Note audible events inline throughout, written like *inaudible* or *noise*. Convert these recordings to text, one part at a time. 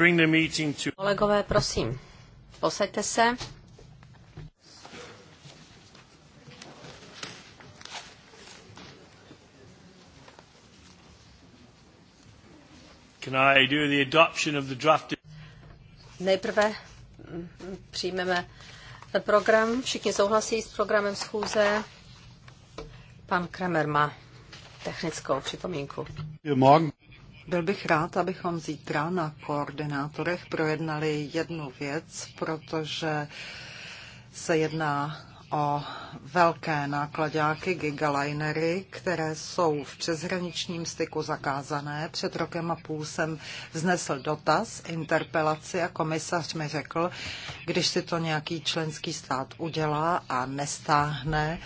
bring the meeting to... Kolegové, prosím, posaďte se. Can I do the adoption of the draft? Nejprve mm, přijmeme program. Všichni souhlasí s programem schůze. Pan Kramer má technickou připomínku. Morgen. Byl bych rád, abychom zítra na koordinátorech projednali jednu věc, protože se jedná o velké nákladáky, gigalinery, které jsou v přeshraničním styku zakázané. Před rokem a půl jsem vznesl dotaz, interpelaci a komisař mi řekl, když si to nějaký členský stát udělá a nestáhne,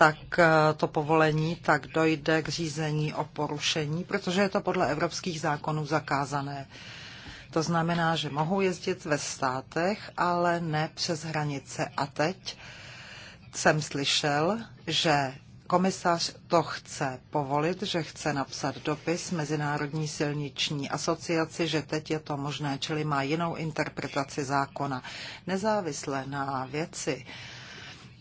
tak eh, to povolení, tak dojde k řízení o porušení, protože je to podle evropských zákonů zakázané. To znamená, že mohou jezdit ve státech, ale ne přes hranice. A teď jsem slyšel, že komisař to chce povolit, že chce napsat dopis Mezinárodní silniční asociaci, že teď je to možné, čili má jinou interpretaci zákona. Nezávisle na věci,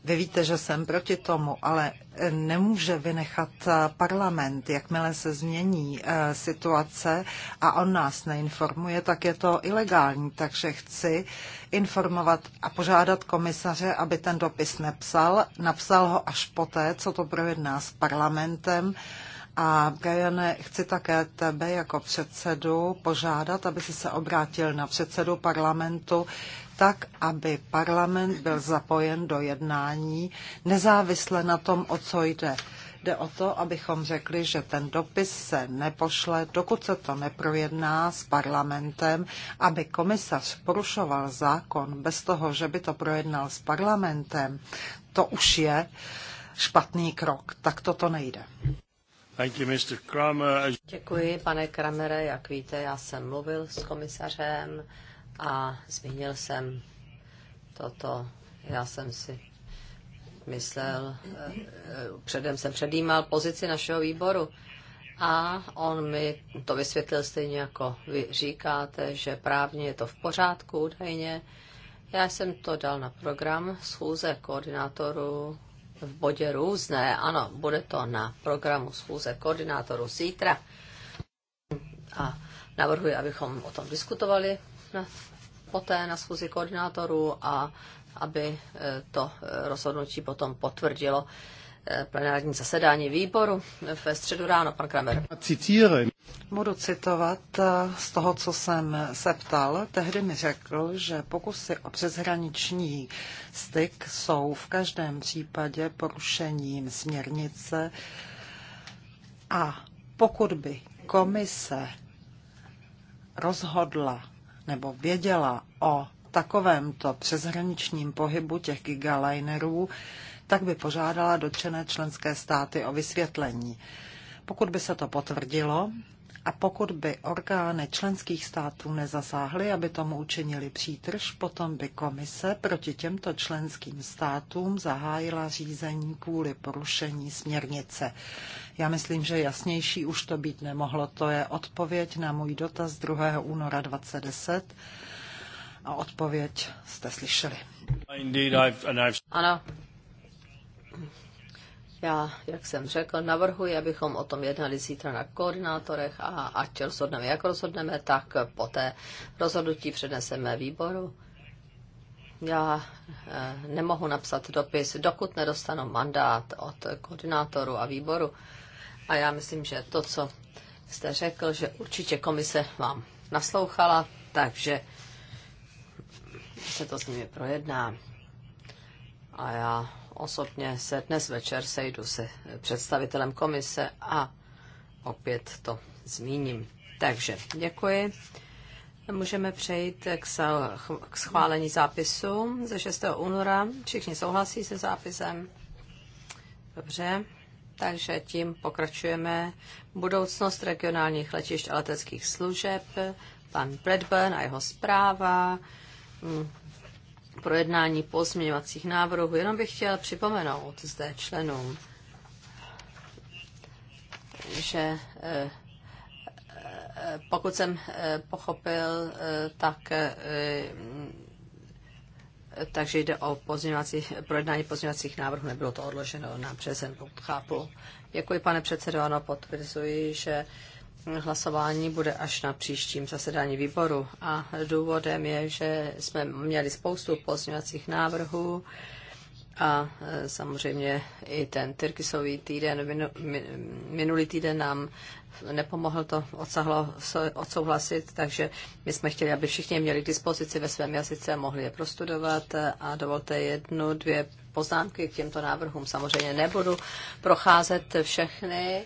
vy víte, že jsem proti tomu, ale eh, nemůže vynechat eh, parlament, jakmile se změní eh, situace a on nás neinformuje, tak je to ilegální. Takže chci informovat a požádat komisaře, aby ten dopis nepsal. Napsal ho až poté, co to projedná s parlamentem a Gajane, chci také tebe jako předsedu požádat, aby si se obrátil na předsedu parlamentu tak, aby parlament byl zapojen do jednání, nezávisle na tom, o co jde. Jde o to, abychom řekli, že ten dopis se nepošle, dokud se to neprojedná s parlamentem, aby komisař porušoval zákon bez toho, že by to projednal s parlamentem, to už je špatný krok. Tak toto nejde. Děkuji, pane Kramere. Jak víte, já jsem mluvil s komisařem a zmínil jsem toto. Já jsem si myslel, eh, předem jsem předjímal pozici našeho výboru. A on mi to vysvětlil stejně jako vy říkáte, že právně je to v pořádku údajně. Já jsem to dal na program schůze koordinátorů v bodě různé. Ano, bude to na programu schůze koordinátorů zítra. A navrhuji, abychom o tom diskutovali na, poté na schůzi koordinátorů a aby eh, to eh, rozhodnutí potom potvrdilo plenární zasedání výboru ve středu ráno, pan Kramer. Budu citovat eh, z toho, co jsem se ptal. Tehdy mi řekl, že pokusy o přeshraniční styk jsou v každém případě porušením směrnice a pokud by komise rozhodla nebo věděla o takovémto přeshraničním pohybu těch gigalinerů, tak by požádala dotčené členské státy o vysvětlení. Pokud by se to potvrdilo a pokud by orgány členských států nezasáhly, aby tomu učinili přítrž, potom by komise proti těmto členským státům zahájila řízení kvůli porušení směrnice. Já myslím, že jasnější už to být nemohlo. To je odpověď na můj dotaz 2. února 2010 a odpověď jste slyšeli. Ano, já, jak jsem řekl, navrhuji, abychom o tom jednali zítra na koordinátorech a ať rozhodneme, jak rozhodneme, tak poté rozhodnutí předneseme výboru. Já eh, nemohu napsat dopis, dokud nedostanu mandát od koordinátoru a výboru. A já myslím, že to, co jste řekl, že určitě komise vám naslouchala, takže se to s nimi projedná. A já osobně se dnes večer sejdu se představitelem komise a opět to zmíním. Takže děkuji. Můžeme přejít k schválení zápisu ze 6. února. Všichni souhlasí se zápisem? Dobře. Takže tím pokračujeme. Budoucnost regionálních letišť a leteckých služeb, pan Bradburn a jeho zpráva. Hm projednání pozměňovacích návrhů. Jenom bych chtěla připomenout zde členům, že eh, eh, pokud jsem eh, pochopil, tak mm, takže jde o pozměňovací, projednání pozměňovacích návrhů, nebylo to odloženo na březen, pokud chápu. Děkuji, pane předsedo, ano, potvrzuji, že Hlasování bude až na příštím zasedání výboru a důvodem je, že jsme měli spoustu pozměňovacích návrhů a e, samozřejmě i ten tyrkisový týden, minulý týden nám nepomohl to odsahlo, odsouhlasit, takže my jsme chtěli, aby všichni měli k dispozici ve svém jazyce, mohli je prostudovat a dovolte jednu, dvě poznámky k těmto návrhům. Samozřejmě nebudu procházet všechny,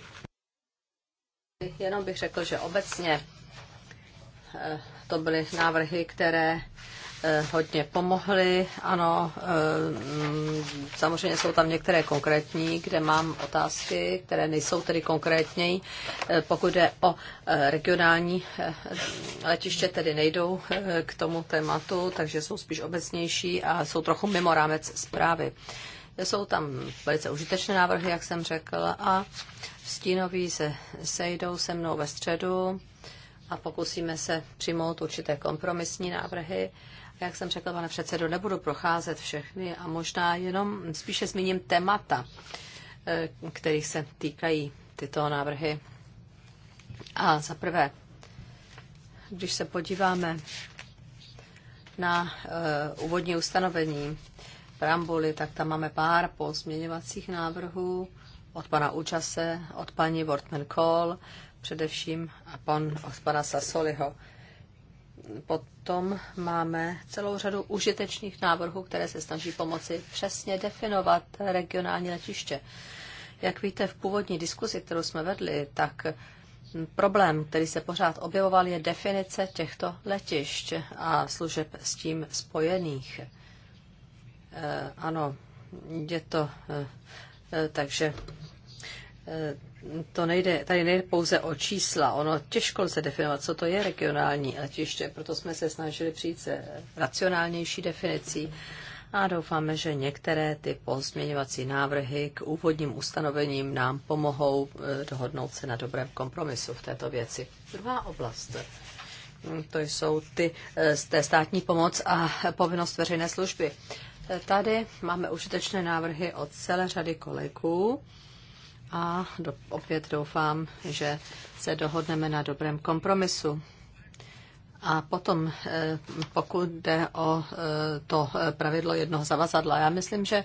Jenom bych řekl, že obecně eh, to byly návrhy, které eh, hodně pomohly. Ano, eh, samozřejmě jsou tam některé konkrétní, kde mám otázky, které nejsou tedy konkrétní. Pokud jde o regionální letiště, tedy nejdou k tomu tématu, takže jsou spíš obecnější a jsou trochu mimo rámec zprávy. Jsou tam velice užitečné návrhy, jak jsem řekl, a Stínoví se sejdou se mnou ve středu a pokusíme se přijmout určité kompromisní návrhy. jak jsem řekl, pane předsedo, nebudu procházet všechny a možná jenom spíše zmíním témata, eh, kterých se týkají tyto návrhy. A za prvé, když se podíváme na uh, úvodní ustanovení preambuly, tak tam máme pár pozměňovacích návrhů, od pana Účase, od paní Wortman Kohl, především a pan, od pana Sasoliho. Potom máme celou řadu užitečných návrhů, které se snaží pomoci přesně definovat regionální letiště. Jak víte, v původní diskuzi, kterou jsme vedli, tak problém, který se pořád objevoval, je definice těchto letišť a služeb s tím spojených. E, ano, je to eh, Eh, takže eh, to nejde, tady nejde pouze o čísla, ono těžko lze definovat, co to je regionální letiště, proto jsme se snažili přijít se racionálnější definicí a doufáme, že některé ty pozměňovací návrhy k úvodním ustanovením nám pomohou eh, dohodnout se na dobrém kompromisu v této věci. Druhá oblast, hm, to jsou ty, té státní pomoc a povinnost veřejné služby. Tady máme užitečné návrhy od celé řady kolegů a do, opět doufám, že se dohodneme na dobrém kompromisu. A potom, eh, pokud jde o eh, to eh, pravidlo jednoho zavazadla, já myslím, že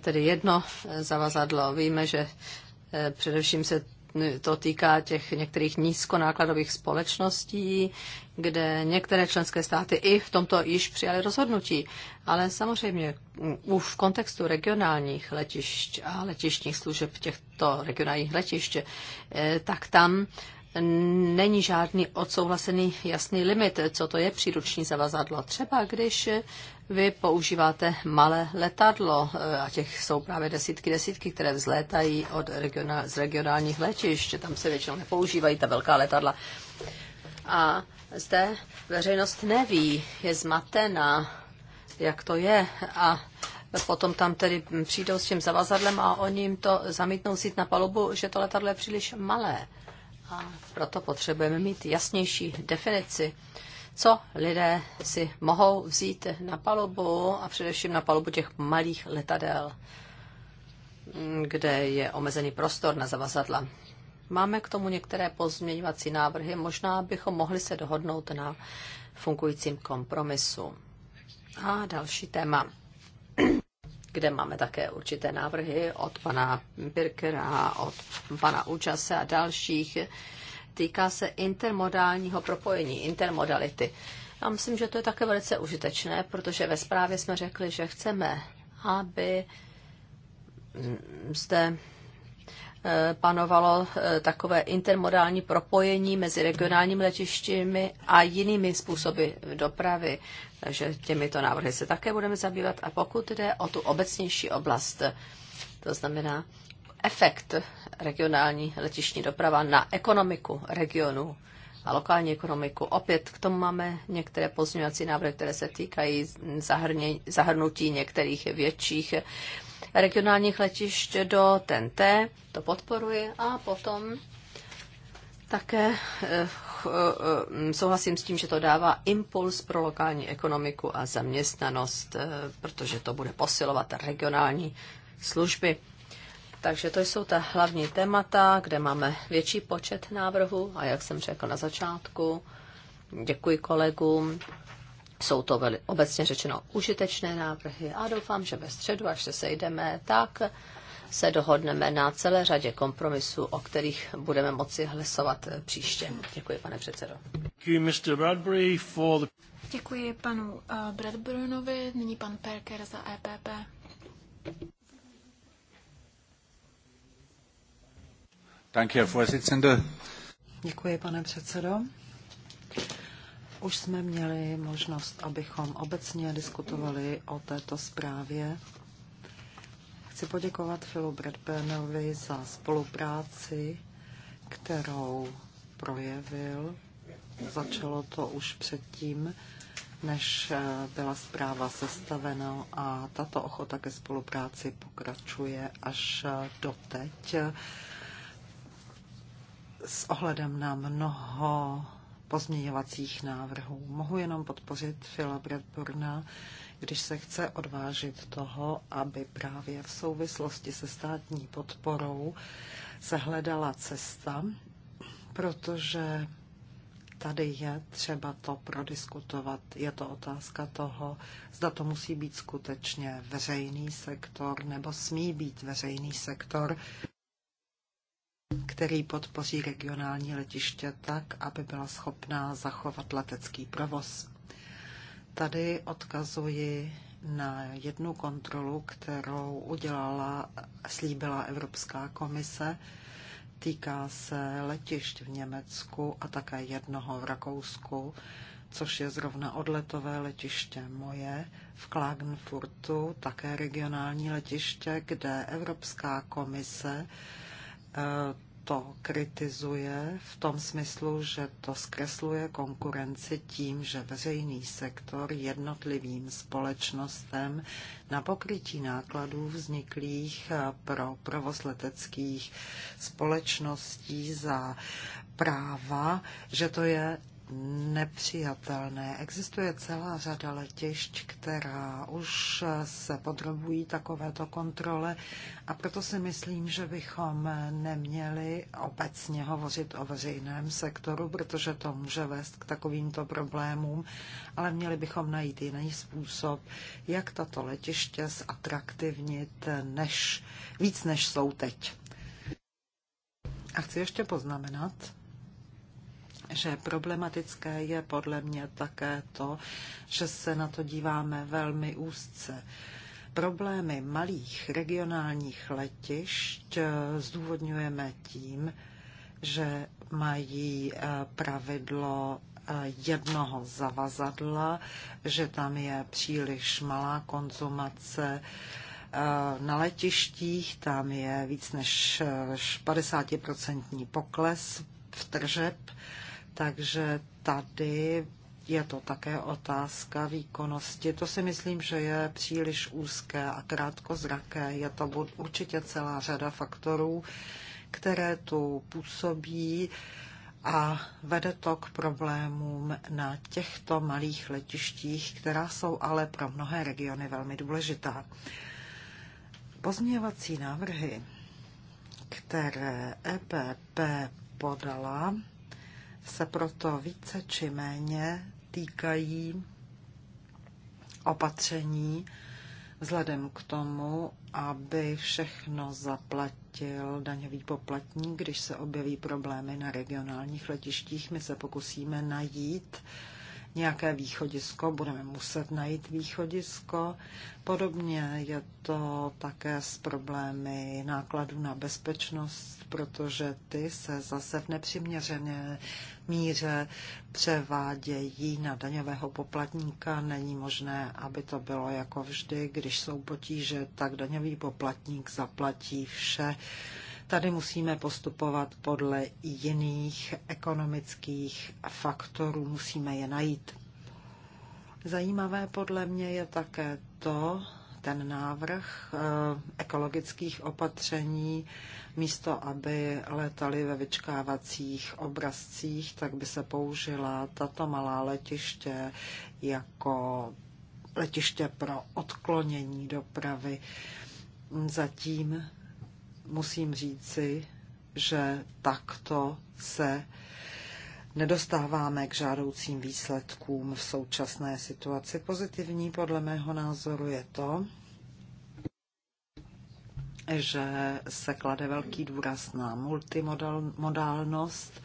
tedy jedno zavazadlo. Víme, že především se to týká těch některých nízkonákladových společností, kde některé členské státy i v tomto již přijaly rozhodnutí. Ale samozřejmě mm, už v kontextu regionálních letišť a letištních služeb těchto regionálních letišť, eh, tak tam není žádný odsouhlasený jasný limit, co to je příruční zavazadlo. Třeba když vy používáte malé letadlo eh, a těch jsou právě desítky, desítky, které vzlétají od regionál, z regionálních letišť. Tam se většinou nepoužívají ta velká letadla. A zde veřejnost neví, je zmatena, jak to je. A potom tam tedy přijdou s tím zavazadlem a oni jim to zamítnou sít na palubu, že to letadlo je příliš malé. A proto potřebujeme mít jasnější definici co lidé si mohou vzít na palubu a především na palubu těch malých letadel, kde je omezený prostor na zavazadla. Máme k tomu některé pozměňovací návrhy. Možná bychom mohli se dohodnout na fungujícím kompromisu. A další téma, *clears throat* kde máme také určité návrhy od pana Birkera, od pana Účase a dalších týká se intermodálního propojení, intermodality. Já myslím, že to je také velice užitečné, protože ve zprávě jsme řekli, že chceme, aby mm, zde e, panovalo e, takové intermodální propojení mezi regionálními letištími a jinými způsoby dopravy. Takže těmito návrhy se také budeme zabývat. A pokud jde o tu obecnější oblast, to znamená efekt regionální letišní doprava na ekonomiku regionu a lokální ekonomiku. Opět k tomu máme některé pozměňovací návrhy, které se týkají zahrně, zahrnutí některých větších regionálních letišť do TNT. To podporuji. A potom také eh, eh, souhlasím s tím, že to dává impuls pro lokální ekonomiku a zaměstnanost, eh, protože to bude posilovat regionální služby. Takže to jsou ta hlavní témata, kde máme větší počet návrhů a jak jsem řekl na začátku, děkuji kolegům. Jsou to veli, obecně řečeno užitečné návrhy a doufám, že ve středu, až se sejdeme, tak se dohodneme na celé řadě kompromisů, o kterých budeme moci hlasovat příště. Děkuji, pane předsedo. Děkuji panu eh, Bradburnovi, nyní pan Perker za EPP. Děkuji, pane předsedo. Už jsme měli možnost, abychom obecně diskutovali o této zprávě. Chci poděkovat Filu Bradburnovi za spolupráci, kterou projevil. Začalo to už předtím, než eh, byla zpráva sestavena a tato ochota ke spolupráci pokračuje až eh, doteď. teď s ohledem na mnoho pozměňovacích návrhů. Mohu jenom podpořit Fila Bradburna, když se chce odvážit toho, aby právě v souvislosti se státní podporou se hledala cesta, protože tady je třeba to prodiskutovat. Je to otázka toho, zda to musí být skutečně veřejný sektor nebo smí být veřejný sektor který podpoří regionální letiště tak, aby byla schopná zachovat letecký provoz. Tady odkazuji na jednu kontrolu, kterou udělala, slíbila Evropská komise. Týká se letišť v Německu a také jednoho v Rakousku, což je zrovna odletové letiště moje v Klagenfurtu, také regionální letiště, kde Evropská komise E, to kritizuje v tom smyslu, že to zkresluje konkurenci tím, že veřejný sektor jednotlivým společnostem na pokrytí nákladů vzniklých e, pro provoz leteckých společností za práva, že to je nepřijatelné. Existuje celá řada letišť, která už se podrobují takovéto kontrole a proto si myslím, že bychom neměli obecně hovořit o veřejném sektoru, protože to může vést k takovýmto problémům, ale měli bychom najít jiný způsob, jak tato letiště zatraktivnit než, víc než jsou teď. A chci ještě poznamenat, že problematické je podle mě také to, že se na to díváme velmi úzce. Problémy malých regionálních letišť eh, zdůvodňujeme tím, že mají eh, pravidlo eh, jednoho zavazadla, že tam je příliš malá konzumace na letištích, tam je víc než 50% pokles v tržeb takže tady je to také otázka výkonnosti. To si myslím, že je příliš úzké a krátkozraké. Je to určitě celá řada faktorů, které tu působí a vede to k problémům na těchto malých letištích, která jsou ale pro mnohé regiony velmi důležitá. Pozměvací návrhy, které EPP podala, se proto více či méně týkají opatření vzhledem k tomu, aby všechno zaplatil daňový poplatník, když se objeví problémy na regionálních letištích. My se pokusíme najít uh, nějaké východisko, budeme muset najít východisko. Podobně je to také s problémy nákladů na bezpečnost, protože ty se zase v nepřiměřené míře převádějí na daňového poplatníka. Není možné, aby to bylo jako vždy, když jsou potíže, tak daňový poplatník zaplatí vše Tady musíme postupovat podle jiných ekonomických faktorů, musíme je najít. Zajímavé podle mě je také to, ten návrh eh, ekologických opatření, místo aby letali ve vyčkávacích obrazcích, tak by se použila tato malá letiště jako letiště pro odklonění dopravy. Zatím musím říci, že takto se nedostáváme k žádoucím výsledkům v současné situaci. Pozitivní podle mého názoru je to, že se klade velký důraz na multimodálnost,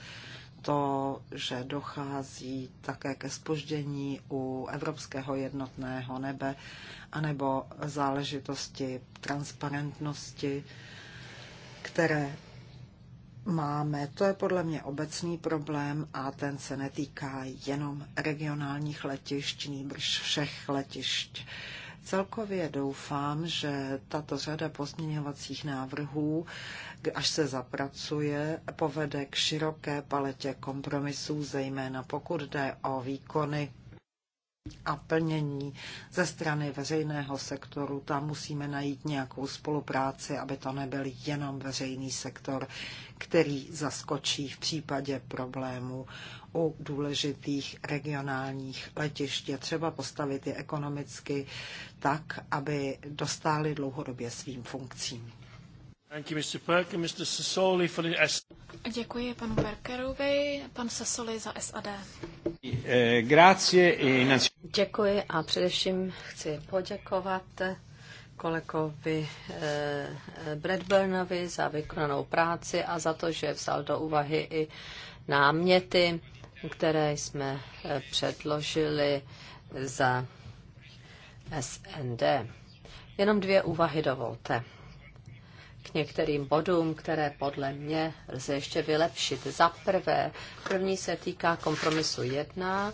to, že dochází také ke spoždění u evropského jednotného nebe, anebo záležitosti transparentnosti, které máme, to je podle mě obecný problém a ten se netýká jenom regionálních letišť, nýbrž všech letišť. Celkově doufám, že tato řada pozměňovacích návrhů, až se zapracuje, povede k široké paletě kompromisů, zejména pokud jde o výkony a plnění ze strany veřejného sektoru. Tam musíme najít nějakou spolupráci, aby to nebyl jenom veřejný sektor, který zaskočí v případě problémů u důležitých regionálních letiště. třeba postavit je ekonomicky tak, aby dostály dlouhodobě svým funkcím. Děkuji panu Berkerovi, pan Sassoli za SAD. Eh, e Děkuji a především chci poděkovat kolegovi eh, Bradburnovi za vykonanou práci a za to, že vzal do úvahy i náměty, které jsme eh, předložili za SND. Jenom dvě úvahy dovolte k některým bodům, které podle mě lze ještě vylepšit. Za prvé, první se týká kompromisu 1.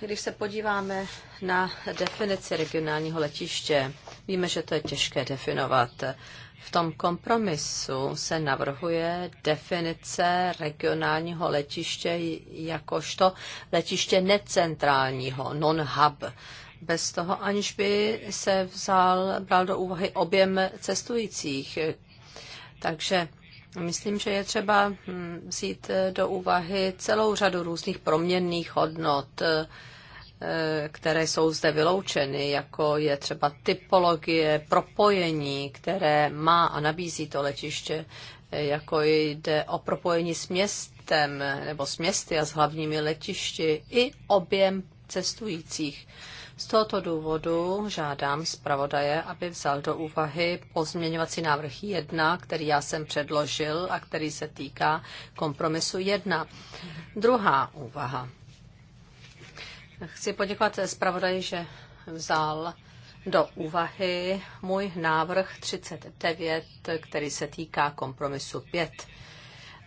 Když se podíváme na definici regionálního letiště, víme, že to je těžké definovat. V tom kompromisu se navrhuje definice regionálního letiště jakožto letiště necentrálního, non-hub bez toho, aniž by se vzal, bral do úvahy objem cestujících. Takže myslím, že je třeba hm, vzít do úvahy celou řadu různých proměnných hodnot, eh, které jsou zde vyloučeny, jako je třeba typologie, propojení, které má a nabízí to letiště, eh, jako jde o propojení s městem nebo s městy a s hlavními letišti i objem cestujících. Z tohoto důvodu žádám zpravodaje, aby vzal do úvahy pozměňovací návrh 1, který já jsem předložil a který se týká kompromisu 1. Druhá úvaha. Chci poděkovat zpravodaji, že vzal do úvahy můj návrh 39, který se týká kompromisu 5.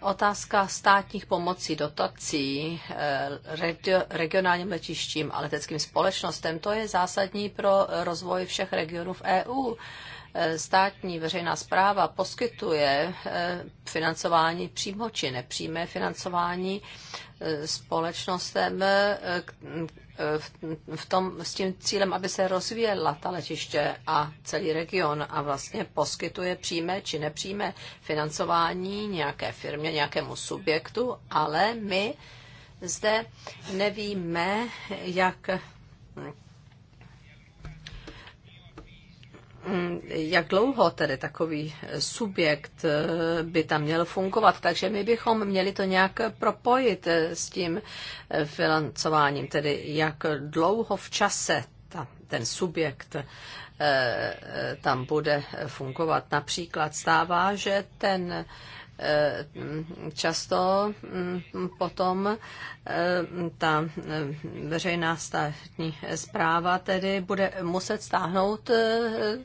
Otázka státních pomocí, dotací eh, regionálním letištím a leteckým společnostem, to je zásadní pro rozvoj všech regionů v EU. Eh, státní veřejná zpráva poskytuje eh, financování přímo či nepřímé financování společnostem, v tom, s tím cílem, aby se rozvíjela ta letiště a celý region a vlastně poskytuje přímé či nepřímé financování nějaké firmě, nějakému subjektu, ale my zde nevíme, jak Mm, jak dlouho tedy takový subjekt eh, by tam měl fungovat. Takže my bychom měli to nějak propojit eh, s tím eh, financováním, tedy jak dlouho v čase ta, ten subjekt tam bude fungovat. Například stává, že ten mm, často mm, potom Eh, ta eh, veřejná státní zpráva tedy bude muset stáhnout eh,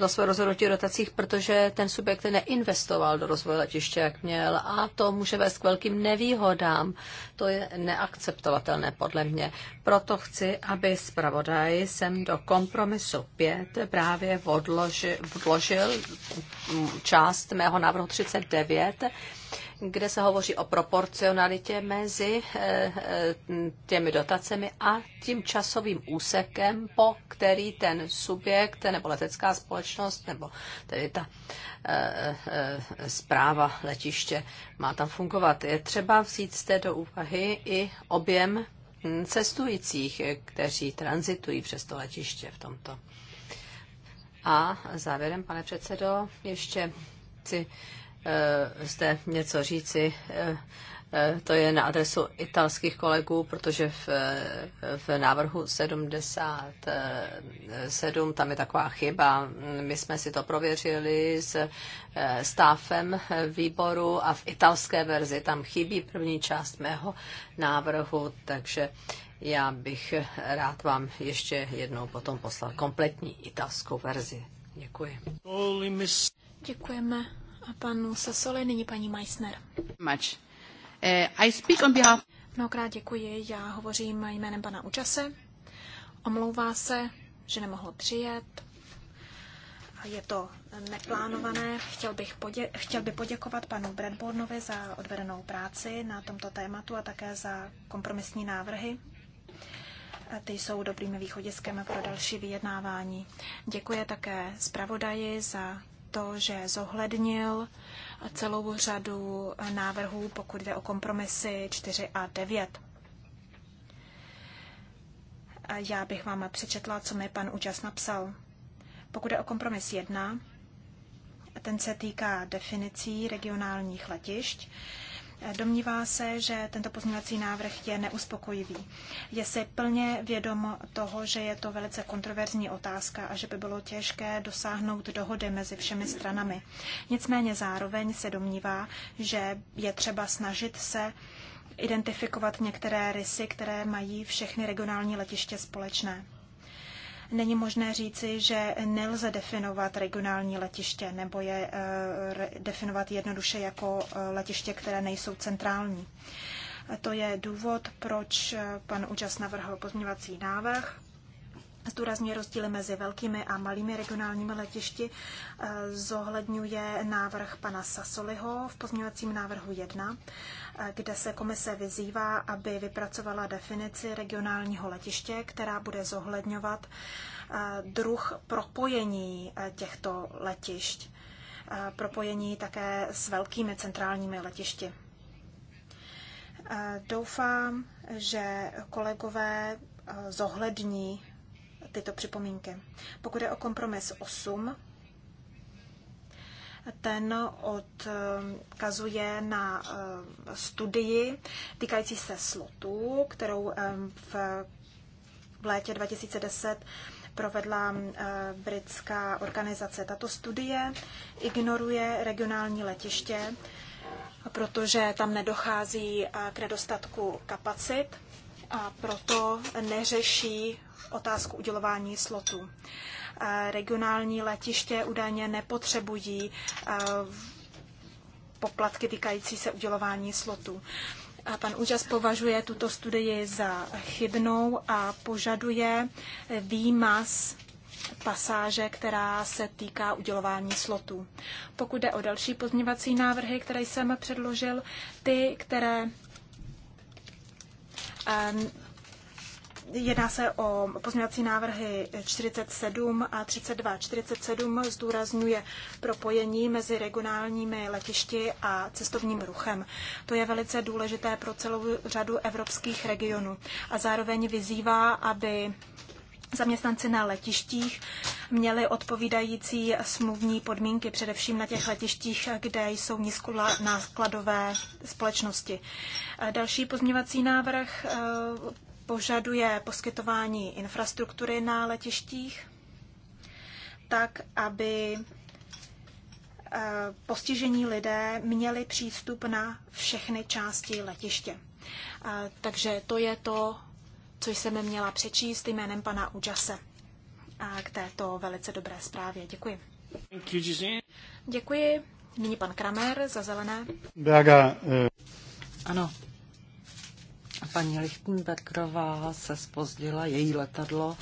do své rozhodnutí dotacích, protože ten subjekt neinvestoval do rozvoje letiště, jak měl a to může vést k velkým nevýhodám. To je neakceptovatelné podle mě. Proto chci, aby zpravodaj sem do kompromisu 5 právě odložil, vložil část mého návrhu 39, kde se hovoří o proporcionalitě mezi eh, eh, těmi dotacemi a tím časovým úsekem, po který ten subjekt nebo letecká společnost nebo tedy ta zpráva eh, letiště má tam fungovat. Je třeba vzít té do úvahy i objem hm, cestujících, kteří transitují přes to letiště v tomto. A závěrem, pane předsedo, ještě chci Eh, zde něco říci. Eh, eh, to je na adresu italských kolegů, protože v, v návrhu 77 tam je taková chyba. My jsme si to prověřili s stáfem výboru a v italské verzi tam chybí první část mého návrhu, takže já bych rád vám ještě jednou potom poslal kompletní italskou verzi. Děkuji. Děkujeme a panu Sasoli, nyní paní Meissner. Much. Eh, I speak on behalf... Mnohokrát děkuji, já hovořím jménem pana Učase. Omlouvá se, že nemohl přijet. Je to neplánované. Chtěl, bych podě- chtěl by poděkovat panu Bradbornovi za odvedenou práci na tomto tématu a také za kompromisní návrhy. Ty jsou dobrým východiskem pro další vyjednávání. Děkuji také zpravodaji za to, že zohlednil celou řadu návrhů, pokud jde o kompromisy 4 a 9. Já bych vám přečetla, co mi pan Účas napsal. Pokud jde o kompromis 1, ten se týká definicí regionálních letišť. Domnívá se, že tento pozměňovací návrh je neuspokojivý. Je si plně vědom toho, že je to velice kontroverzní otázka a že by bylo těžké dosáhnout dohody mezi všemi stranami. Nicméně zároveň se domnívá, že je třeba snažit se identifikovat některé rysy, které mají všechny regionální letiště společné. Není možné říci, že nelze definovat regionální letiště nebo je eh, definovat jednoduše jako eh, letiště, které nejsou centrální. To je důvod, proč eh, pan Účas navrhl pozměňovací návrh, zdůrazňuje rozdíly mezi velkými a malými regionálními letišti, eh, zohledňuje návrh pana Sasoliho v pozměňovacím návrhu 1, eh, kde se komise vyzývá, aby vypracovala definici regionálního letiště, která bude zohledňovat eh, druh propojení těchto letišť. Propojení také s velkými centrálními letišti. Doufám, že kolegové zohlední tyto připomínky. Pokud je o kompromis 8, ten odkazuje na eh, studii týkající se slotů, kterou eh, v létě 2010 provedla eh, britská organizace. Tato studie ignoruje regionální letiště, protože tam nedochází k nedostatku kapacit a proto neřeší otázku udělování slotů. Eh, regionální letiště údajně nepotřebují eh, poplatky týkající se udělování slotů. A pan Úžas považuje tuto studii za chybnou a požaduje výmaz pasáže, která se týká udělování slotů. Pokud jde o další pozměvací návrhy, které jsem předložil, ty, které Jedná se o pozměňovací návrhy 47 a 32. 47 zdůrazňuje propojení mezi regionálními letišti a cestovním ruchem. To je velice důležité pro celou řadu evropských regionů a zároveň vyzývá, aby zaměstnanci na letištích měli odpovídající smluvní podmínky, především na těch letištích, kde jsou nízkonákladové společnosti. Další pozměvací návrh požaduje poskytování infrastruktury na letištích, tak aby eh, postižení lidé měli přístup na všechny části letiště. Eh, takže to je to, co jsem měla přečíst jménem pana a eh, k této velice dobré zprávě. Děkuji. Děkuji. Nyní pan Kramer za zelené. Ano, Paní Lichtenbergerová se spozdila, její letadlo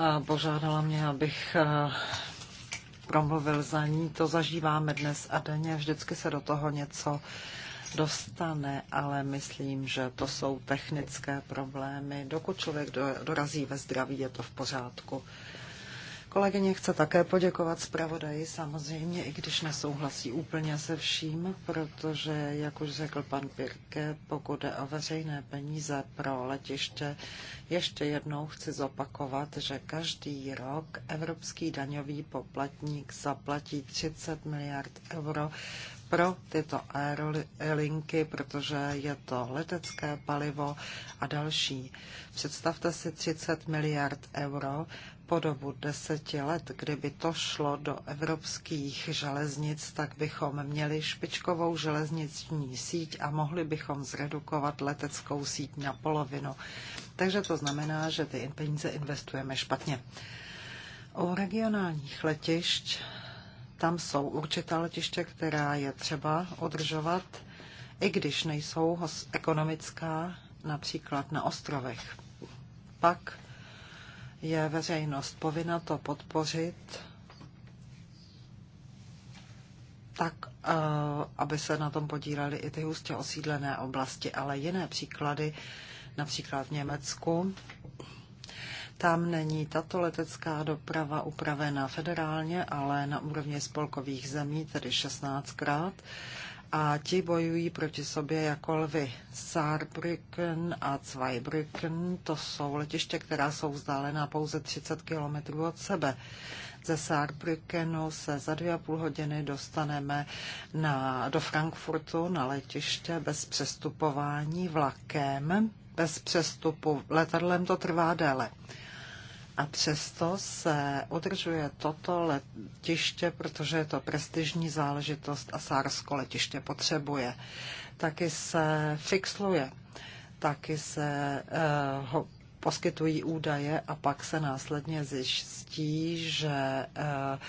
a požádala mě, abych e, promluvil za ní. To zažíváme dnes a denně, vždycky se do toho něco dostane, ale myslím, že to jsou technické problémy. Dokud člověk dorazí ve zdraví, je to v pořádku. Kolegyně chce také poděkovat zpravodaji, samozřejmě, i když nesouhlasí úplně se vším, protože, jak už řekl pan Pirke, pokud jde o veřejné peníze pro letiště, ještě jednou chci zopakovat, že každý rok evropský daňový poplatník zaplatí 30 miliard euro pro tyto aerolinky, protože je to letecké palivo a další. Představte si 30 miliard euro po dobu deseti let, kdyby to šlo do evropských železnic, tak bychom měli špičkovou železniční síť a mohli bychom zredukovat leteckou síť na polovinu. Takže to znamená, že ty peníze investujeme špatně. U regionálních letišť tam jsou určitá letiště, která je třeba udržovat, i když nejsou ekonomická, například na ostrovech. Pak je veřejnost povinna to podpořit tak, eh, aby se na tom podílely i ty hustě osídlené oblasti, ale jiné příklady, například v Německu, tam není tato letecká doprava upravená federálně, ale na úrovni spolkových zemí, tedy 16krát a ti bojují proti sobě jako lvy. Saarbrücken a Zweibrücken to jsou letiště, která jsou vzdálená pouze 30 kilometrů od sebe. Ze Saarbrückenu se za dvě a půl hodiny dostaneme na, do Frankfurtu na letiště bez přestupování vlakem, bez přestupu letadlem to trvá déle. A přesto se udržuje toto letiště, protože je to prestižní záležitost a Sársko letiště potřebuje. Taky se fixluje, taky se uh, ho poskytují údaje a pak se následně zjistí, že uh,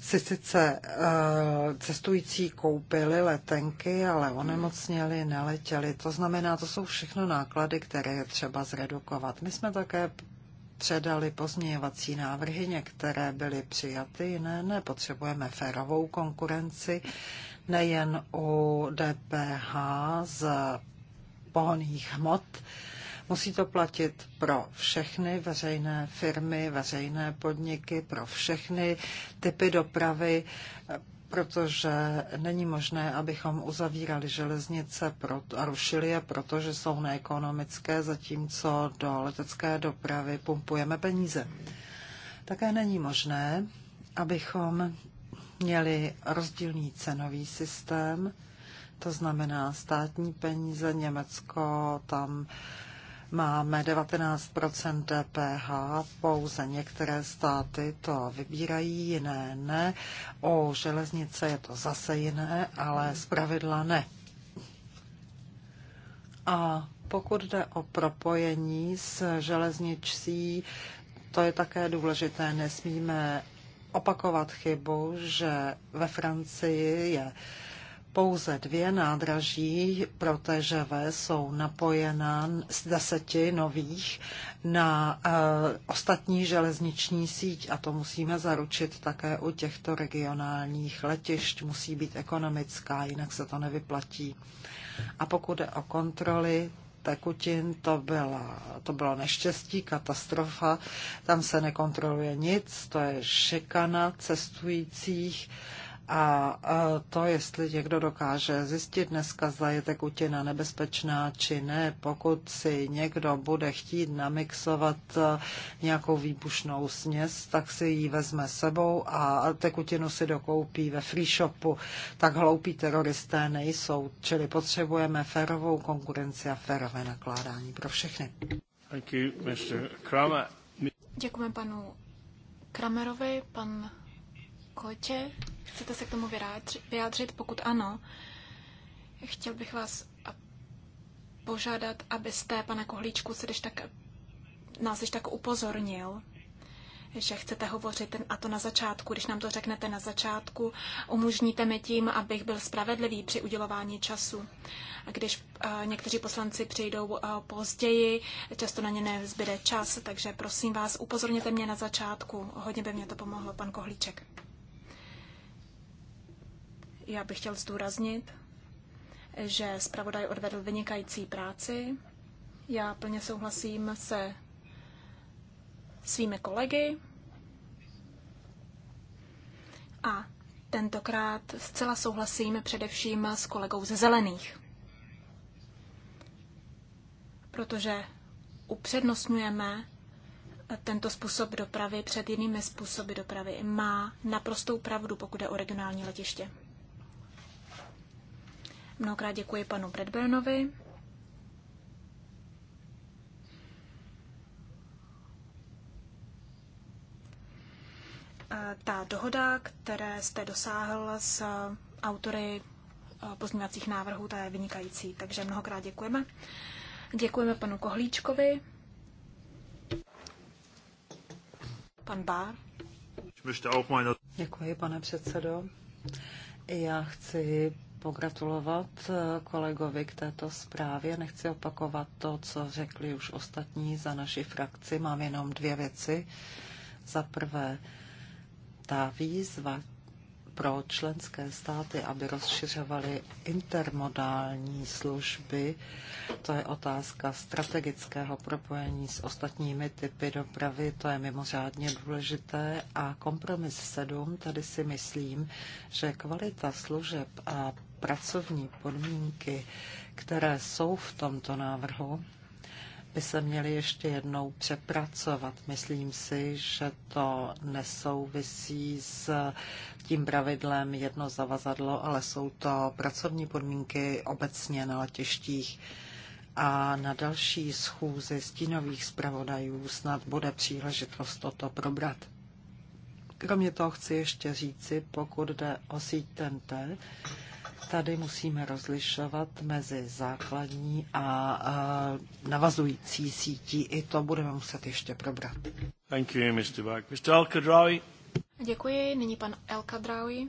si sice uh, cestující koupili letenky, ale onemocněli, neletěli. To znamená, to jsou všechno náklady, které je třeba zredukovat. My jsme také předali pozměňovací návrhy, některé byly přijaty, jiné ne. Potřebujeme férovou konkurenci nejen u DPH z pohoných hmot. Musí to platit pro všechny veřejné firmy, veřejné podniky, pro všechny typy dopravy protože není možné, abychom uzavírali železnice a rušili je, protože jsou neekonomické, zatímco do letecké dopravy pumpujeme peníze. Také není možné, abychom měli rozdílný cenový systém, to znamená státní peníze, Německo tam uh, Máme 19 DPH, pouze některé státy to vybírají, jiné ne. O železnice je to zase jiné, ale z pravidla ne. A pokud jde o propojení s železničcí, to je také důležité. Nesmíme opakovat chybu, že ve Francii je pouze dvě nádraží pro TŽV jsou napojená z deseti nových na eh, ostatní železniční síť a to musíme zaručit také u těchto regionálních letišť. Musí být ekonomická, jinak se to nevyplatí. A pokud je o kontroly, tekutin, to, byla, to bylo neštěstí, katastrofa, tam se nekontroluje nic, to je šikana cestujících a to, jestli někdo dokáže zjistit dneska, zda je tekutina nebezpečná či ne, pokud si někdo bude chtít namixovat e, nějakou výbušnou směs, tak si ji vezme sebou a tekutinu si dokoupí ve free shopu. Tak hloupí teroristé nejsou, čili potřebujeme férovou konkurenci a férové nakládání pro všechny. Thank you, Mr. Kramer. Děkujeme panu Kramerovi, pan Kotě. Chcete se k tomu vyjádřit? Pokud ano, chtěl bych vás požádat, abyste, pane Kohlíčku, se když tak, nás když tak upozornil, že chcete hovořit a to na začátku. Když nám to řeknete na začátku, umožníte mi tím, abych byl spravedlivý při udělování času. A když a, někteří poslanci přijdou a, později, často na ně nezbyde čas, takže prosím vás, upozorněte mě na začátku. Hodně by mě to pomohlo, pan Kohlíček. Já bych chtěl zdůraznit, že zpravodaj odvedl vynikající práci. Já plně souhlasím se svými kolegy a tentokrát zcela souhlasím především s kolegou ze Zelených, protože upřednostňujeme tento způsob dopravy před jinými způsoby dopravy. Má naprostou pravdu, pokud je o regionální letiště. Mnohokrát děkuji panu Bradburnovi. Eh, ta dohoda, které jste dosáhl s autory eh, pozměňovacích návrhů, ta je vynikající, takže mnohokrát děkujeme. Děkujeme panu Kohlíčkovi. Pan Bár. Děkuji, pane předsedo. Já chci pogratulovat eh, kolegovi k této zprávě. Nechci opakovat to, co řekli už ostatní za naši frakci. Mám jenom dvě věci. Za prvé, ta výzva pro členské státy, aby rozšiřovaly intermodální služby. To je otázka strategického propojení s ostatními typy dopravy, to je mimořádně důležité. A kompromis 7, tady si myslím, že kvalita služeb a pracovní podmínky, které jsou v tomto návrhu, by se měly ještě jednou přepracovat. Myslím si, že to nesouvisí s tím pravidlem jedno zavazadlo, ale jsou to pracovní podmínky obecně na letištích. A na další schůzi stínových zpravodajů snad bude příležitost toto probrat. Kromě toho chci ještě říci, pokud jde o síť TNT, Tady musíme rozlišovat mezi základní a, navazující sítí. I to budeme muset ještě probrat. Thank you, Mr. Back. Mr. al -Kadrawi. Děkuji. Nyní pan el -Kadrawi.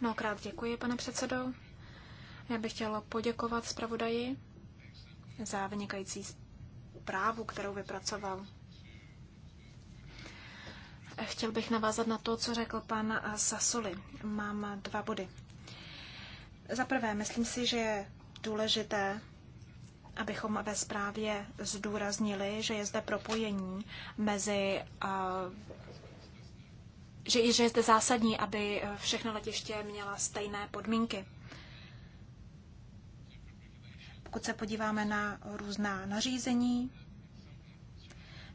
Mnohokrát děkuji, pane předsedo. Já bych chtěla poděkovat zpravodaji za vynikající zprávu, kterou vypracoval. Chtěl bych navázat na to, co řekl pan Sasoli. Mám dva body. Za prvé, myslím si, že je důležité, abychom ve zprávě zdůraznili, že je zde propojení mezi že, že je zde zásadní, aby všechna letiště měla stejné podmínky. Pokud se podíváme na různá nařízení,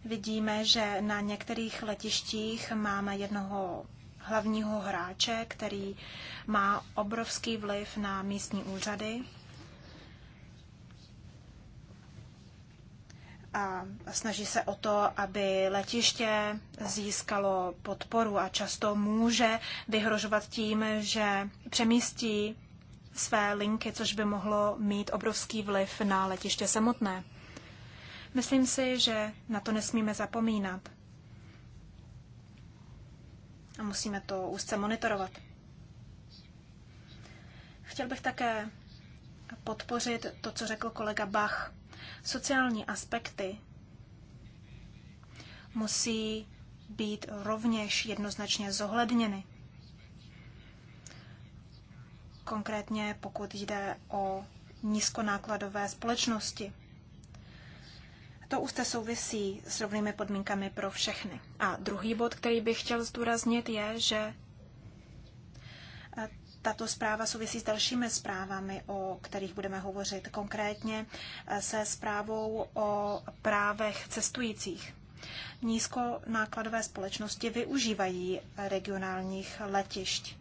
Vidíme, že na některých letištích máme jednoho hlavního hráče, který má obrovský vliv na místní úřady. A snaží se o to, aby letiště získalo podporu a často může vyhrožovat tím, že přemístí své linky, což by mohlo mít obrovský vliv na letiště samotné. Myslím si, že na to nesmíme zapomínat. A musíme to úzce monitorovat. Chtěl bych také podpořit to, co řekl kolega Bach. Sociální aspekty musí být rovněž jednoznačně zohledněny. Konkrétně pokud jde o nízkonákladové společnosti. To už souvisí s rovnými podmínkami pro všechny. A druhý bod, který bych chtěl zdůraznit, je, že eh, tato zpráva souvisí s dalšími zprávami, o kterých budeme hovořit konkrétně eh, se zprávou o právech cestujících. Nízkonákladové společnosti využívají regionálních letišť.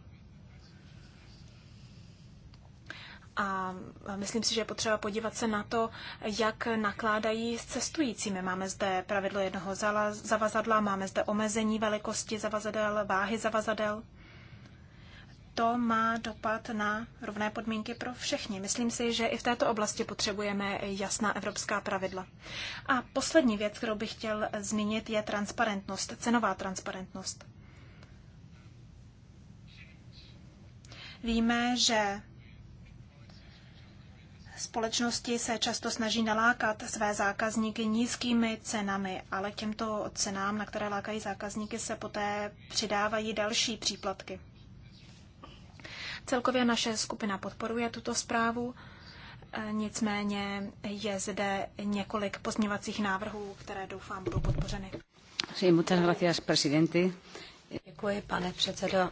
A myslím si, že je potřeba podívat se na to, jak nakládají s cestujícími. Máme zde pravidlo jednoho zavazadla, máme zde omezení velikosti zavazadel, váhy zavazadel. To má dopad na rovné podmínky pro všechny. Myslím si, že i v této oblasti potřebujeme jasná evropská pravidla. A poslední věc, kterou bych chtěl zmínit, je transparentnost, cenová transparentnost. Víme, že Společnosti se často snaží nalákat své zákazníky nízkými cenami, ale těmto cenám, na které lákají zákazníky, se poté přidávají další příplatky. Celkově naše skupina podporuje tuto zprávu, e, nicméně je zde několik pozměňovacích návrhů, které doufám budou podpořeny. Sí, muchas gracias, presidente. Děkuji, pane předsedo.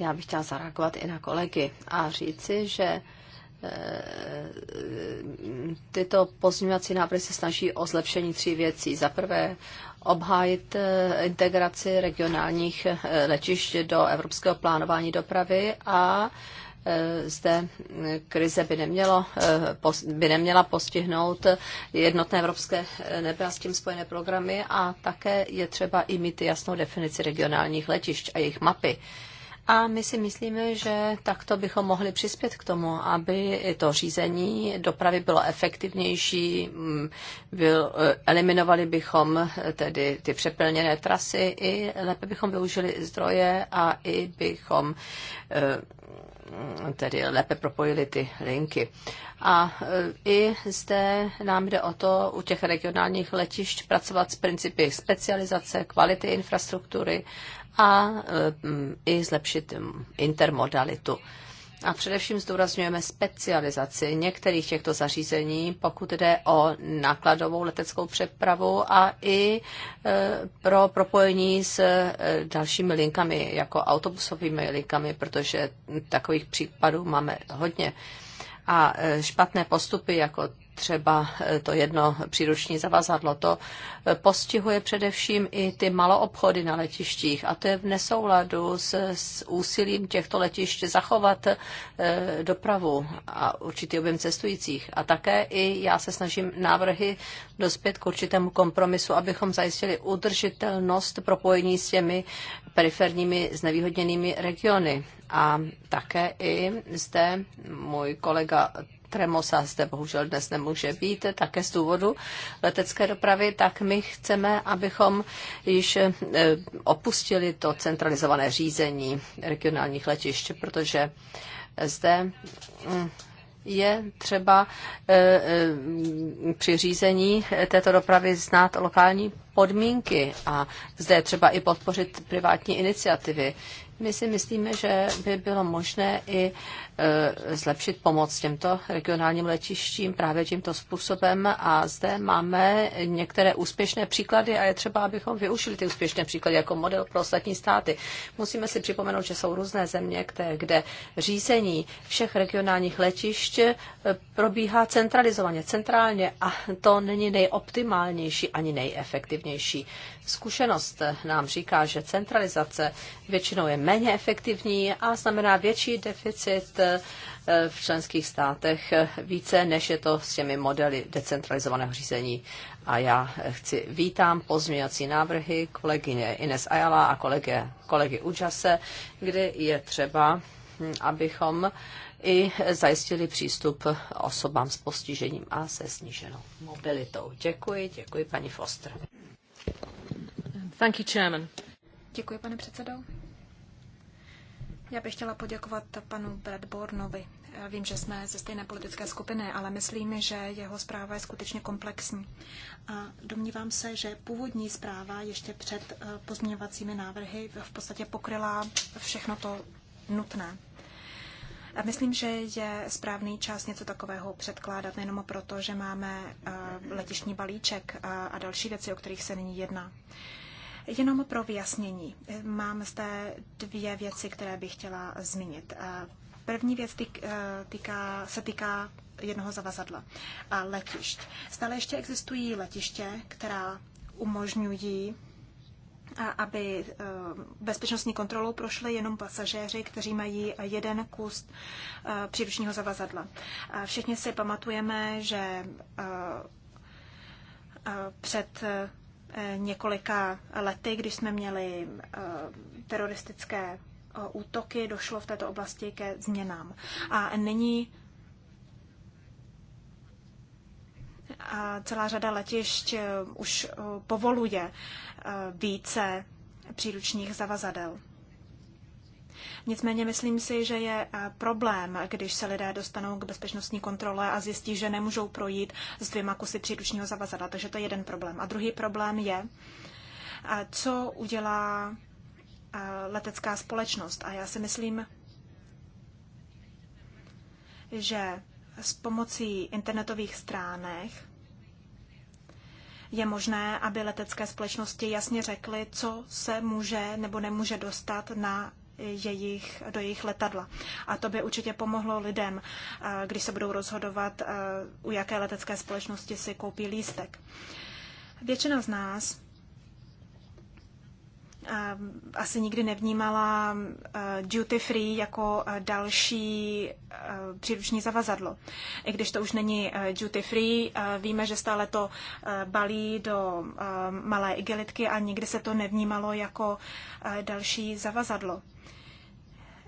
Já bych chtěla zareagovat i na kolegy a říci, že eh, tyto pozměňovací návrhy se snaží o zlepšení tří věcí. Za prvé obhájit eh, integraci regionálních eh, letišť do evropského plánování dopravy a zde krize by, nemělo, by neměla postihnout jednotné evropské nebe a s tím spojené programy a také je třeba i mít jasnou definici regionálních letišť a jejich mapy. A my si myslíme, že takto bychom mohli přispět k tomu, aby to řízení dopravy bylo efektivnější, mm, byl, eh, eliminovali bychom tedy ty přeplněné trasy i lépe bychom využili zdroje a i bychom eh, tedy lépe propojili ty linky. A eh, i zde nám jde o to u těch regionálních letišť pracovat s principy specializace, kvality infrastruktury a eh, i zlepšit hm, intermodalitu. A především zdůrazňujeme specializaci některých těchto zařízení, pokud jde o nákladovou leteckou přepravu a i eh, pro propojení s eh, dalšími linkami, jako autobusovými linkami, protože takových případů máme hodně. A špatné postupy, jako třeba eh, to jedno příruční zavazadlo, to eh, postihuje především i ty maloobchody na letištích a to je v nesouladu s, s úsilím těchto letišť zachovat eh, dopravu a určitý objem cestujících. A také i já se snažím návrhy dospět k určitému kompromisu, abychom zajistili udržitelnost propojení s těmi periferními znevýhodněnými regiony. A také i zde můj kolega Kremosa zde bohužel dnes nemůže být, také z důvodu letecké dopravy, tak my chceme, abychom již e, opustili to centralizované řízení regionálních letišť, protože zde mm, je třeba e, e, při řízení této dopravy znát lokální podmínky a zde je třeba i podpořit privátní iniciativy my si myslíme, že by bylo možné i e, zlepšit pomoc těmto regionálním letištím právě tímto způsobem a zde máme některé úspěšné příklady a je třeba, abychom využili ty úspěšné příklady jako model pro ostatní státy. Musíme si připomenout, že jsou různé země, kde, kde řízení všech regionálních letišť e, probíhá centralizovaně, centrálně a to není nejoptimálnější ani nejefektivnější. Zkušenost nám říká, že centralizace většinou je méně efektivní a znamená větší deficit eh, v členských státech více, než je to s těmi modely decentralizovaného řízení. A já chci vítám pozměňovací návrhy kolegyně Ines Ayala a kolegy, kolegy Udžase, kdy je třeba, hm, abychom i zajistili přístup osobám s postižením a se sníženou mobilitou. Děkuji, děkuji paní Foster. Thank you, Chairman. Děkuji, pane předsedo. Já bych chtěla poděkovat panu Bradbornovi. Vím, že jsme ze stejné politické skupiny, ale myslím, že jeho zpráva je skutečně komplexní. A domnívám se, že původní zpráva ještě před eh, pozměňovacími návrhy v podstatě pokryla všechno to nutné. A myslím, že je správný čas něco takového předkládat, nejenom proto, že máme eh, letišní balíček a další věci, o kterých se nyní jedná. Jenom pro vyjasnění. Mám zde dvě věci, které bych chtěla zmínit. První věc eh, týká, se týká jednoho zavazadla a letišť. Stále ještě existují letiště, která umožňují aby eh, bezpečnostní kontrolou prošly jenom pasažéři, kteří mají jeden kus eh, příručního zavazadla. Všichni si pamatujeme, že před Eh, několika lety, když jsme měli eh, teroristické eh, útoky, došlo v této oblasti ke změnám. A nyní a celá řada letišť už povoluje více příručních zavazadel. Nicméně myslím si, že je eh, problém, když se lidé dostanou k bezpečnostní kontrole a zjistí, že nemůžou projít s dvěma kusy příručního zavazadla. Takže to je jeden problém. A druhý problém je, eh, co udělá eh, letecká společnost. A já si myslím, že s pomocí internetových stránek je možné, aby letecké společnosti jasně řekly, co se může nebo nemůže dostat na jejich, do jejich letadla. A to by určitě pomohlo lidem, eh, když se budou rozhodovat, eh, u jaké letecké společnosti si koupí lístek. Většina z nás eh, asi nikdy nevnímala duty free jako další příruční zavazadlo. I když to už není duty free, víme, že stále to balí do malé igelitky a nikdy se to nevnímalo jako další zavazadlo.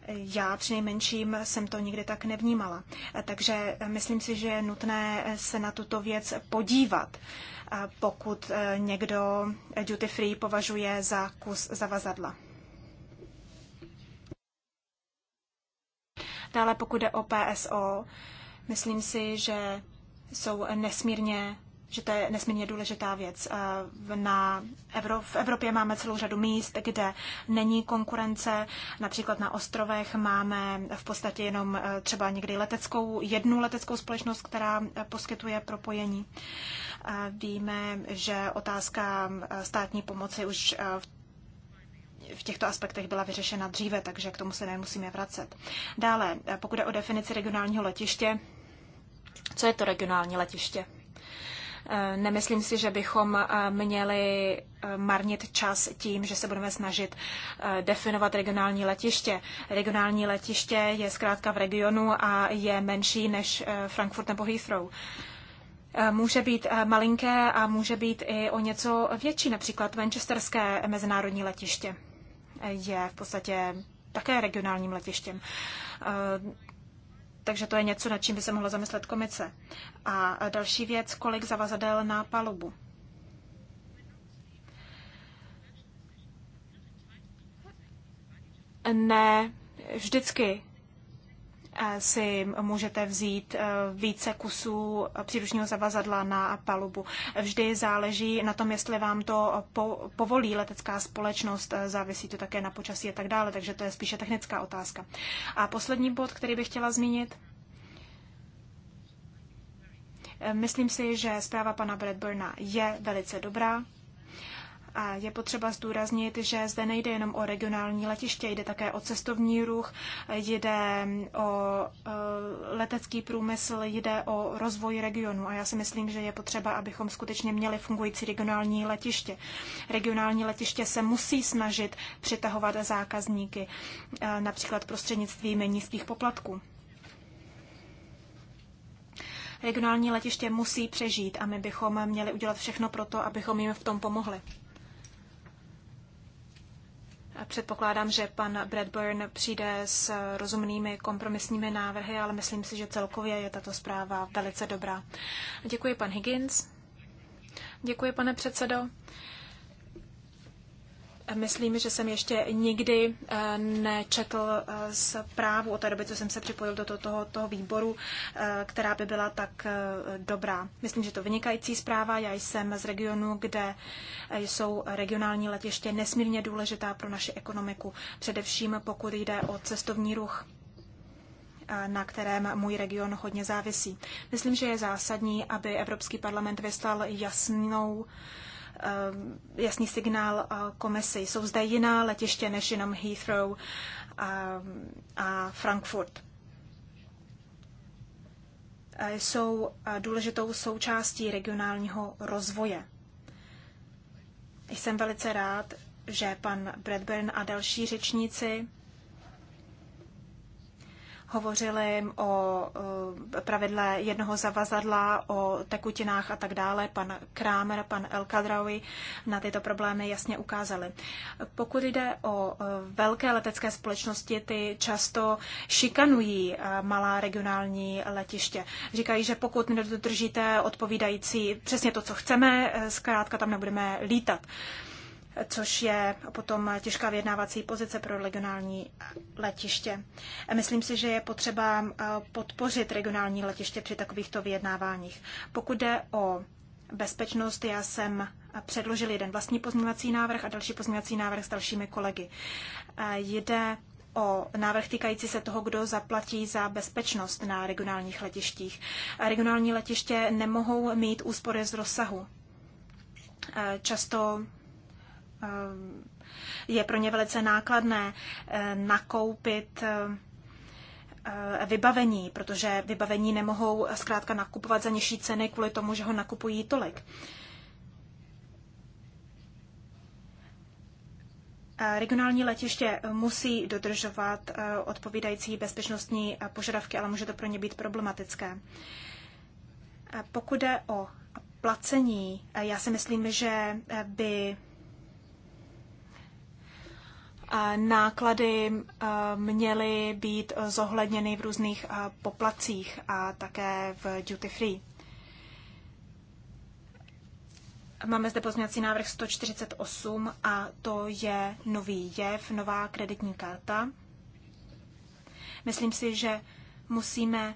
Já přinejmenším jsem to nikdy tak nevnímala. Takže myslím si, že je nutné se na tuto věc podívat, pokud e, někdo duty free považuje za kus zavazadla. Dále pokud jde o PSO, myslím si, že jsou nesmírně že to je nesmírně důležitá věc. Eh, na Evro, v Evropě máme celou řadu míst, kde není konkurence. Například na ostrovech máme v podstatě jenom eh, třeba někdy leteckou, jednu leteckou společnost, která eh, poskytuje propojení. Víme, že otázka státní pomoci už v v těchto aspektech byla vyřešena dříve, takže k tomu se nemusíme vracet. Dále, pokud je o definici regionálního letiště, co je to regionální letiště? Eh, nemyslím si, že bychom eh, měli eh, marnit čas tím, že se budeme snažit definovat regionální letiště. Regionální letiště je zkrátka v regionu a je menší než Frankfurt nebo Heathrow. Může být malinké a může být i o něco větší, například Manchesterské mezinárodní letiště je v podstatě také regionálním letištěm. Takže to je něco, nad čím by se mohla zamyslet komice. A další věc, kolik zavazadel na palubu. Ne, vždycky Eh, si můžete vzít eh, více kusů příručního zavazadla na palubu. Vždy záleží na tom, jestli vám to po, povolí letecká společnost, eh, závisí to také na počasí a tak dále, takže to je spíše technická otázka. A poslední bod, který bych chtěla zmínit, Myslím si, že zpráva pana Bradburna je velice dobrá. A je potřeba zdůraznit, že zde nejde jenom o regionální letiště, jde také o cestovní ruch, jde o e, letecký průmysl, jde o rozvoj regionu. A já si myslím, že je potřeba, abychom skutečně měli fungující regionální letiště. Regionální letiště se musí snažit přitahovat zákazníky, e, například prostřednictvím nízkých poplatků. Regionální letiště musí přežít a my bychom měli udělat všechno pro to, abychom jim v tom pomohli. Předpokládám, že pan Bradburn přijde s rozumnými kompromisními návrhy, ale myslím si, že celkově je tato zpráva velice dobrá. Děkuji, pan Higgins. Děkuji, pane předsedo. Myslím, že jsem ještě nikdy eh, nečetl eh, zprávu o té doby, co jsem se připojil do toho, toho výboru, eh, která by byla tak dobrá. Myslím, že to vynikající zpráva. Já jsem z regionu, kde jsou regionální letiště nesmírně důležitá pro naši ekonomiku, především pokud jde o cestovní ruch na kterém můj region hodně závisí. Myslím, že je zásadní, aby Evropský parlament vyslal jasnou Eh, jasný signál eh, komisi. Jsou zde jiná letiště než jenom Heathrow eh, a Frankfurt. Jsou důležitou součástí regionálního rozvoje. Jsem velice rád, že pan Bradburn a další řečníci hovořili o eh, pravidle jednoho zavazadla, o tekutinách a tak dále. Pan Krámer, pan El Kadraoui na tyto problémy jasně ukázali. Pokud jde o eh, velké letecké společnosti, ty často šikanují eh, malá regionální letiště. Říkají, že pokud nedodržíte odpovídající přesně to, co chceme, zkrátka tam nebudeme lítat což je potom těžká vyjednávací pozice pro regionální letiště. Myslím si, že je potřeba eh, podpořit regionální letiště při takovýchto vyjednáváních. Pokud jde o bezpečnost, já jsem předložil jeden vlastní pozměňovací návrh a další pozměňovací návrh s dalšími kolegy. Eh, jde o návrh týkající se toho, kdo zaplatí za bezpečnost na regionálních letištích. Eh, regionální letiště nemohou mít úspory z rozsahu. Často Ehm, je pro ně velice nákladné eh, nakoupit eh, eh, vybavení, protože vybavení nemohou zkrátka nakupovat za nižší ceny kvůli tomu, že ho nakupují tolik. Regionální letiště musí dodržovat odpovídající bezpečnostní požadavky, ale může to pro ně být problematické. Pokud jde o placení, já si myslím, že by náklady eh, měly být eh, zohledněny v různých eh, poplacích a také v duty free. Máme zde pozměňovací návrh 148 a to je nový jev, nová kreditní karta. Myslím si, že musíme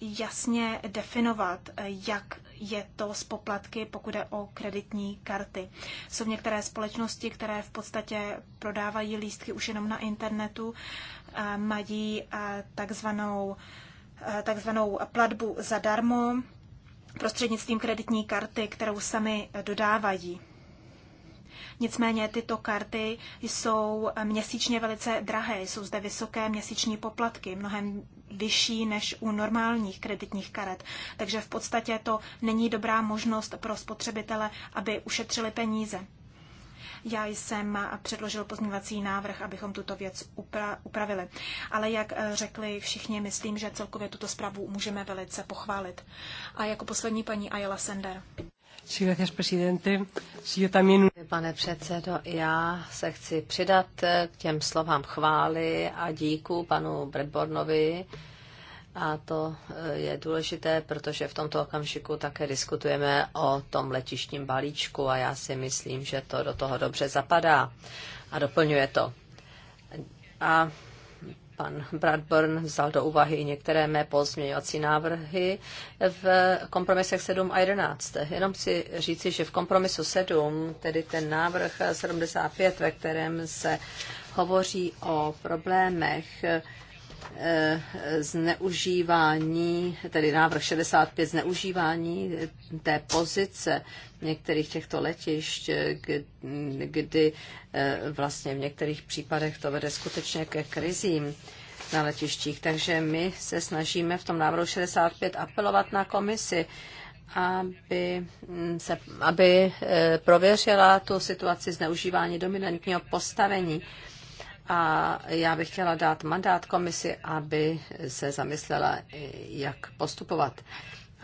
jasně definovat, jak je to z poplatky, pokud je o kreditní karty. Jsou některé společnosti, které v podstatě prodávají lístky už jenom na internetu, mají takzvanou, takzvanou platbu zadarmo prostřednictvím kreditní karty, kterou sami dodávají. Nicméně tyto karty jsou měsíčně velice drahé, jsou zde vysoké měsíční poplatky, mnohem vyšší než u normálních kreditních karet. Takže v podstatě to není dobrá možnost pro spotřebitele, aby ušetřili peníze. Já jsem předložil pozměňovací návrh, abychom tuto věc upra- upravili. Ale jak eh, řekli všichni, myslím, že celkově tuto zprávu můžeme velice pochválit. A jako poslední paní Ayala Sender. Pane předsedo, já se chci přidat eh, k těm slovám chvály a díku panu Bradbornovi. A to eh, je důležité, protože v tomto okamžiku také diskutujeme o tom letištním balíčku a já si myslím, že to do toho dobře zapadá a doplňuje to. A pan Bradburn vzal do úvahy i některé mé pozměňovací návrhy v kompromisech 7 a 11. Jenom si říci, že v kompromisu 7, tedy ten návrh 75, ve kterém se hovoří o problémech, zneužívání, tedy návrh 65 zneužívání té pozice některých těchto letišť, kdy eh, vlastně v některých případech to vede skutečně ke krizím na letištích. Takže my se snažíme v tom návrhu 65 apelovat na komisi, aby, mm, se, aby eh, prověřila tu situaci zneužívání dominantního postavení a já bych chtěla dát mandát komisi, aby se zamyslela, jak postupovat.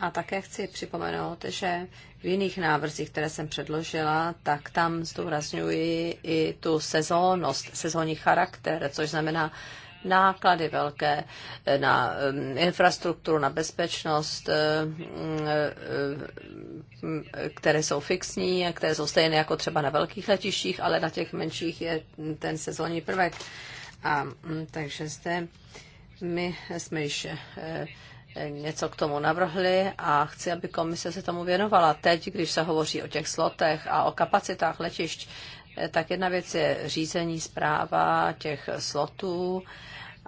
A také chci připomenout, že v jiných návrzích, které jsem předložila, tak tam zdůrazňuji i tu sezónnost, sezónní charakter, což znamená, náklady velké na um, infrastrukturu, na bezpečnost, um, um, které jsou fixní, které jsou stejné jako třeba na velkých letištích, ale na těch menších je ten sezónní prvek. A mm, takže zde my jsme již eh, něco k tomu navrhli a chci, aby komise se tomu věnovala. Teď, když se hovoří o těch slotech a o kapacitách letišť, eh, tak jedna věc je řízení zpráva těch slotů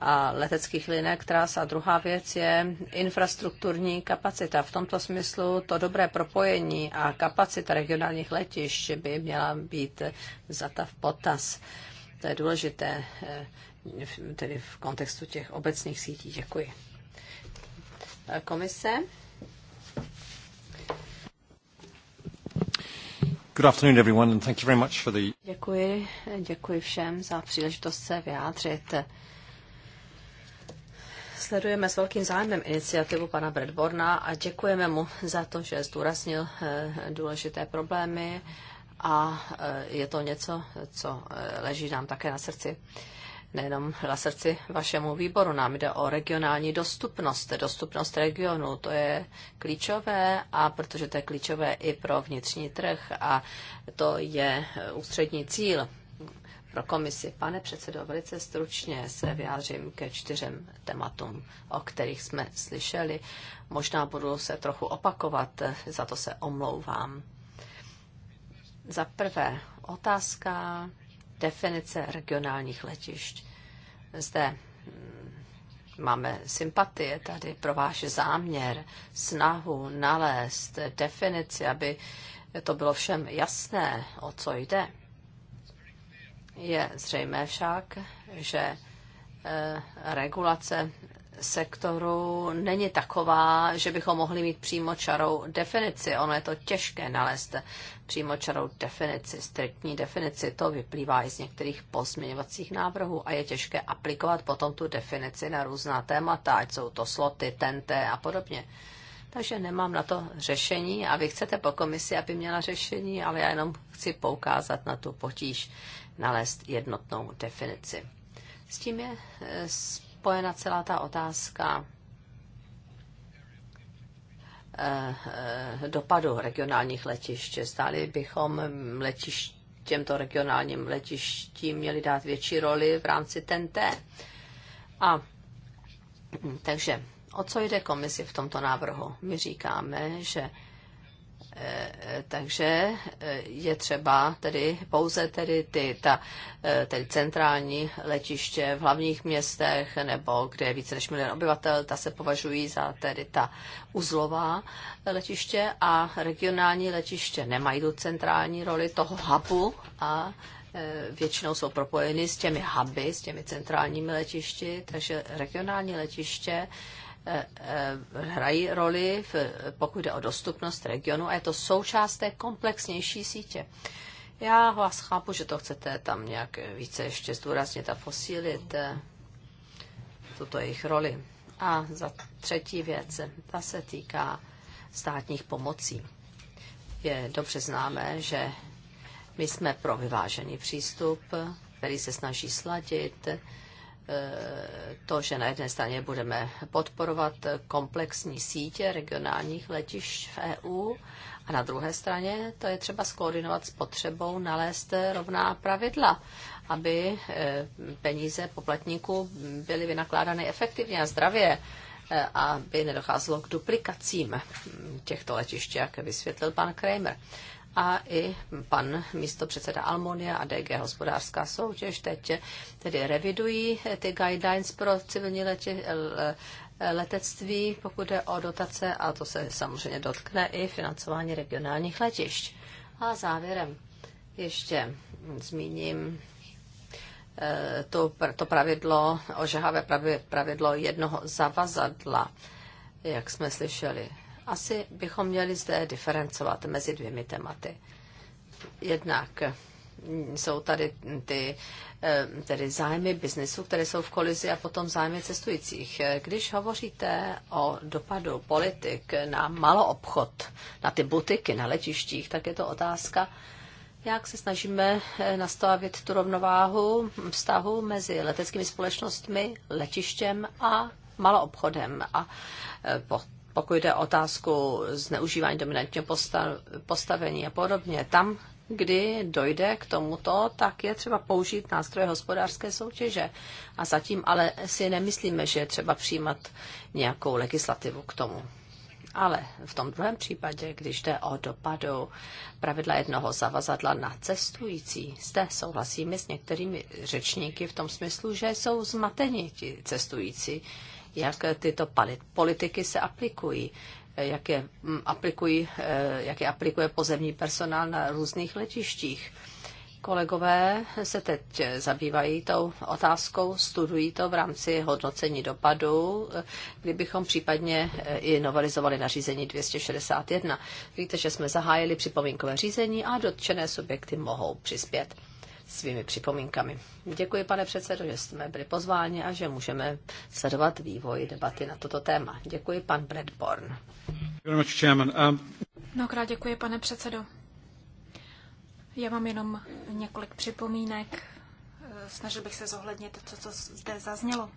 a leteckých linek tras. A druhá věc je infrastrukturní kapacita. V tomto smyslu to dobré propojení a kapacita regionálních letišť by měla být zata v potaz. To je důležité eh, tedy v kontextu těch obecných sítí. Děkuji. Komise. Good afternoon, everyone, and thank you very much for the... Děkuji, děkuji všem za příležitost se vyjádřit. Sledujeme s velkým zájmem iniciativu pana Bradborna a děkujeme mu za to, že zdůraznil eh, důležité problémy a eh, je to něco, co eh, leží nám také na srdci. Nejenom na srdci vašemu výboru, nám jde o regionální dostupnost, dostupnost regionu, to je klíčové a protože to je klíčové i pro vnitřní trh a to je ústřední cíl pro komisi. Pane předsedo, velice stručně se vyjádřím ke čtyřem tématům, o kterých jsme slyšeli. Možná budu se trochu opakovat, za to se omlouvám. Za prvé, otázka definice regionálních letišť. Zde hm, máme sympatie tady pro váš záměr, snahu nalézt definici, aby to bylo všem jasné, o co jde je zřejmé však, že eh, regulace sektoru není taková, že bychom mohli mít přímo čarou definici. Ono je to těžké nalézt přímo čarou definici, striktní definici. To vyplývá i z některých pozměňovacích návrhů a je těžké aplikovat potom tu definici na různá témata, ať jsou to sloty, tente a podobně. Takže nemám na to řešení a vy chcete po komisi, aby měla řešení, ale já jenom chci poukázat na tu potíž, nalézt jednotnou definici. S tím je e, spojena celá ta otázka e, e, dopadu regionálních letišť. Zdali bychom letišť, těmto regionálním letištím měli dát větší roli v rámci TNT. A takže o co jde komisi v tomto návrhu? My říkáme, že takže eh, je třeba tedy pouze tedy ty, ta, eh, tedy centrální letiště v hlavních městech nebo kde je více než milion obyvatel, ta se považují za tedy ta uzlová letiště a regionální letiště nemají tu centrální roli toho hubu a eh, většinou jsou propojeny s těmi huby, s těmi centrálními letišti, takže regionální letiště Eh, hrají roli, v, pokud jde o dostupnost regionu a je to součást té komplexnější sítě. Já vás chápu, že to chcete tam nějak více ještě zdůraznit a posílit eh, tuto jejich roli. A za třetí věc, ta se týká státních pomocí. Je dobře známé, že my jsme pro vyvážený přístup, který se snaží sladit to, že na jedné straně budeme podporovat komplexní sítě regionálních letišť v EU a na druhé straně to je třeba skoordinovat s potřebou nalézt rovná pravidla, aby eh, peníze poplatníků byly vynakládány efektivně a zdravě a eh, aby nedocházelo k duplikacím těchto letišť, jak vysvětlil pan Kramer a i pan místo předseda Almonia a DG Hospodářská soutěž teď tedy revidují ty guidelines pro civilní leti, letectví, pokud jde o dotace a to se samozřejmě dotkne i financování regionálních letišť. A závěrem ještě zmíním eh, to, to pravidlo, ožahavé pravidlo jednoho zavazadla, jak jsme slyšeli asi bychom měli zde diferencovat mezi dvěmi tématy. Jednak mm, jsou tady ty eh, tedy zájmy biznesu, které jsou v kolizi a potom zájmy cestujících. Když hovoříte o dopadu politik na maloobchod, na ty butiky, na letištích, tak je to otázka, jak se snažíme eh, nastavit tu rovnováhu vztahu mezi leteckými společnostmi, letištěm a maloobchodem. A eh, pokud jde o otázku zneužívání dominantního postavení a podobně, tam, kdy dojde k tomuto, tak je třeba použít nástroje hospodářské soutěže. A zatím ale si nemyslíme, že je třeba přijímat nějakou legislativu k tomu. Ale v tom druhém případě, když jde o dopadu pravidla jednoho zavazadla na cestující, zde souhlasíme s některými řečníky v tom smyslu, že jsou zmateni ti cestující, jak tyto politiky se aplikují, jak je, mm, aplikují, eh, jak je aplikuje pozemní personál na různých letištích. Kolegové se teď zabývají tou otázkou, studují to v rámci hodnocení dopadu, eh, kdybychom případně eh, i novelizovali nařízení 261. Víte, že jsme zahájili připomínkové řízení a dotčené subjekty mohou přispět svými připomínkami. Děkuji, pane předsedo, že jsme byli pozváni a že můžeme sledovat vývoj debaty na toto téma. Děkuji, pan Bradborn. Mnohokrát děkuji, pane předsedo. Já mám jenom několik připomínek. Snažil bych se zohlednit to, co zde zaznělo.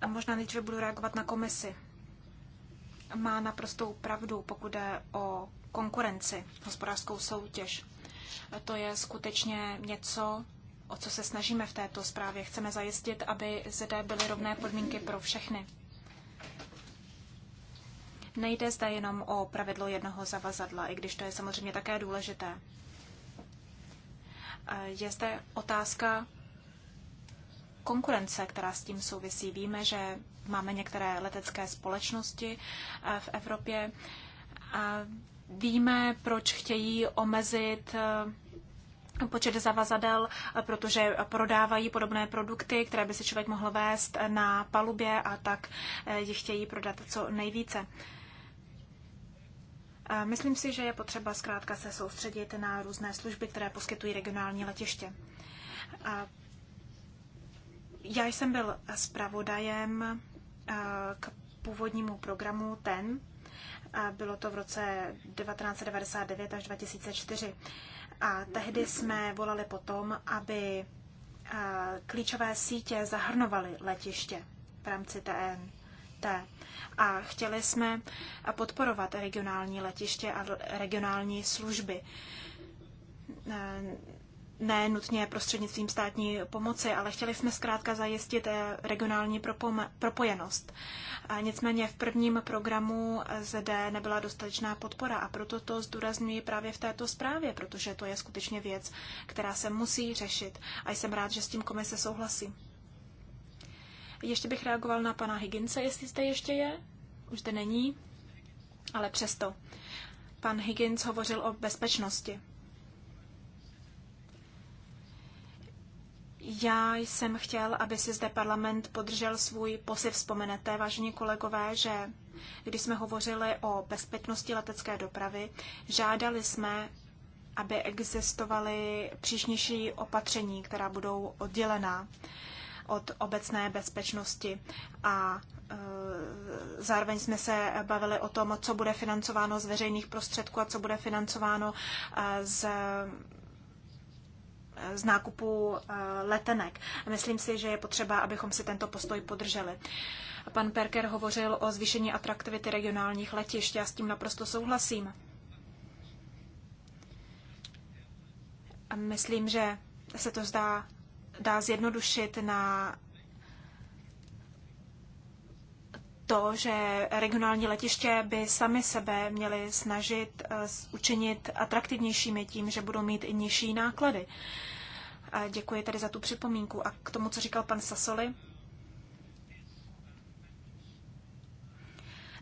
A možná nejdříve budu reagovat na komisi. Má naprostou pravdu, pokud jde o konkurenci, hospodářskou soutěž to je skutečně něco, o co se snažíme v této zprávě. Chceme zajistit, aby zde byly rovné podmínky pro všechny. Nejde zde jenom o pravidlo jednoho zavazadla, i když to je samozřejmě také důležité. Eh, je zde otázka konkurence, která s tím souvisí. Víme, že máme některé letecké společnosti eh, v Evropě, a Víme, proč chtějí omezit eh, počet zavazadel, eh, protože prodávají podobné produkty, které by si člověk mohl vést na palubě a tak eh, je chtějí prodat co nejvíce. Myslím si, že je potřeba zkrátka se soustředit na různé služby, které poskytují regionální letiště. Já jsem byl zpravodajem k původnímu programu TEN a bylo to v roce 1999 až 2004. A tehdy jsme volali potom, aby eh, klíčové sítě zahrnovaly letiště v rámci TN. A chtěli jsme podporovat regionální letiště a regionální služby eh, ne nutně prostřednictvím státní pomoci, ale chtěli jsme zkrátka zajistit eh, regionální propojenost. A nicméně v prvním programu zde nebyla dostatečná podpora a proto to zdůrazňuji právě v této zprávě, protože to je skutečně věc, která se musí řešit a jsem rád, že s tím komise souhlasí. Ještě bych reagoval na pana Higgince, jestli zde ještě je. Už zde není, ale přesto. Pan Higgins hovořil o bezpečnosti. Já jsem chtěl, aby si zde parlament podržel svůj posiv. Vzpomenete, vážení kolegové, že když jsme hovořili o bezpečnosti letecké dopravy, žádali jsme, aby existovaly příšnější opatření, která budou oddělená od obecné bezpečnosti a e, zároveň jsme se bavili o tom, co bude financováno z veřejných prostředků a co bude financováno e, z z nákupu eh, letenek. Myslím si, že je potřeba, abychom si tento postoj podrželi. Pan Perker hovořil o zvýšení atraktivity regionálních letišť. Já s tím naprosto souhlasím. Myslím, že se to zdá dá zjednodušit na to, že regionální letiště by sami sebe měly snažit eh, učinit atraktivnějšími tím, že budou mít i nižší náklady. A děkuji tady za tu připomínku. A k tomu, co říkal pan Sasoli,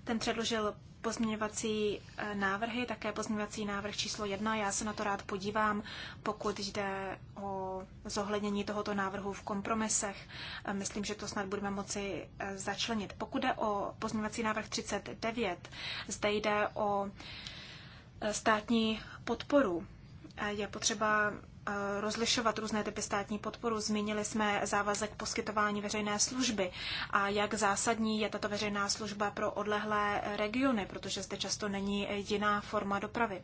ten předložil pozměňovací eh, návrhy, také pozměňovací návrh číslo jedna. Já se na to rád podívám, pokud jde o zohlednění tohoto návrhu v kompromisech. Eh, myslím, že to snad budeme moci eh, začlenit. Pokud jde o pozměňovací návrh 39, zde jde o státní podporu. Je potřeba Eh, rozlišovat různé typy státní podporu. Zmínili jsme závazek poskytování veřejné služby a jak zásadní je tato veřejná služba pro odlehlé regiony, protože zde často není jiná forma dopravy.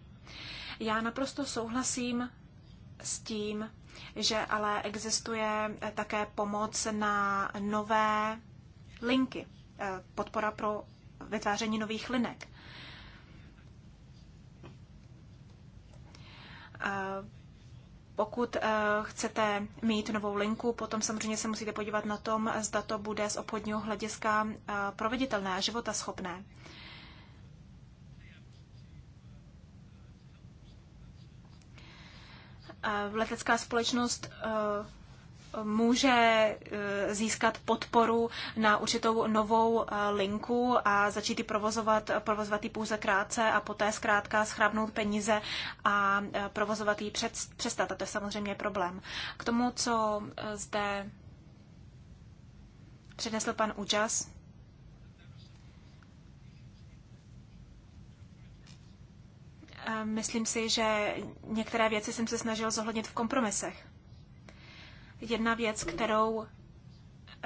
Já naprosto souhlasím s tím, že ale existuje také pomoc na nové linky, eh, podpora pro vytváření nových linek. Eh, pokud eh, chcete mít novou linku, potom samozřejmě se musíte podívat na tom, zda to bude z obchodního hlediska eh, proveditelné a životaschopné. Eh, letecká společnost může eh, získat podporu na určitou novou eh, linku a začít ji provozovat, provozovat ji pouze krátce a poté zkrátka schrábnout peníze a eh, provozovat ji před, přestat. A to je samozřejmě problém. K tomu, co zde přednesl pan Účas, Myslím si, že některé věci jsem se snažil zohlednit v kompromisech. Jedna věc, kterou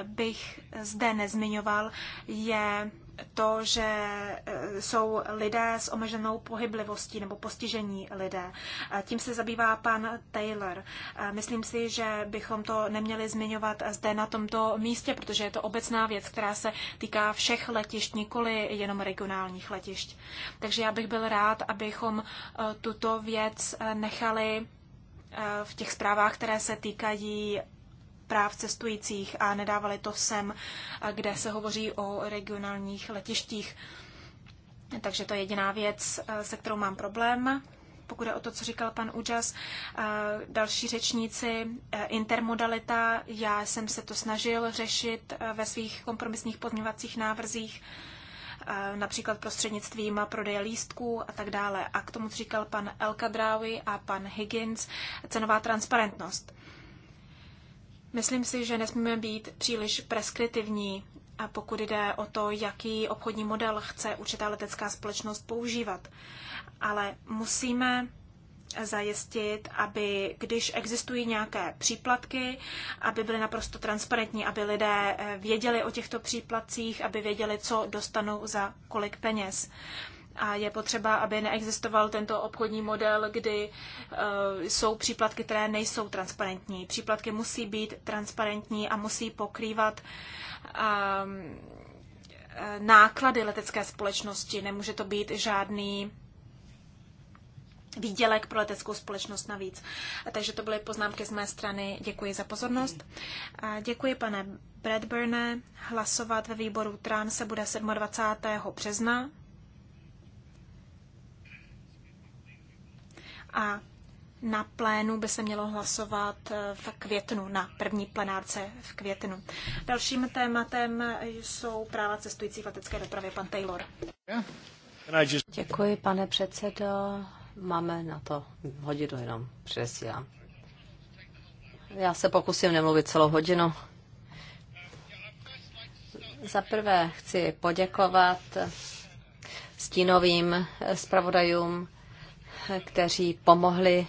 bych zde nezmiňoval, je to, že e, jsou lidé s omezenou pohyblivostí nebo postižení lidé. E, tím se zabývá pan Taylor. E, myslím si, že bychom to neměli zmiňovat zde na tomto místě, protože je to obecná věc, která se týká všech letišť, nikoli jenom regionálních letišť. Takže já bych byl rád, abychom tuto věc nechali v těch zprávách, které se týkají práv cestujících a nedávali to sem, kde se hovoří o regionálních letištích. Takže to je jediná věc, se kterou mám problém. Pokud je o to, co říkal pan Úžas, další řečníci, e, intermodalita, já jsem se to snažil řešit e, ve svých kompromisních pozměňovacích návrzích například prostřednictvím prodeje lístků a tak dále. A k tomu, říkal pan Elkadrawi a pan Higgins, cenová transparentnost. Myslím si, že nesmíme být příliš preskriptivní, pokud jde o to, jaký obchodní model chce určitá letecká společnost používat. Ale musíme zajistit, aby když existují nějaké příplatky, aby byly naprosto transparentní, aby lidé eh, věděli o těchto příplatcích, aby věděli, co dostanou za kolik peněz. A je potřeba, aby neexistoval tento obchodní model, kdy uh, jsou příplatky, které nejsou transparentní. Příplatky musí být transparentní a musí pokrývat um, náklady letecké společnosti. Nemůže to být žádný výdělek pro leteckou společnost navíc. Takže to byly poznámky z mé strany. Děkuji za pozornost. A děkuji, pane Bradburne. Hlasovat ve výboru TRAN se bude 27. března. A na plénu by se mělo hlasovat v květnu, na první plenárce v květnu. Dalším tématem jsou práva cestující v letecké dopravě, pan Taylor. Děkuji, pane předsedo máme na to hodinu jenom, přesílám. Já se pokusím nemluvit celou hodinu. Za prvé chci poděkovat stínovým zpravodajům, kteří pomohli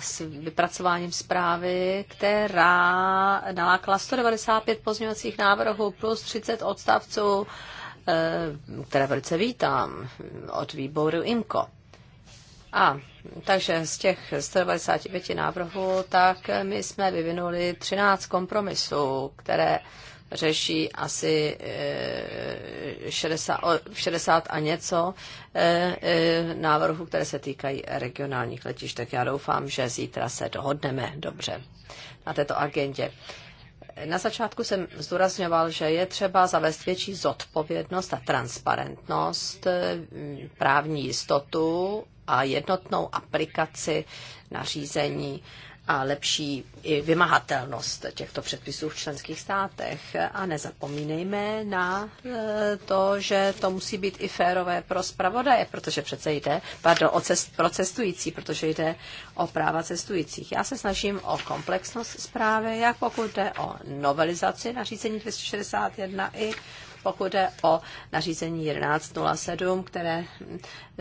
s vypracováním zprávy, která nalákala 195 pozměňovacích návrhů plus 30 odstavců, eh, které velice vítám od výboru IMCO. A takže z těch 195 návrhů, tak my jsme vyvinuli 13 kompromisů, které řeší asi 60, eh, 60 a něco eh, eh, návrhů, které se týkají regionálních letišť. Tak já doufám, že zítra se dohodneme dobře na této agendě. Na začátku jsem zdůrazňoval, že je třeba zavést větší zodpovědnost a transparentnost, právní jistotu a jednotnou aplikaci nařízení a lepší i vymahatelnost těchto předpisů v členských státech. A nezapomínejme na e, to, že to musí být i férové pro zpravodaje, protože přece jde, pardon, o cest, pro cestující, protože jde o práva cestujících. Já se snažím o komplexnost zprávy, jak pokud jde o novelizaci nařízení 261 i pokud jde o nařízení 1107, které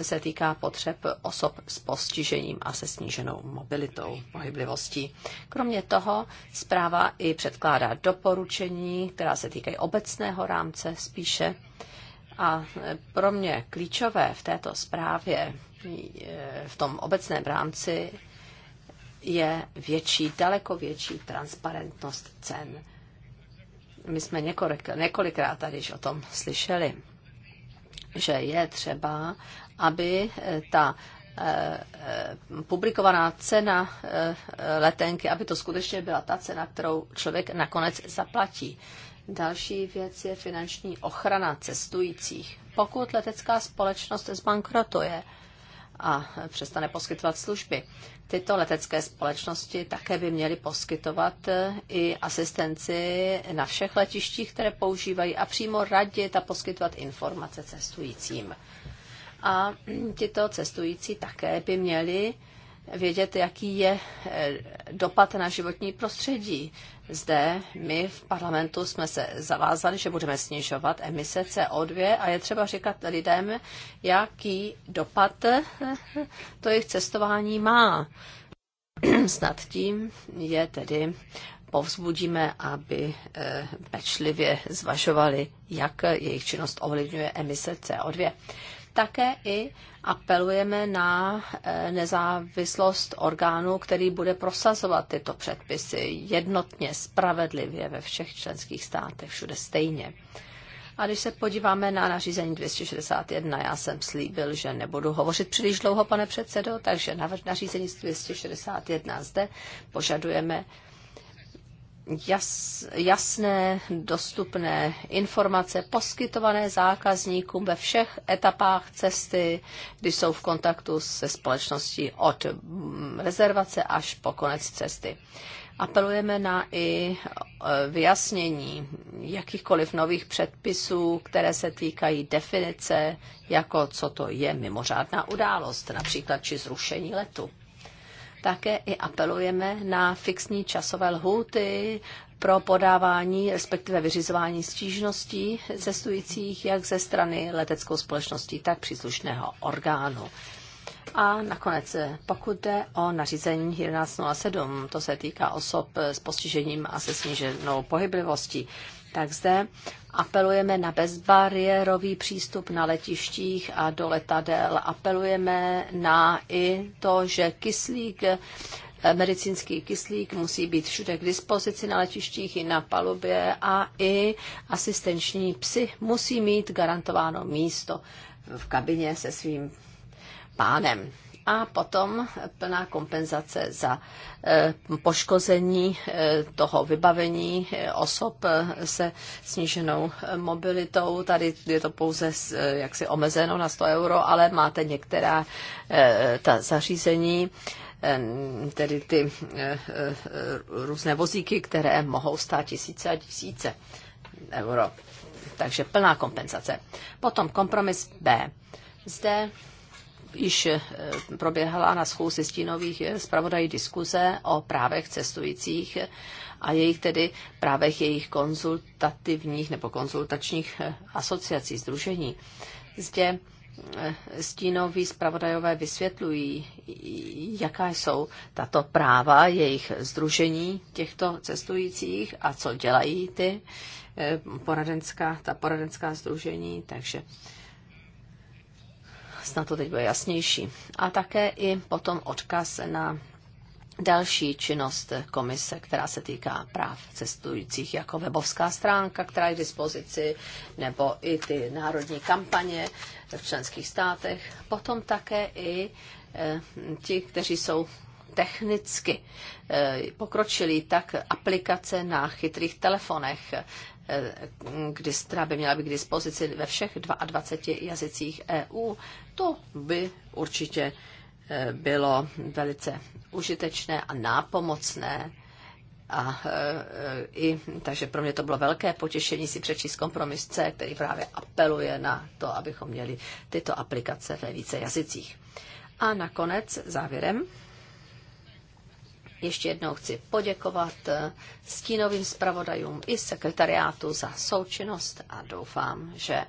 se týká potřeb osob s postižením a se sníženou mobilitou, pohyblivostí. Kromě toho zpráva i předkládá doporučení, která se týkají obecného rámce spíše. A pro mě klíčové v této zprávě, v tom obecném rámci, je větší, daleko větší transparentnost cen my jsme několik, několikrát tady již o tom slyšeli, že je třeba, aby eh, ta eh, eh, publikovaná cena letenky, aby to skutečně byla ta cena, kterou člověk nakonec zaplatí. Další věc je finanční ochrana cestujících. Pokud letecká společnost zbankrotuje, a přestane poskytovat služby. Tyto letecké společnosti také by měly poskytovat e, i asistenci na všech letištích, které používají a přímo radit a poskytovat informace cestujícím. A tyto cestující také by měli vědět, jaký je e, dopad na životní prostředí zde my v parlamentu jsme se zavázali, že budeme snižovat emise CO2 a je třeba říkat lidem, jaký dopad to jejich cestování má. Snad tím je tedy povzbudíme, aby eh, pečlivě zvažovali, jak jejich činnost ovlivňuje emise CO2. Také i apelujeme na eh, nezávislost orgánu, který bude prosazovat tyto předpisy jednotně, spravedlivě ve všech členských státech, všude stejně. A když se podíváme na nařízení 261, já jsem slíbil, že nebudu hovořit příliš dlouho, pane předsedo, takže nařízení 261 zde požadujeme jas, jasné, dostupné informace poskytované zákazníkům ve všech etapách cesty, kdy jsou v kontaktu se společností od mm, rezervace až po konec cesty. Apelujeme na i e, vyjasnění jakýchkoliv nových předpisů, které se týkají definice, jako co to je mimořádná událost, například či zrušení letu. Také i apelujeme na fixní časové lhuty pro podávání, respektive vyřizování stížností cestujících jak ze strany leteckou společností, tak příslušného orgánu. A nakonec, pokud jde o nařízení 1107, to se týká osob s postižením a se sníženou pohyblivostí tak zde apelujeme na bezbariérový přístup na letištích a do letadel. Apelujeme na i to, že kyslík eh, medicínský kyslík musí být všude k dispozici na letištích i na palubě a i asistenční psy musí mít garantováno místo v kabině se svým pánem a potom plná kompenzace za e, poškození e, toho vybavení e, osob se sníženou mobilitou. Tady je to pouze jaksi omezeno na 100 euro, ale máte některá ta zařízení, tedy ty různé vozíky, které mohou stát tisíce a tisíce euro. Takže plná kompenzace. Potom kompromis B. Zde již eh, proběhla na schůzi stínových eh, zpravodají diskuze o právech cestujících a jejich tedy právech jejich konzultativních nebo konzultačních eh, asociací, združení. Zde stínoví zpravodajové vysvětlují, jaká jsou tato práva jejich združení těchto cestujících a co dělají ty poradenská, ta poradenská združení. Takže snad to teď bude jasnější. A také i potom odkaz na další činnost komise, která se týká práv cestujících, jako webovská stránka, která je k dispozici, nebo i ty národní kampaně v členských státech. Potom také i e, ti, kteří jsou technicky eh, pokročilí, tak aplikace na chytrých telefonech, která by měla být k dispozici ve všech 22 jazycích EU, to by určitě eh, bylo velice užitečné a nápomocné. A eh, i, takže pro mě to bylo velké potěšení si přečíst kompromis C, který právě apeluje na to, abychom měli tyto aplikace ve více jazycích. A nakonec závěrem ještě jednou chci poděkovat eh, stínovým zpravodajům i sekretariátu za součinnost a doufám, že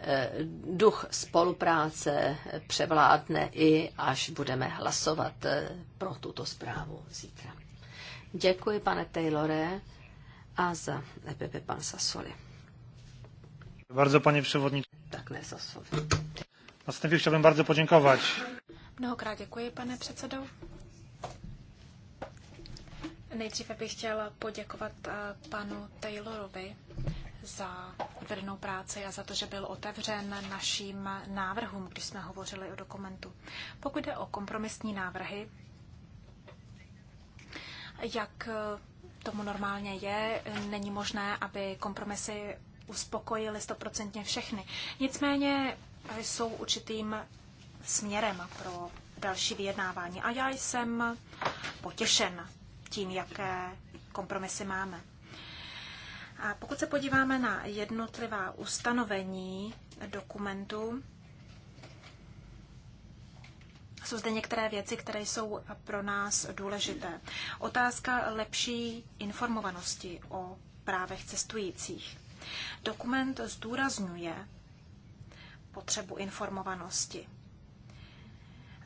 eh, duch spolupráce převládne i až budeme hlasovat eh, pro tuto zprávu zítra. Děkuji, pane Taylore, a za EPP pan Sasoli. Bardzo, panie przewodniczący. Tak, ne, Sasoli. Następnie chciałbym bardzo podziękować. Mnohokrát děkuji, pane předsedo. Nejdříve bych chtěl poděkovat eh, panu Taylorovi za odvedenou práci a za to, že byl otevřen naším návrhům, když jsme hovořili o dokumentu. Pokud jde o kompromisní návrhy, jak eh, tomu normálně je, není možné, aby kompromisy uspokojily stoprocentně všechny. Nicméně jsou určitým směrem pro další vyjednávání a já jsem potěšen tím, jaké kompromisy máme. A pokud se podíváme na jednotlivá ustanovení dokumentu, jsou zde některé věci, které jsou pro nás důležité. Otázka lepší informovanosti o právech cestujících. Dokument zdůrazňuje potřebu informovanosti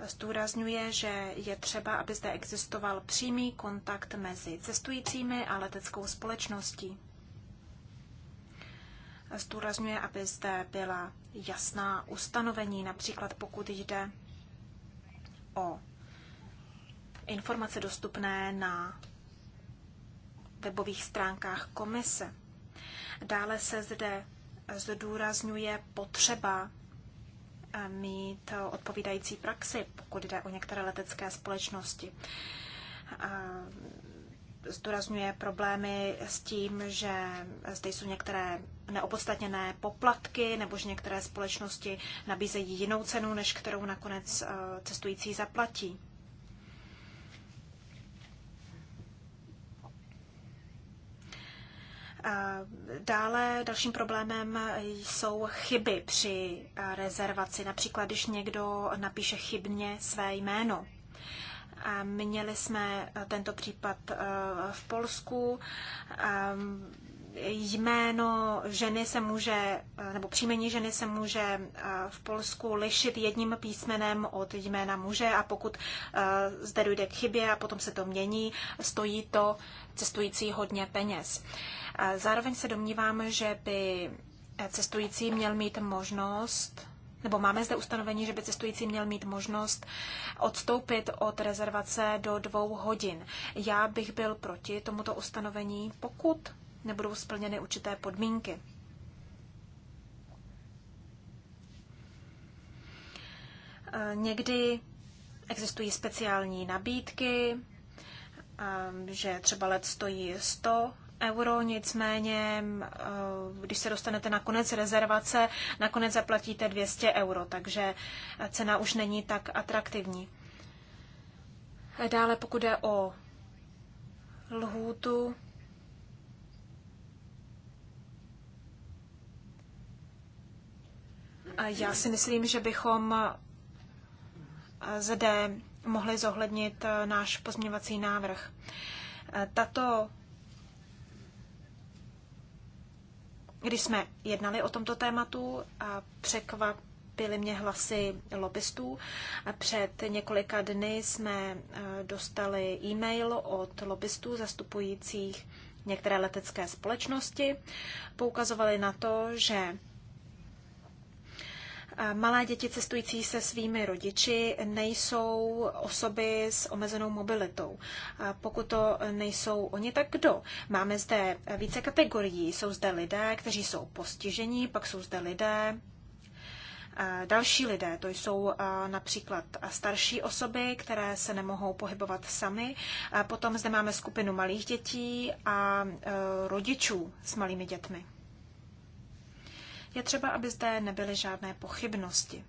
zdůrazňuje, že je třeba, aby zde existoval přímý kontakt mezi cestujícími a leteckou společností. Zdůrazňuje, aby zde byla jasná ustanovení, například pokud jde o informace dostupné na webových stránkách komise. Dále se zde zdůrazňuje potřeba mít eh, odpovídající praxi, pokud jde o některé letecké společnosti. Zdůrazňuje problémy s tím, že zde jsou některé neopodstatněné poplatky nebo že některé společnosti nabízejí jinou cenu, než kterou nakonec eh, cestující zaplatí. Dále dalším problémem jsou chyby při rezervaci. Například, když někdo napíše chybně své jméno. A měli jsme tento případ e, v Polsku. Jméno ženy se může, e, nebo příjmení ženy se může e, v Polsku lišit jedním písmenem od jména muže a pokud zde dojde k chybě a potom se to mění, stojí to cestující hodně peněz. Zároveň se domnívám, že by cestující měl mít možnost nebo máme zde ustanovení, že by cestující měl mít možnost odstoupit od rezervace do dvou hodin. Já bych byl proti tomuto ustanovení, pokud nebudou splněny určité podmínky. Eh, někdy existují speciální nabídky, eh, že třeba let stojí 100 euro, nicméně eh, když se dostanete na konec rezervace, nakonec zaplatíte 200 euro, takže cena už není tak atraktivní. Dále pokud jde o lhůtu, já si myslím, že bychom zde mohli zohlednit náš pozměňovací návrh. Tato Když jsme jednali o tomto tématu, překvapily mě hlasy lobbystů. Před několika dny jsme e, dostali e-mail od lobbystů zastupujících některé letecké společnosti. Poukazovali na to, že Malé děti cestující se svými rodiči nejsou osoby s omezenou mobilitou. Pokud to nejsou oni, tak kdo? Máme zde více kategorií. Jsou zde lidé, kteří jsou postižení, pak jsou zde lidé, Další lidé, to jsou například starší osoby, které se nemohou pohybovat sami. Potom zde máme skupinu malých dětí a e, rodičů s malými dětmi. Je třeba, aby zde nebyly žádné pochybnosti.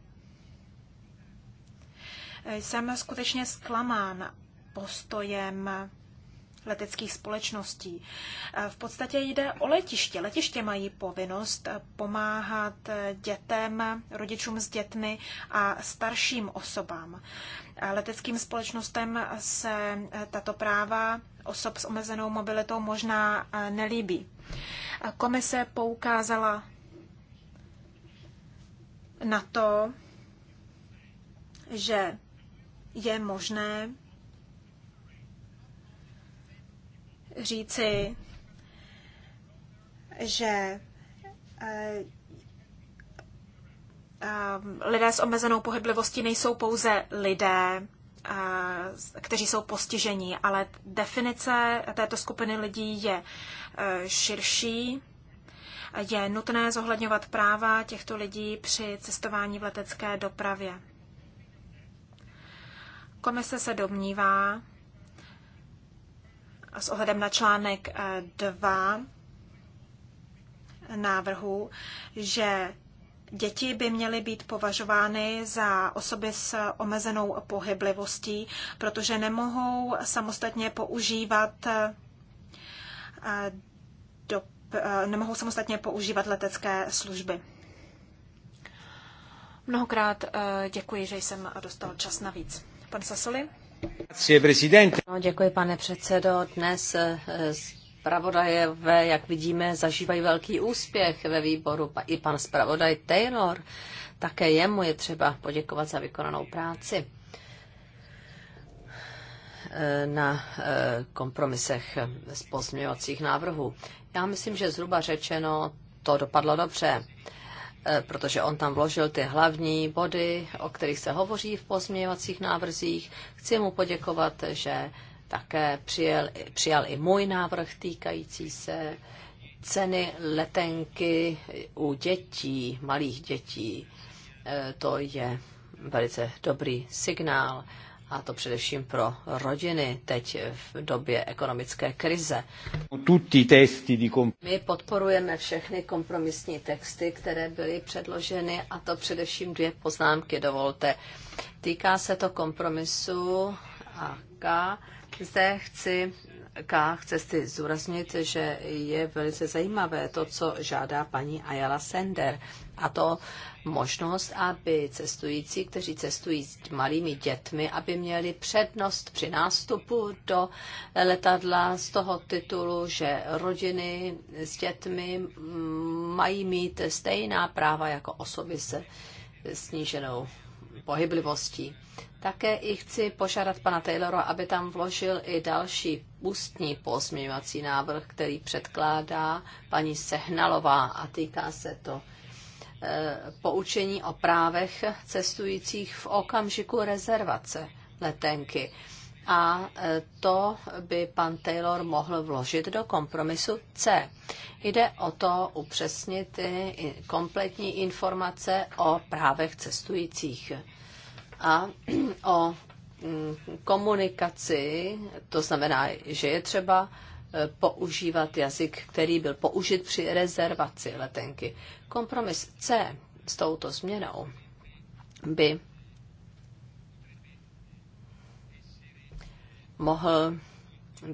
Jsem skutečně zklamán postojem leteckých společností. V podstatě jde o letiště. Letiště mají povinnost pomáhat dětem, rodičům s dětmi a starším osobám. Leteckým společnostem se tato práva osob s omezenou mobilitou možná nelíbí. Komise poukázala na to, že je možné říci, že eh, eh, lidé s omezenou pohyblivostí nejsou pouze lidé, eh, kteří jsou postižení, ale definice této skupiny lidí je širší. Je nutné zohledňovat práva těchto lidí při cestování v letecké dopravě. Komise se domnívá s ohledem na článek 2 eh, návrhu, že Děti by měly být považovány za osoby s omezenou pohyblivostí, protože nemohou samostatně používat eh, Eh, nemohou samostatně používat letecké služby. Mnohokrát eh, děkuji, že jsem dostal čas navíc. Pan Sasoli? No, děkuji, pane předsedo. Dnes eh, zpravodajové, jak vidíme, zažívají velký úspěch ve výboru. I pan zpravodaj Taylor, také jemu je třeba poděkovat za vykonanou práci na kompromisech z pozměňovacích návrhů. Já myslím, že zhruba řečeno to dopadlo dobře, eh, protože on tam vložil ty hlavní body, o kterých se hovoří v pozměňovacích návrzích. Chci mu poděkovat, že také přijel, přijal i můj návrh týkající se ceny letenky u dětí, malých dětí. Eh, to je velice dobrý signál a to především pro rodiny teď v době ekonomické krize. My podporujeme všechny kompromisní texty, které byly předloženy a to především dvě poznámky dovolte. Týká se to kompromisu a K. Zde chci K. si zúraznit, že je velice zajímavé to, co žádá paní Ayala Sender a to možnost, aby cestující, kteří cestují s malými dětmi, aby měli přednost při nástupu do letadla z toho titulu, že rodiny s dětmi mají mít stejná práva jako osoby se sníženou pohyblivostí. Také i chci požádat pana Taylora, aby tam vložil i další ústní pozměňovací návrh, který předkládá paní Sehnalová a týká se to Eh, poučení o právech cestujících v okamžiku rezervace letenky. A eh, to by pan Taylor mohl vložit do kompromisu C. Jde o to upřesnit kompletní informace o právech cestujících a o mm, komunikaci, to znamená, že je třeba eh, používat jazyk, který byl použit při rezervaci letenky. Kompromis C s touto změnou by mohl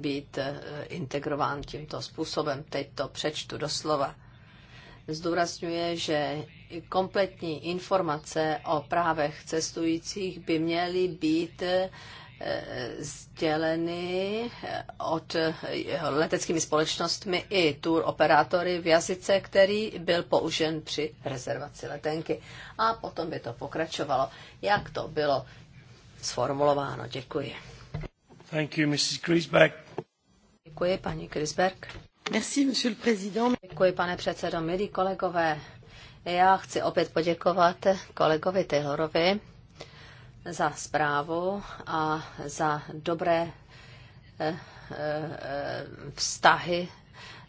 být eh, integrován tímto způsobem. Teď to přečtu doslova. Zdůrazňuje, že kompletní informace o právech cestujících by měly být eh, sděleny od leteckými společnostmi i tour operátory v jazyce, který byl použen při rezervaci letenky. A potom by to pokračovalo, jak to bylo sformulováno. Děkuji. Thank you, Mrs. Griesbeck. Děkuji, paní Grisberg. Merci, monsieur le président. Děkuji, pane předsedo, milí kolegové. Já chci opět poděkovat kolegovi Taylorovi za zprávu a za dobré eh, eh, vztahy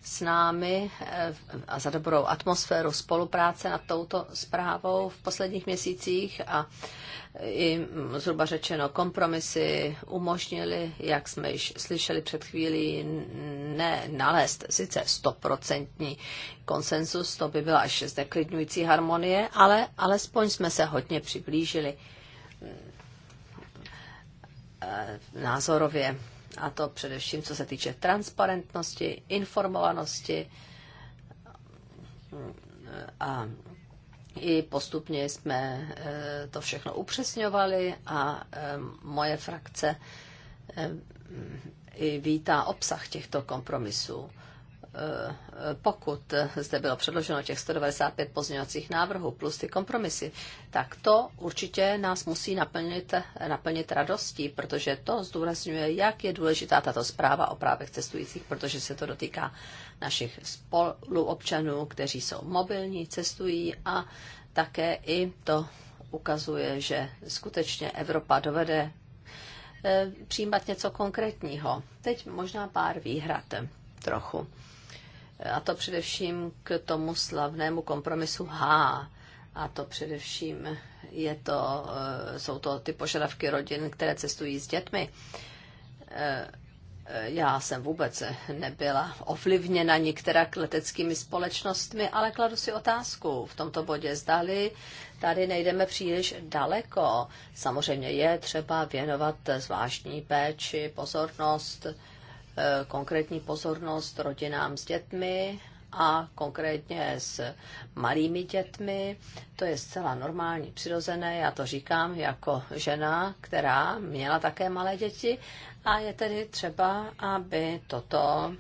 s námi eh, a za dobrou atmosféru spolupráce nad touto zprávou v posledních měsících a i mm, zhruba řečeno kompromisy umožnili, jak jsme již slyšeli před chvílí, ne nalézt sice stoprocentní konsensus, to by byla až zneklidňující harmonie, ale alespoň jsme se hodně přiblížili. Eh, názorově, a to především co se týče transparentnosti, informovanosti mm, a i postupně jsme eh, to všechno upřesňovali a eh, moje frakce i vítá obsah těchto kompromisů. Eh, pokud zde bylo předloženo těch 195 pozměňovacích návrhů plus ty kompromisy, tak to určitě nás musí naplnit, naplnit radostí, protože to zdůrazňuje, jak je důležitá tato zpráva o právech cestujících, protože se to dotýká našich spoluobčanů, kteří jsou mobilní, cestují a také i to ukazuje, že skutečně Evropa dovede eh, přijímat něco konkrétního. Teď možná pár výhrad trochu a to především k tomu slavnému kompromisu H. A to především je to, eh, jsou to ty požadavky rodin, které cestují s dětmi. Eh, já jsem vůbec nebyla ovlivněna některá leteckými společnostmi, ale kladu si otázku v tomto bodě. Zdali tady nejdeme příliš daleko. Samozřejmě je třeba věnovat zvláštní péči, pozornost Eh, konkrétní pozornost rodinám s dětmi a konkrétně s malými dětmi. To je zcela normální, přirozené, já to říkám jako žena, která měla také malé děti a je tedy třeba, aby toto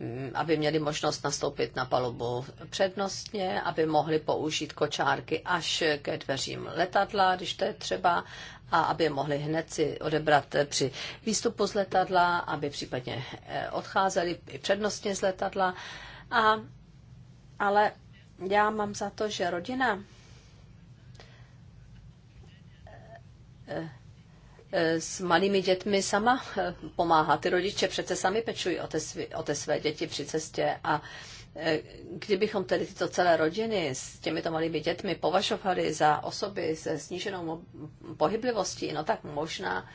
mm, aby měli možnost nastoupit na palubu přednostně, aby mohli použít kočárky až ke dveřím letadla, když to je třeba, a aby je mohli hned si odebrat při výstupu z letadla, aby případně eh, odcházeli i přednostně z letadla. A, ale já mám za to, že rodina eh, eh, s malými dětmi sama pomáhá. Ty rodiče přece sami pečují o ty, o ty své děti při cestě a Eh, kdybychom tedy tyto celé rodiny s těmito malými dětmi považovali za osoby se sníženou pohyblivostí, no tak možná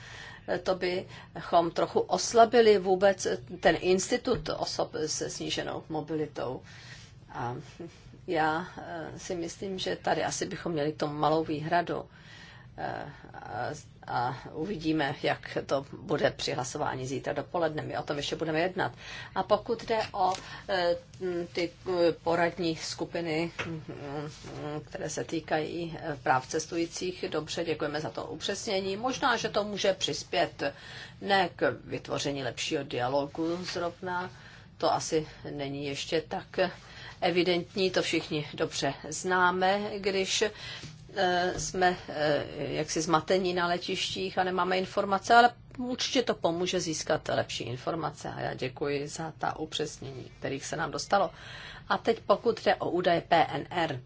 eh, to bychom trochu oslabili vůbec ten institut osob se sníženou mobilitou. A já eh, si myslím, že tady asi bychom měli k tomu malou výhradu. Eh, a uvidíme, jak to bude při hlasování zítra dopoledne. My o tom ještě budeme jednat. A pokud jde o eh, ty eh, poradní skupiny, které se týkají práv cestujících, dobře, děkujeme za to upřesnění. Možná, že to může přispět ne k vytvoření lepšího dialogu zrovna, to asi není ještě tak evidentní, to všichni dobře známe, když Eh, jsme eh, jaksi zmatení na letištích a nemáme informace, ale určitě to pomůže získat lepší informace a já děkuji za ta upřesnění, kterých se nám dostalo. A teď pokud jde o údaje PNR,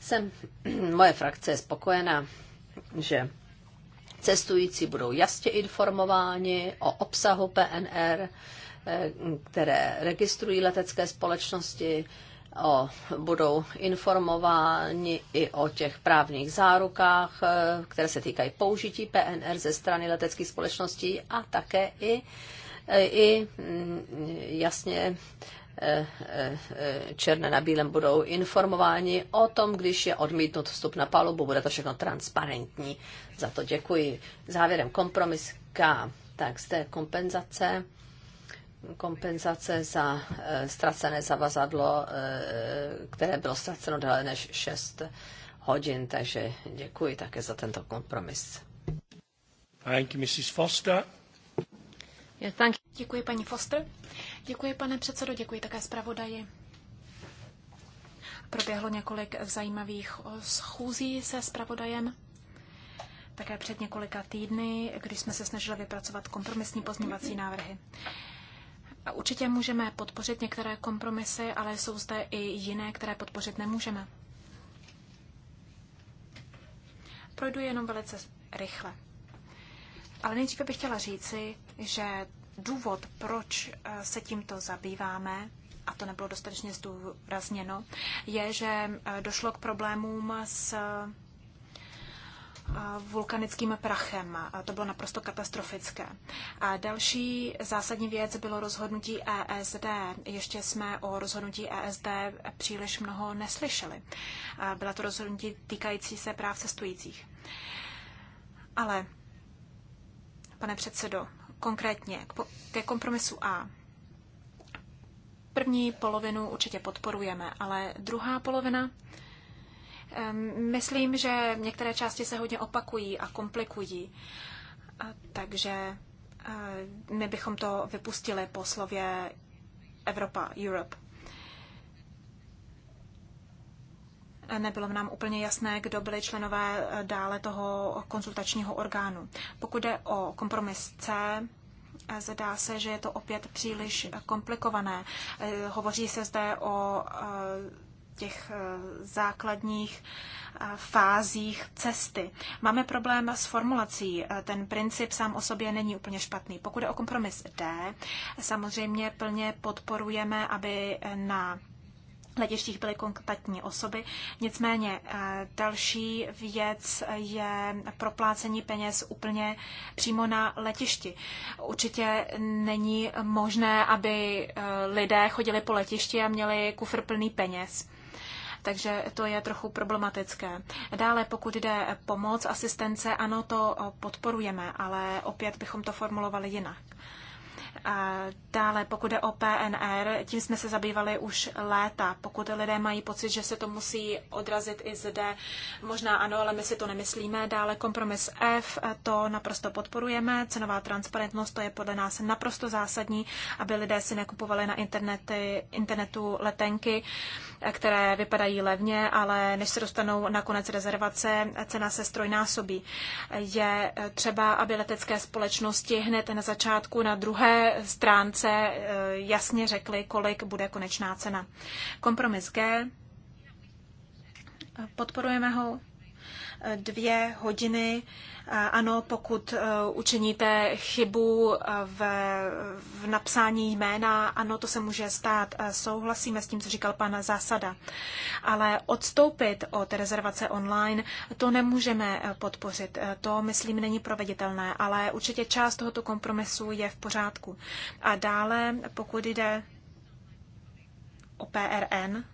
jsem, *clears throat* moje frakce je spokojená, že cestující budou jasně informováni o obsahu PNR, eh, které registrují letecké společnosti, o, budou informováni i o těch právních zárukách, e, které se týkají použití PNR ze strany leteckých společností a také i, e, i mm, jasně e, černé na bílém budou informováni o tom, když je odmítnut vstup na palubu. Bude to všechno transparentní. Za to děkuji. Závěrem kompromis K. Tak z té kompenzace kompenzace za eh, ztracené zavazadlo, eh, které bylo ztraceno déle než 6 hodin, takže děkuji také za tento kompromis. Thank you, Mrs. Foster. Yeah, thank you. Děkuji, paní Foster. Děkuji, pane předsedo, děkuji také zpravodaji. Proběhlo několik zajímavých eh, schůzí se zpravodajem. Také před několika týdny, když jsme se snažili vypracovat kompromisní pozměňovací návrhy. Určitě můžeme podpořit některé kompromisy, ale jsou zde i jiné, které podpořit nemůžeme. Projdu jenom velice rychle. Ale nejdříve bych chtěla říci, že důvod, proč eh, se tímto zabýváme, a to nebylo dostatečně zdůrazněno, je, že eh, došlo k problémům s vulkanickým prachem. To bylo naprosto katastrofické. A další zásadní věc bylo rozhodnutí ESD. Ještě jsme o rozhodnutí ESD příliš mnoho neslyšeli. Byla to rozhodnutí týkající se práv cestujících. Ale, pane předsedo, konkrétně ke kompromisu A. První polovinu určitě podporujeme, ale druhá polovina Myslím, že některé části se hodně opakují a komplikují, takže eh, my bychom to vypustili po slově Evropa, Europe. Nebylo nám úplně jasné, kdo byli členové eh, dále toho konzultačního orgánu. Pokud jde o kompromis C, eh, Zdá se, že je to opět příliš komplikované. Hovoří se zde o těch eh, základních eh, fázích cesty. Máme problém s formulací. Eh, ten princip sám o sobě není úplně špatný. Pokud je o kompromis D, samozřejmě plně podporujeme, aby na letištích byly kontaktní osoby. Nicméně další věc je proplácení peněz úplně přímo na letišti. Určitě není možné, aby lidé chodili po letišti a měli kufr plný peněz takže to je trochu problematické. Dále, pokud jde pomoc, asistence, ano, to podporujeme, ale opět bychom to formulovali jinak. Dále, pokud je o PNR, tím jsme se zabývali už léta. Pokud lidé mají pocit, že se to musí odrazit i zde, možná ano, ale my si to nemyslíme. Dále kompromis F, to naprosto podporujeme. Cenová transparentnost, to je podle nás naprosto zásadní, aby lidé si nekupovali na internety, internetu letenky, které vypadají levně, ale než se dostanou na konec rezervace, cena se strojnásobí. Je třeba, aby letecké společnosti hned na začátku, na druhé stránce eh, jasně řekli, kolik bude konečná cena. Kompromis G, podporujeme ho, dvě hodiny. Ano, pokud e, učiníte chybu e, v, v napsání jména, ano, to se může stát. E, souhlasíme s tím, co říkal pan Zásada. Ale odstoupit od rezervace online, to nemůžeme podpořit. To, myslím, není proveditelné, ale určitě část tohoto kompromisu je v pořádku. A dále, pokud jde o PRN,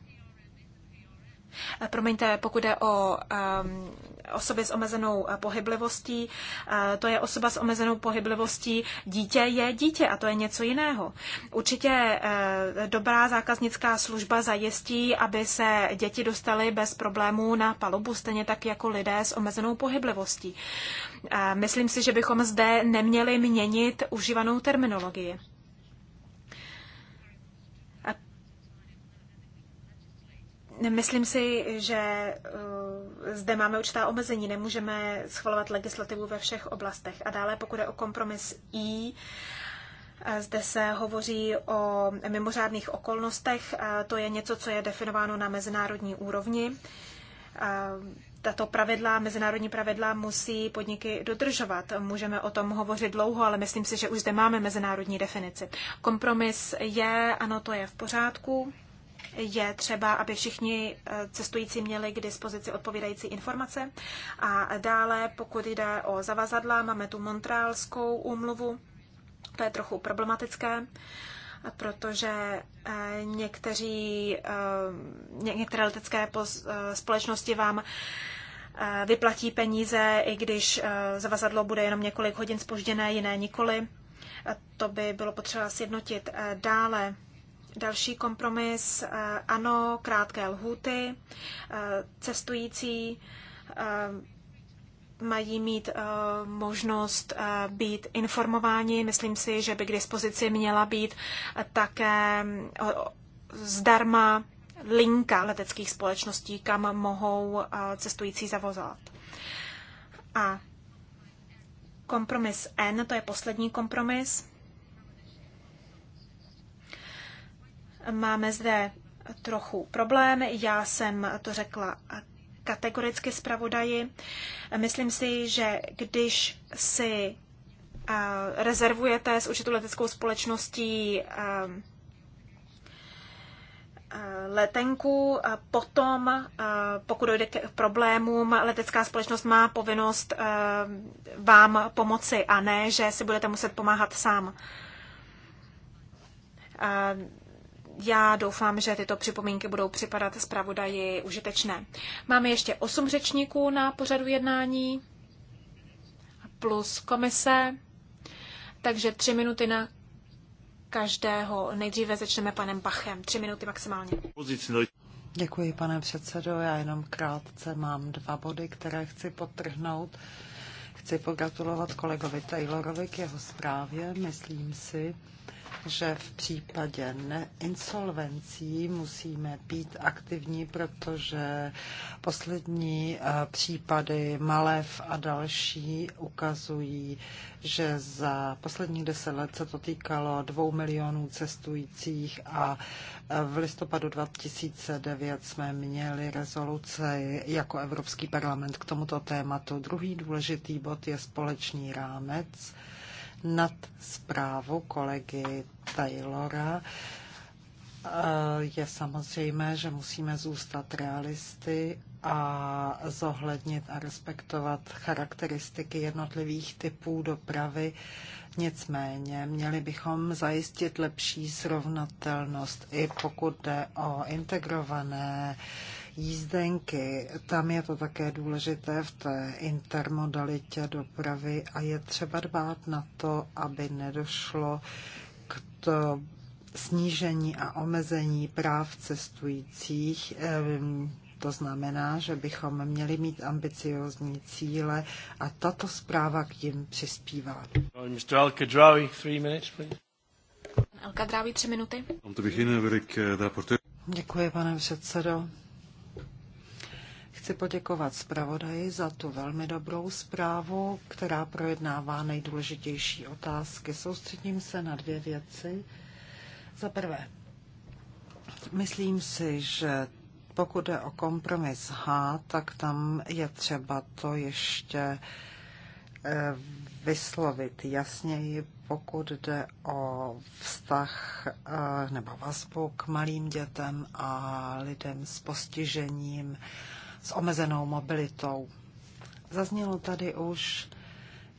Promiňte, pokud jde o um, osoby s omezenou eh, pohyblivostí, eh, to je osoba s omezenou pohyblivostí, dítě je dítě a to je něco jiného. Určitě eh, dobrá zákaznická služba zajistí, aby se děti dostaly bez problémů na palubu, stejně tak jako lidé s omezenou pohyblivostí. Myslím si, že bychom zde neměli měnit užívanou terminologii. Myslím si, že eh, zde máme určitá omezení, nemůžeme schvalovat legislativu ve všech oblastech. A dále, pokud je o kompromis I, eh, zde se hovoří o mimořádných okolnostech. Eh, to je něco, co je definováno na mezinárodní úrovni. Tato pravidla, mezinárodní pravidla musí podniky dodržovat. Můžeme o tom hovořit dlouho, ale myslím si, že už zde máme mezinárodní definici. Kompromis je, ano, to je v pořádku je třeba, aby všichni eh, cestující měli k dispozici odpovídající informace. A dále, pokud jde o zavazadla, máme tu Montrealskou úmluvu. To je trochu problematické, protože eh, někteří, eh, některé letecké společnosti vám vyplatí peníze, i když zavazadlo bude jenom několik hodin spožděné, jiné nikoli. To by bylo potřeba sjednotit dále Další kompromis, eh, ano, krátké lhuty, eh, cestující eh, mají mít možnost být informováni. Myslím si, že by k dispozici měla být také zdarma linka leteckých společností, kam mohou cestující zavozovat. A kompromis N, to je poslední kompromis. Máme zde trochu problém. Já jsem to řekla kategoricky zpravodaji. Myslím si, že když si eh, rezervujete s určitou leteckou společností eh, eh, letenku. Potom, pokud dojde k problémům, letecká společnost má povinnost vám pomoci a ne, že si budete muset pomáhat sám. Já doufám, že tyto připomínky budou připadat zpravodaji užitečné. Máme ještě osm řečníků na pořadu jednání plus komise, takže tři minuty na každého. Nejdříve začneme panem Bachem. Tři minuty maximálně. Děkuji, pane předsedo. Já jenom krátce mám dva body, které chci potrhnout. Chci pogratulovat kolegovi Taylorovi k jeho zprávě. Myslím si, že v případě insolvencí musíme být aktivní, protože poslední eh, případy Malev a další ukazují, že za posledních deset let se to týkalo dvou milionů cestujících a eh, v listopadu 2009 jsme měli rezoluce jako Evropský parlament k tomuto tématu. Druhý důležitý bod je společný rámec nad zprávu kolegy Taylora. Eh, je samozřejmé, že musíme zůstat realisty a zohlednit a respektovat charakteristiky jednotlivých typů dopravy. Nicméně měli bychom zajistit lepší srovnatelnost, i pokud jde o integrované uh, jízdenky. Tam je to také důležité v té intermodalitě dopravy a je třeba dbát na to, aby nedošlo k to snížení a omezení práv cestujících. To znamená, že bychom měli mít ambiciozní cíle a tato zpráva k tím přispívá. Mr. al three minutes, please. al tři minuty. Eh, Děkuji, pane předsedo. Chci poděkovat zpravodaji za tu velmi dobrou zprávu, která projednává nejdůležitější otázky. Soustředím se na dvě věci. Za prvé, myslím si, že pokud je o kompromis H, tak tam je třeba to ještě eh, vyslovit jasněji, pokud jde o vztah eh, nebo vazbu k malým dětem a lidem s postižením s omezenou mobilitou. Zaznělo tady už,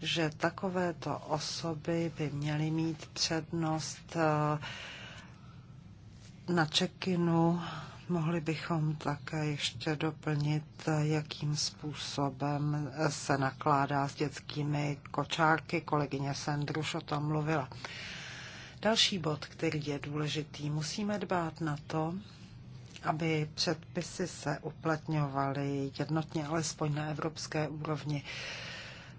že takovéto osoby by měly mít přednost eh, na čekinu. Mohli bychom také ještě doplnit, eh, jakým způsobem eh, se nakládá s dětskými kočárky. Kolegyně Sendruš o tom mluvila. Další bod, který je důležitý, musíme dbát na to, aby předpisy se uplatňovaly jednotně, alespoň na evropské úrovni.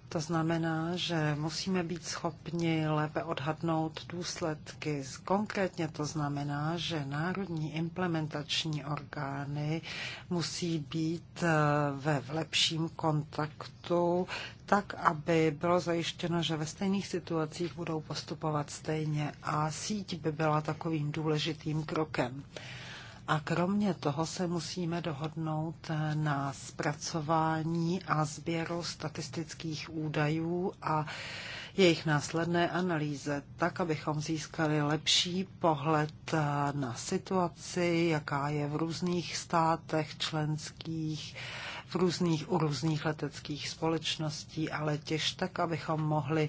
To znamená, že musíme být schopni lépe odhadnout důsledky. Konkrétně to znamená, že národní implementační orgány musí být eh, ve lepším kontaktu, tak, aby bylo zajištěno, že ve stejných situacích budou postupovat stejně a síť by byla takovým důležitým krokem. A kromě toho se musíme dohodnout na zpracování a sběru statistických údajů a jejich následné analýze, tak abychom získali lepší pohled eh, na situaci, jaká je v různých státech členských, v různých, u různých leteckých společností, ale těž tak, abychom mohli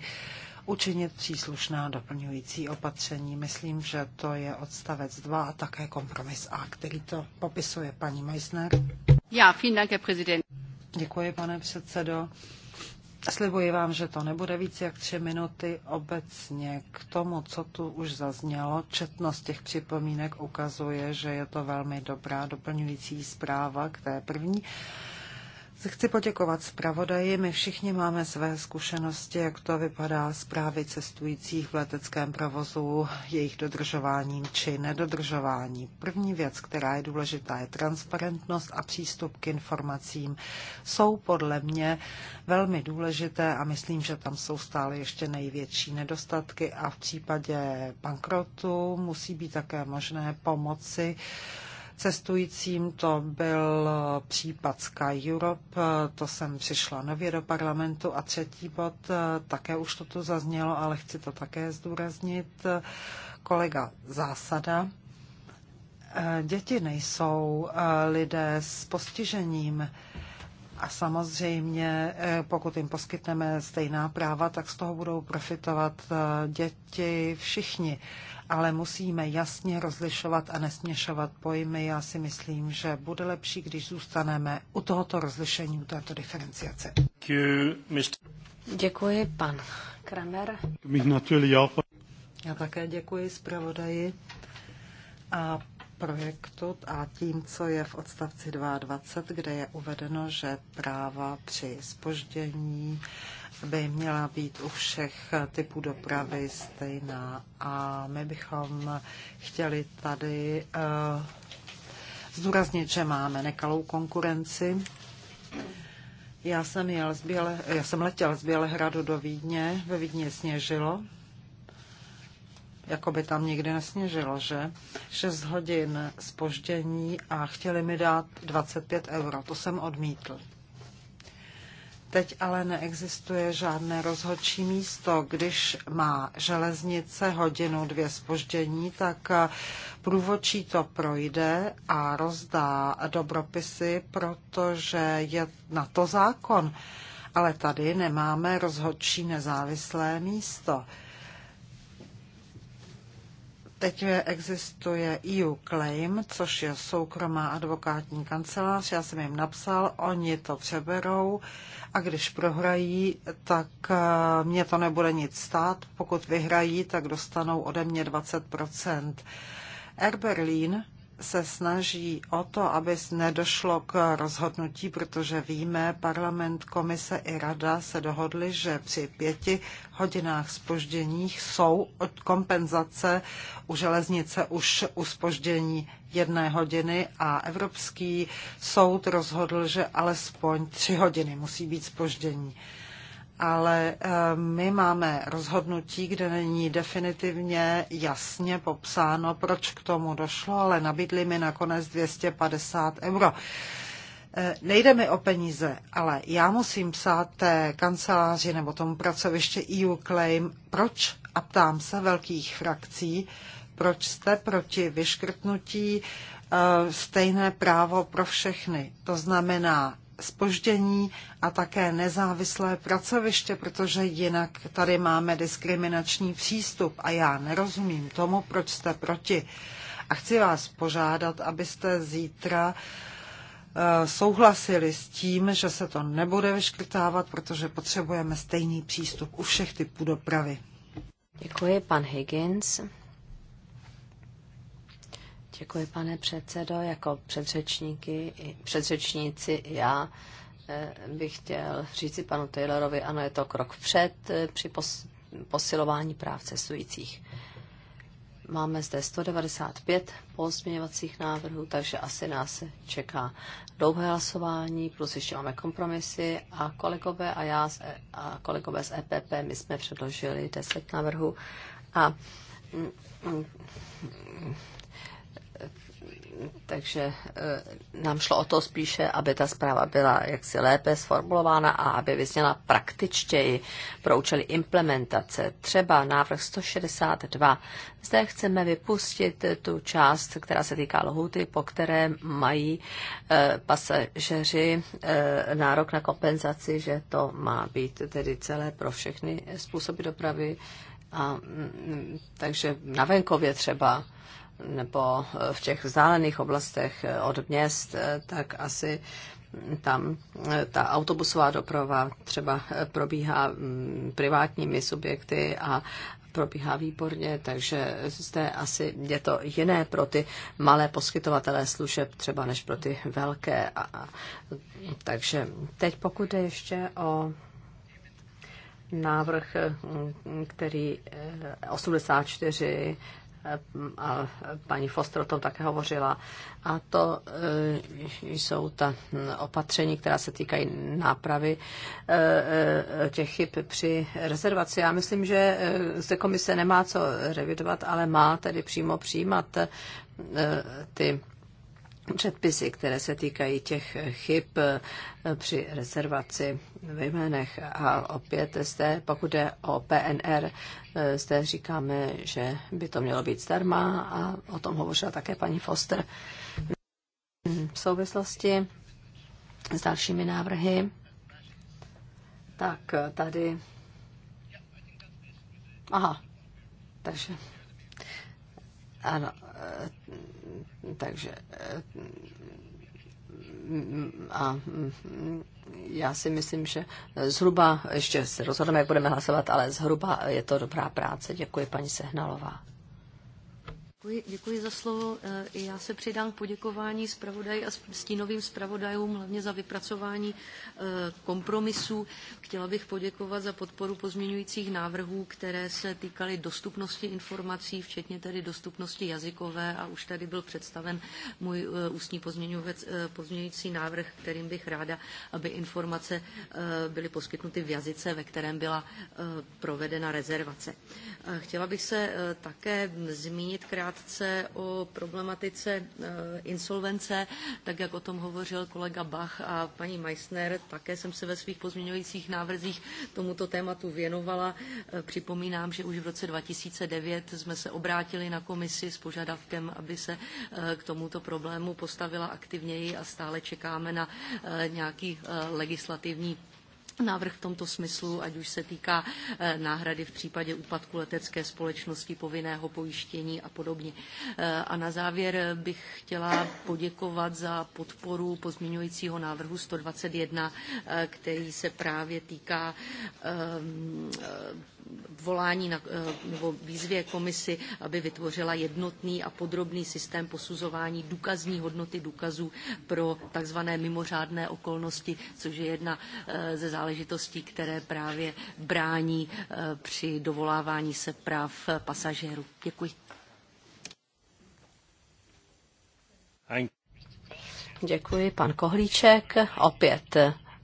učinit příslušná doplňující opatření. Myslím, že to je odstavec 2 a také kompromis A, který to popisuje paní Meissner. Já, vielen Dank, Herr Děkuji, pane předsedo. Slibuji vám, že to nebude víc jak tři minuty. Obecně k tomu, co tu už zaznělo, četnost těch připomínek ukazuje, že je to velmi dobrá doplňující zpráva k té první. Chci poděkovat zpravodaji. My všichni máme své zkušenosti, jak to vypadá s právy cestujících v leteckém provozu, jejich dodržováním či nedodržování. První věc, která je důležitá, je transparentnost a přístup k informacím. Jsou podle mě velmi důležité a myslím, že tam jsou stále ještě největší nedostatky a v případě bankrotu musí být také možné pomoci uh, cestujícím. To byl případ Sky Europe, to jsem přišla nově do parlamentu. A třetí bod, také už to tu zaznělo, ale chci to také zdůraznit, kolega Zásada. Děti nejsou lidé s postižením. A samozřejmě, pokud jim poskytneme stejná práva, tak z toho budou profitovat eh, děti všichni ale musíme jasně rozlišovat a nesměšovat pojmy. Já si myslím, že bude lepší, když zůstaneme u tohoto rozlišení, u této diferenciace. Děkuji, pan Kramer. Já také děkuji zpravodaji a projektu a tím, co je v odstavci 22, kde je uvedeno, že práva při spoždění by měla být u všech typů dopravy stejná. A my bychom chtěli tady uh, zdůraznit, že máme nekalou konkurenci. Já jsem, jel z Běle, já jsem letěl z Bělehradu do Vídně, ve Vídně sněžilo, jako by tam nikdy nesněžilo, že? 6 hodin spoždění a chtěli mi dát 25 euro, to jsem odmítl. Teď ale neexistuje žádné rozhodčí místo. Když má železnice hodinu, dvě spoždění, tak eh, průvodčí to projde a rozdá dobropisy, protože je na to zákon. Ale tady nemáme rozhodčí nezávislé místo. Teď existuje EU Claim, což je soukromá advokátní kancelář. Já jsem jim napsal, oni to přeberou a když prohrají, tak eh, mě to nebude nic stát. Pokud vyhrají, tak dostanou ode mě 20 Air Berlin se snaží o to, aby nedošlo k rozhodnutí, protože víme, parlament, komise i rada se dohodli, že při pěti hodinách spožděních jsou od kompenzace u železnice už u spoždění jedné hodiny a Evropský soud rozhodl, že alespoň tři hodiny musí být spoždění ale eh, my máme rozhodnutí, kde není definitivně jasně popsáno, proč k tomu došlo, ale nabídli mi nakonec 250 euro. Eh, nejde mi o peníze, ale já musím psát té kanceláři nebo tomu pracoviště EU Claim, proč a ptám se velkých frakcí, proč jste proti vyškrtnutí eh, stejné právo pro všechny. To znamená spoždění a také nezávislé pracoviště, protože jinak tady máme diskriminační přístup a já nerozumím tomu, proč jste proti. A chci vás požádat, abyste zítra eh, souhlasili s tím, že se to nebude vyškrtávat, protože potřebujeme stejný přístup u všech typů dopravy. Děkuji, pan Higgins. Děkuji, pane předsedo. Jako předřečníky, předřečníci já eh, bych chtěl říci panu Taylorovi, ano, je to krok před eh, při posilování práv cestujících. Máme zde 195 pozměňovacích návrhů, takže asi nás čeká dlouhé hlasování, plus ještě máme kompromisy a kolegové a já a kolegové z EPP, my jsme předložili 10 návrhů a takže e, nám šlo o to spíše, aby ta zpráva byla jaksi lépe sformulována a aby vyzněla praktičtěji pro účely implementace. Třeba návrh 162. Zde chceme vypustit tu část, která se týká lhuty, po které mají e, pasažeři e, nárok na kompenzaci, že to má být tedy celé pro všechny způsoby dopravy. A, takže na venkově třeba nebo eh, v těch vzdálených oblastech eh, od měst, eh, tak asi tam ta autobusová doprava třeba probíhá mm, privátními subjekty a probíhá výborně, takže zde asi je to jiné pro ty malé poskytovatele služeb třeba než pro ty velké. A, a, takže teď pokud je ještě o návrh, mm, který 84 a paní Foster o tom také hovořila. A to e, jsou ta opatření, která se týkají nápravy e, e, těch chyb při rezervaci. Já myslím, že zde komise nemá co revidovat, ale má tedy přímo přijímat ty předpisy, které se týkají těch chyb eh, při rezervaci v jménech. A opět zde, pokud je o PNR, eh, zde říkáme, že by to mělo být zdarma a o tom hovořila také paní Foster. V souvislosti s dalšími návrhy, tak tady... Aha, takže... Ano, eh, takže eh, a já si myslím, že zhruba, ještě se rozhodneme, jak budeme hlasovat, ale zhruba je to dobrá práce. Děkuji, paní Sehnalová. Děkuji, děkuji za slovo. E, I já se přidám k poděkování zpravodaji a stínovým zpravodajům, hlavně za vypracování e, kompromisů. Chtěla bych poděkovat za podporu pozměňujících návrhů, které se týkaly dostupnosti informací, včetně tedy dostupnosti jazykové a už tady byl představen můj e, ústní pozměňující návrh, kterým bych ráda, aby informace byly poskytnuty v jazyce, ve kterém byla provedena rezervace. Chtěla bych se také zmínit krátce krátce o problematice eh, insolvence, tak jak o tom hovořil kolega Bach a paní Meissner. Také jsem se ve svých pozměňujících návrzích tomuto tématu věnovala. Eh, připomínám, že už v roce 2009 jsme se obrátili na komisi s požadavkem, aby se eh, k tomuto problému postavila aktivněji a stále čekáme na nějaký legislativní návrh v tomto smyslu, ať už se týká eh, náhrady v případě úpadku letecké společnosti, povinného pojištění a podobně. Eh, a na závěr bych chtěla poděkovat za podporu pozměňujícího návrhu 121, eh, který se právě týká ehm, volání na, nebo výzvě komisi, aby vytvořila jednotný a podrobný systém posuzování důkazní hodnoty důkazů pro takzvané mimořádné okolnosti, což je jedna ze záležitostí záležitostí, které právě brání eh, při dovolávání se práv eh, pasažérů. Děkuji. Děkuji, pan Kohlíček. Opět,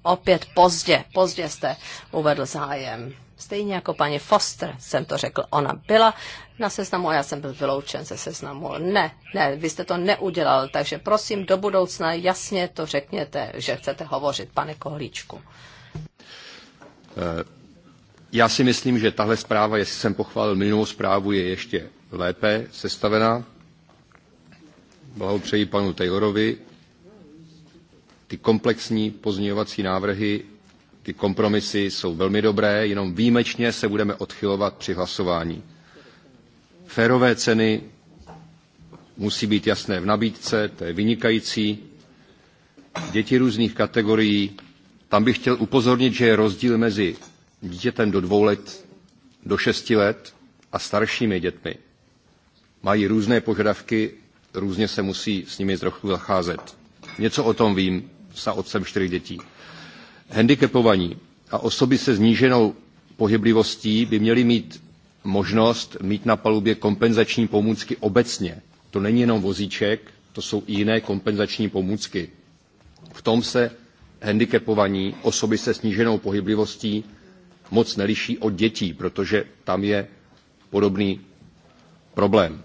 opět pozdě, pozdě jste uvedl zájem. Stejně jako paní Foster jsem to řekl, ona byla na seznamu a já jsem byl vyloučen ze seznamu. Ne, ne, vy jste to neudělal, takže prosím do budoucna jasně to řekněte, že chcete hovořit, pane Kohlíčku. Eh, já si myslím, že tahle zpráva, jestli jsem pochválil minulou zprávu, je ještě lépe sestavená. Blahopřeji panu Taylorovi. Ty komplexní pozměňovací návrhy, ty kompromisy jsou velmi dobré, jenom výjimečně se budeme odchylovat při hlasování. Férové ceny musí být jasné v nabídce, to je vynikající. Děti různých kategorií, tam bych chtěl upozornit, že je rozdíl mezi dítětem do dvou let, do šesti let a staršími dětmi. Mají různé požadavky, různě se musí s nimi trochu zacházet. Něco o tom vím, sa otcem čtyř dětí. Handicapovaní a osoby se zníženou pohyblivostí by měly mít možnost mít na palubě kompenzační pomůcky obecně. To není jenom vozíček, to jsou i jiné kompenzační pomůcky. V tom se handicapovaní, osoby se sníženou pohyblivostí moc neliší od dětí, protože tam je podobný problém.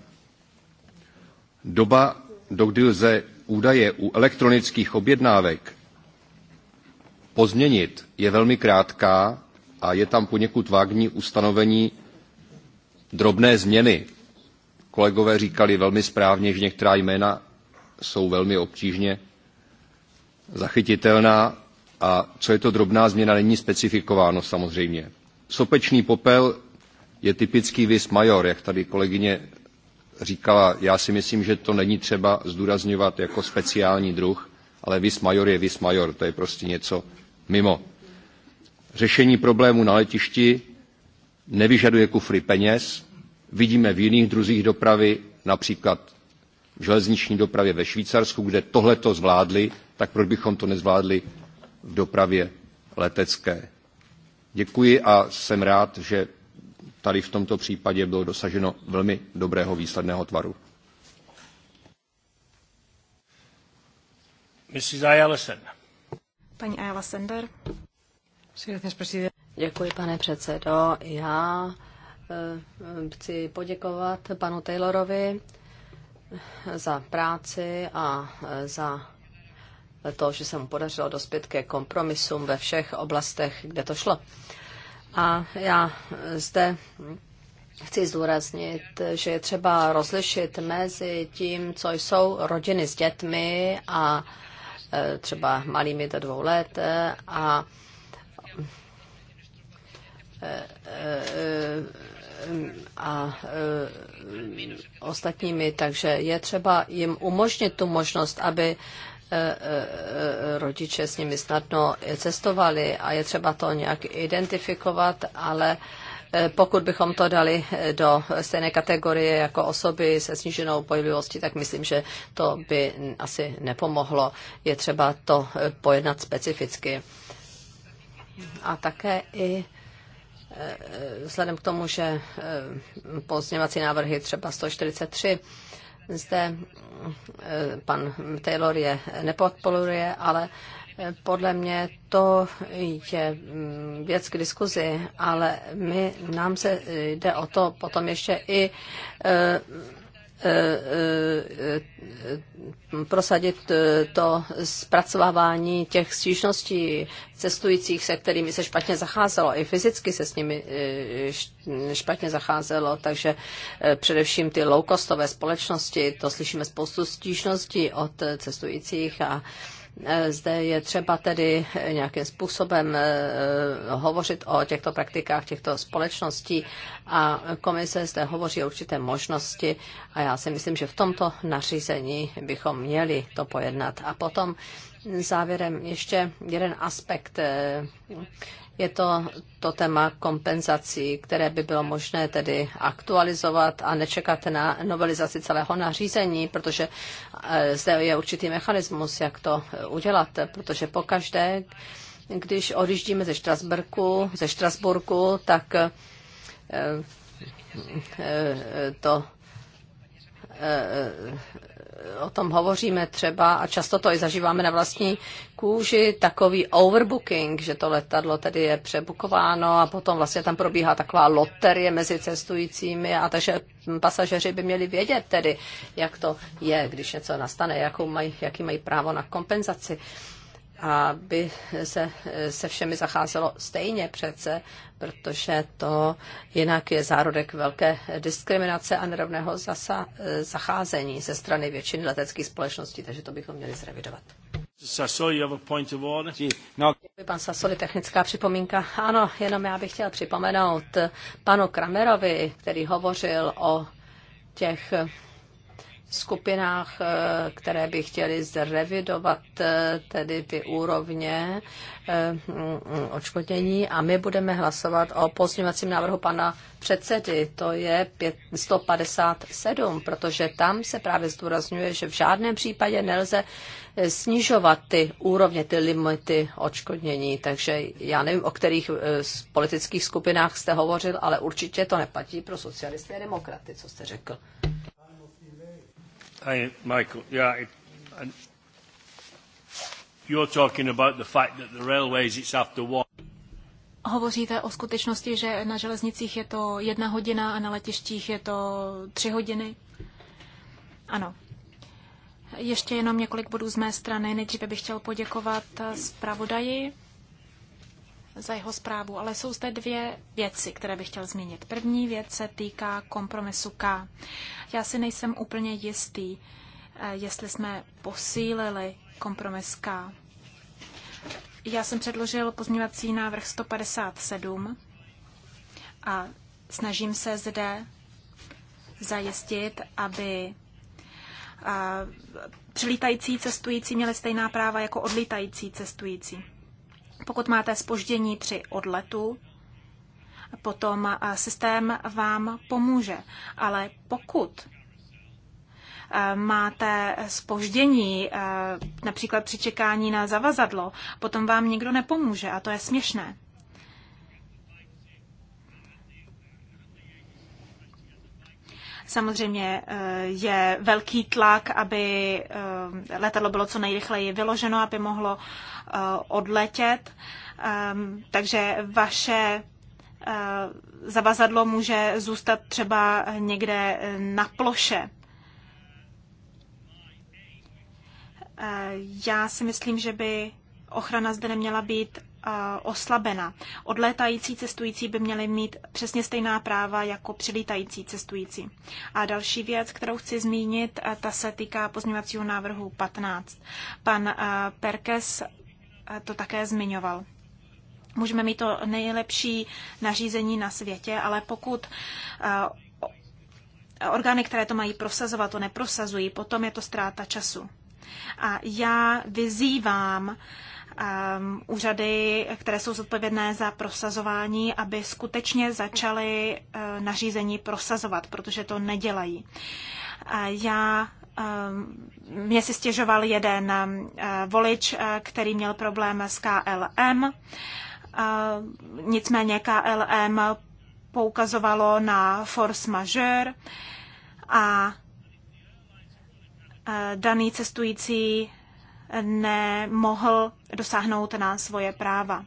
Doba, dokdy lze údaje u elektronických objednávek pozměnit, je velmi krátká a je tam poněkud vágní ustanovení drobné změny. Kolegové říkali velmi správně, že některá jména jsou velmi obtížně zachytitelná a co je to drobná změna, není specifikováno samozřejmě. Sopečný popel je typický vis major, jak tady kolegyně říkala. Já si myslím, že to není třeba zdůrazňovat jako speciální druh, ale vis major je vis major, to je prostě něco mimo. Řešení problému na letišti nevyžaduje kufry peněz. Vidíme v jiných druzích dopravy, například v železniční dopravě ve Švýcarsku, kde tohle to zvládli, tak proč bychom to nezvládli v dopravě letecké. Děkuji a jsem rád, že tady v tomto případě bylo dosaženo velmi dobrého výsledného tvaru. Mrs. Ayala Sender. Paní Ayala Sender. Děkuji, pane předsedo. Já eh, chci poděkovat panu Taylorovi za práci a e, za to, že se mu podařilo dospět ke kompromisům ve všech oblastech, kde to šlo. A já zde chci zdůraznit, že je třeba rozlišit mezi tím, co jsou rodiny s dětmi a e, třeba malými do dvou let e, a a e, ostatními, takže je třeba jim umožnit tu možnost, aby e, e, rodiče s nimi snadno cestovali a je třeba to nějak identifikovat, ale pokud bychom to dali do stejné kategorie jako osoby se sníženou pojivlivostí, tak myslím, že to by asi nepomohlo. Je třeba to pojednat specificky. A také i vzhledem k tomu, že eh, pozněvací návrhy třeba 143, zde eh, pan Taylor je nepodporuje, ale eh, podle mě to je mm, věc k diskuzi, ale my, nám se jde o to potom ještě i Eh, eh, prosadit eh, to zpracovávání těch stížností cestujících, se kterými se špatně zacházelo. I fyzicky se s nimi špatně zacházelo, takže především ty loukostové společnosti, to slyšíme spoustu stížností od cestujících a Eh, zde je třeba tedy eh, nějakým způsobem eh, hovořit o těchto praktikách těchto společností a komise zde hovoří o určité možnosti a já si myslím, že v tomto nařízení bychom měli to pojednat. A potom závěrem ještě jeden aspekt, je to to téma kompenzací, které by bylo možné tedy aktualizovat a nečekat na novelizaci celého nařízení, protože eh, zde je určitý mechanismus, jak to eh, udělat, protože pokaždé, když odjíždíme ze Štrasburku, ze Štrasburku, tak eh, to o tom hovoříme třeba a často to i zažíváme na vlastní kůži, takový overbooking, že to letadlo tedy je přebukováno a potom vlastně tam probíhá taková loterie mezi cestujícími a takže pasažeři by měli vědět tedy, jak to je, když něco nastane, jakou mají, jaký mají právo na kompenzaci aby se se všemi zacházelo stejně přece, protože to jinak je zárodek velké diskriminace a nerovného zasa, zacházení ze strany většiny leteckých společností, takže to bychom měli zrevidovat. Sassoli, you have a point of order. No. Děkuji, pan Sasoli, technická připomínka. Ano, jenom já bych chtěl připomenout panu Kramerovi, který hovořil o těch skupinách, eh, které by chtěly zrevidovat eh, tedy ty úrovně eh, mm, očkodnění a my budeme hlasovat o pozměňovacím návrhu pana předsedy, to je 157, protože tam se právě zdůrazňuje, že v žádném případě nelze snižovat ty úrovně, ty limity očkodnění. Takže já nevím, o kterých z politických skupinách jste hovořil, ale určitě to neplatí pro socialisty a demokraty, co jste řekl. Michael. Yeah, it, and you're talking about the fact that the railways it's after one. Hovoříte o skutečnosti, že na železnicích je to jedna hodina a na letištích je to tři hodiny? Ano. Ještě jenom několik bodů z mé strany. Nejdříve bych chtěl poděkovat zpravodaji za jeho zprávu, ale jsou zde dvě věci, které bych chtěl zmínit. První věc se týká kompromisu K. Já si nejsem úplně jistý, eh, jestli jsme posílili kompromis K. Já jsem předložil pozměňovací návrh 157 a snažím se zde zajistit, aby eh, přilítající cestující měli stejná práva jako odlítající cestující. Pokud máte spoždění při odletu, potom systém vám pomůže. Ale pokud máte spoždění, například při čekání na zavazadlo, potom vám nikdo nepomůže a to je směšné. Samozřejmě eh, je velký tlak, aby eh, letadlo bylo co nejrychleji vyloženo, aby mohlo eh, odletět. Ehm, takže vaše zavazadlo může zůstat třeba někde na ploše. Já si myslím, že by ochrana zde neměla být oslabena. Odlétající cestující by měli mít přesně stejná práva jako přilítající cestující. A další věc, kterou chci zmínit, ta se týká pozměňovacího návrhu 15. Pan Perkes to také zmiňoval. Můžeme mít to nejlepší nařízení na světě, ale pokud orgány, které to mají prosazovat, to neprosazují, potom je to ztráta času. A já vyzývám uh, Um, úřady, které jsou zodpovědné za prosazování, aby skutečně začaly uh, nařízení prosazovat, protože to nedělají. Já um, mě si stěžoval jeden um, uh, volič, uh, který měl problém s KLM. Nicméně KLM poukazovalo na force majeure a daný cestující nemohl dosáhnout na svoje práva.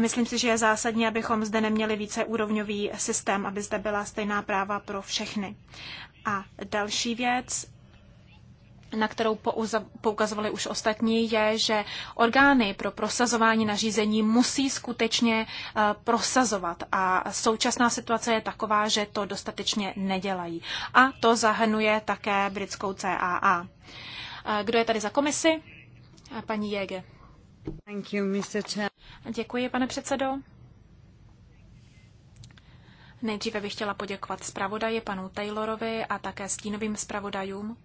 Myslím si, že je zásadní, abychom zde neměli více úrovňový systém, aby zde byla stejná práva pro všechny. A další věc na kterou poukazovali už ostatní, je, že orgány pro prosazování nařízení musí skutečně eh, prosazovat. A současná situace je taková, že to dostatečně nedělají. A to zahrnuje také britskou CAA. Eh, kdo je tady za komisi? Eh, paní Jege. Děkuji, pane předsedo. Nejdříve bych chtěla poděkovat zpravodaji panu Taylorovi a také stínovým zpravodajům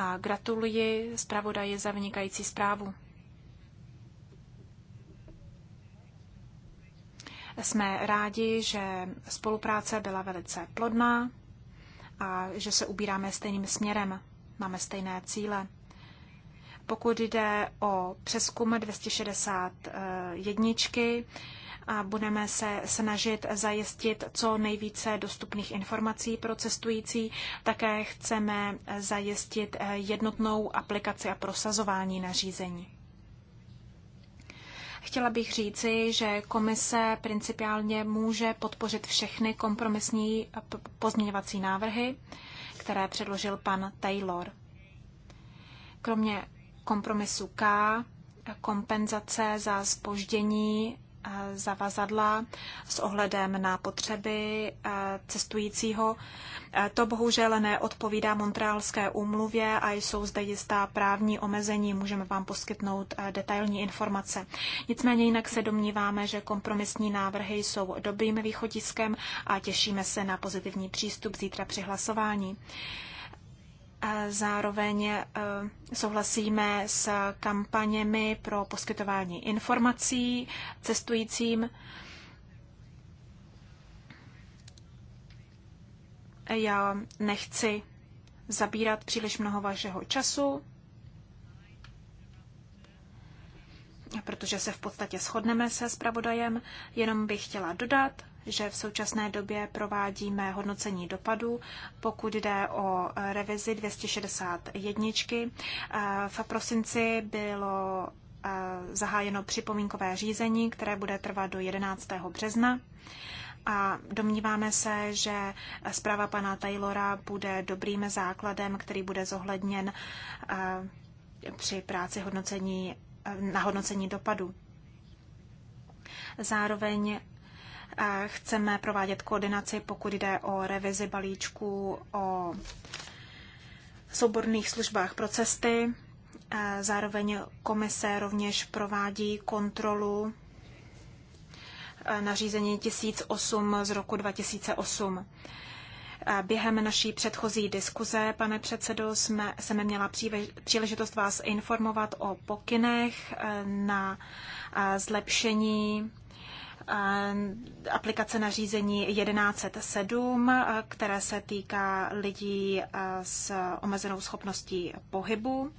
a gratuluji zpravodaji za vynikající zprávu. Jsme rádi, že spolupráce byla velice plodná a že se ubíráme stejným směrem. Máme stejné cíle. Pokud jde o přeskum 261, a budeme se snažit zajistit co nejvíce dostupných informací pro cestující. Také chceme zajistit eh, jednotnou aplikaci a prosazování nařízení. Chtěla bych říci, že komise principiálně může podpořit všechny kompromisní eh, pozměňovací návrhy, které předložil pan Taylor. Kromě kompromisu K, kompenzace za spoždění Eh, zavazadla s ohledem na potřeby eh, cestujícího. Eh, to bohužel neodpovídá Montrealské úmluvě a jsou zde jistá právní omezení. Můžeme vám poskytnout detailní informace. Nicméně jinak se domníváme, že kompromisní návrhy jsou dobrým východiskem a těšíme se na pozitivní přístup zítra při hlasování. Zároveň e, souhlasíme s kampaněmi pro poskytování informací cestujícím. Já nechci zabírat příliš mnoho vašeho času, protože se v podstatě shodneme se zpravodajem, jenom bych chtěla dodat, že v současné době provádíme hodnocení dopadů, pokud jde o revizi 261. V prosinci bylo zahájeno připomínkové řízení, které bude trvat do 11. března. A domníváme se, že zpráva pana Taylora bude dobrým základem, který bude zohledněn při práci hodnocení, na hodnocení dopadu. Zároveň Chceme provádět koordinaci, pokud jde o revizi balíčků, o souborných službách pro cesty. Zároveň komise rovněž provádí kontrolu nařízení 1008 z roku 2008. Během naší předchozí diskuze, pane předsedo, jsme, jsem měla příležitost vás informovat o pokynech e, na zlepšení Eh, aplikace nařízení 1107, eh, které se týká lidí eh, s omezenou schopností pohybu.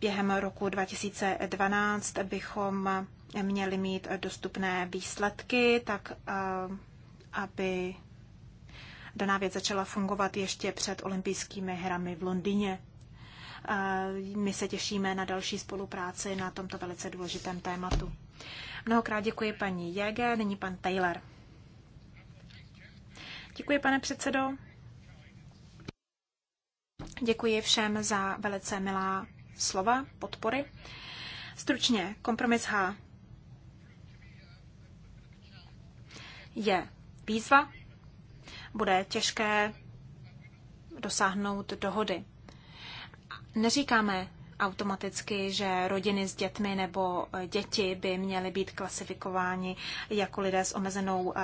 Během roku 2012 bychom měli mít dostupné výsledky, tak aby daná věc začala fungovat ještě před olympijskými hrami v Londýně. My se těšíme na další spolupráci na tomto velice důležitém tématu. Mnohokrát děkuji paní Jäger, nyní pan Taylor. Děkuji, pane předsedo. Děkuji všem za velice milá slova podpory. Stručně, kompromis H je výzva. Bude těžké dosáhnout dohody. Neříkáme automaticky, že rodiny s dětmi nebo eh, děti by měly být klasifikováni jako lidé s omezenou eh,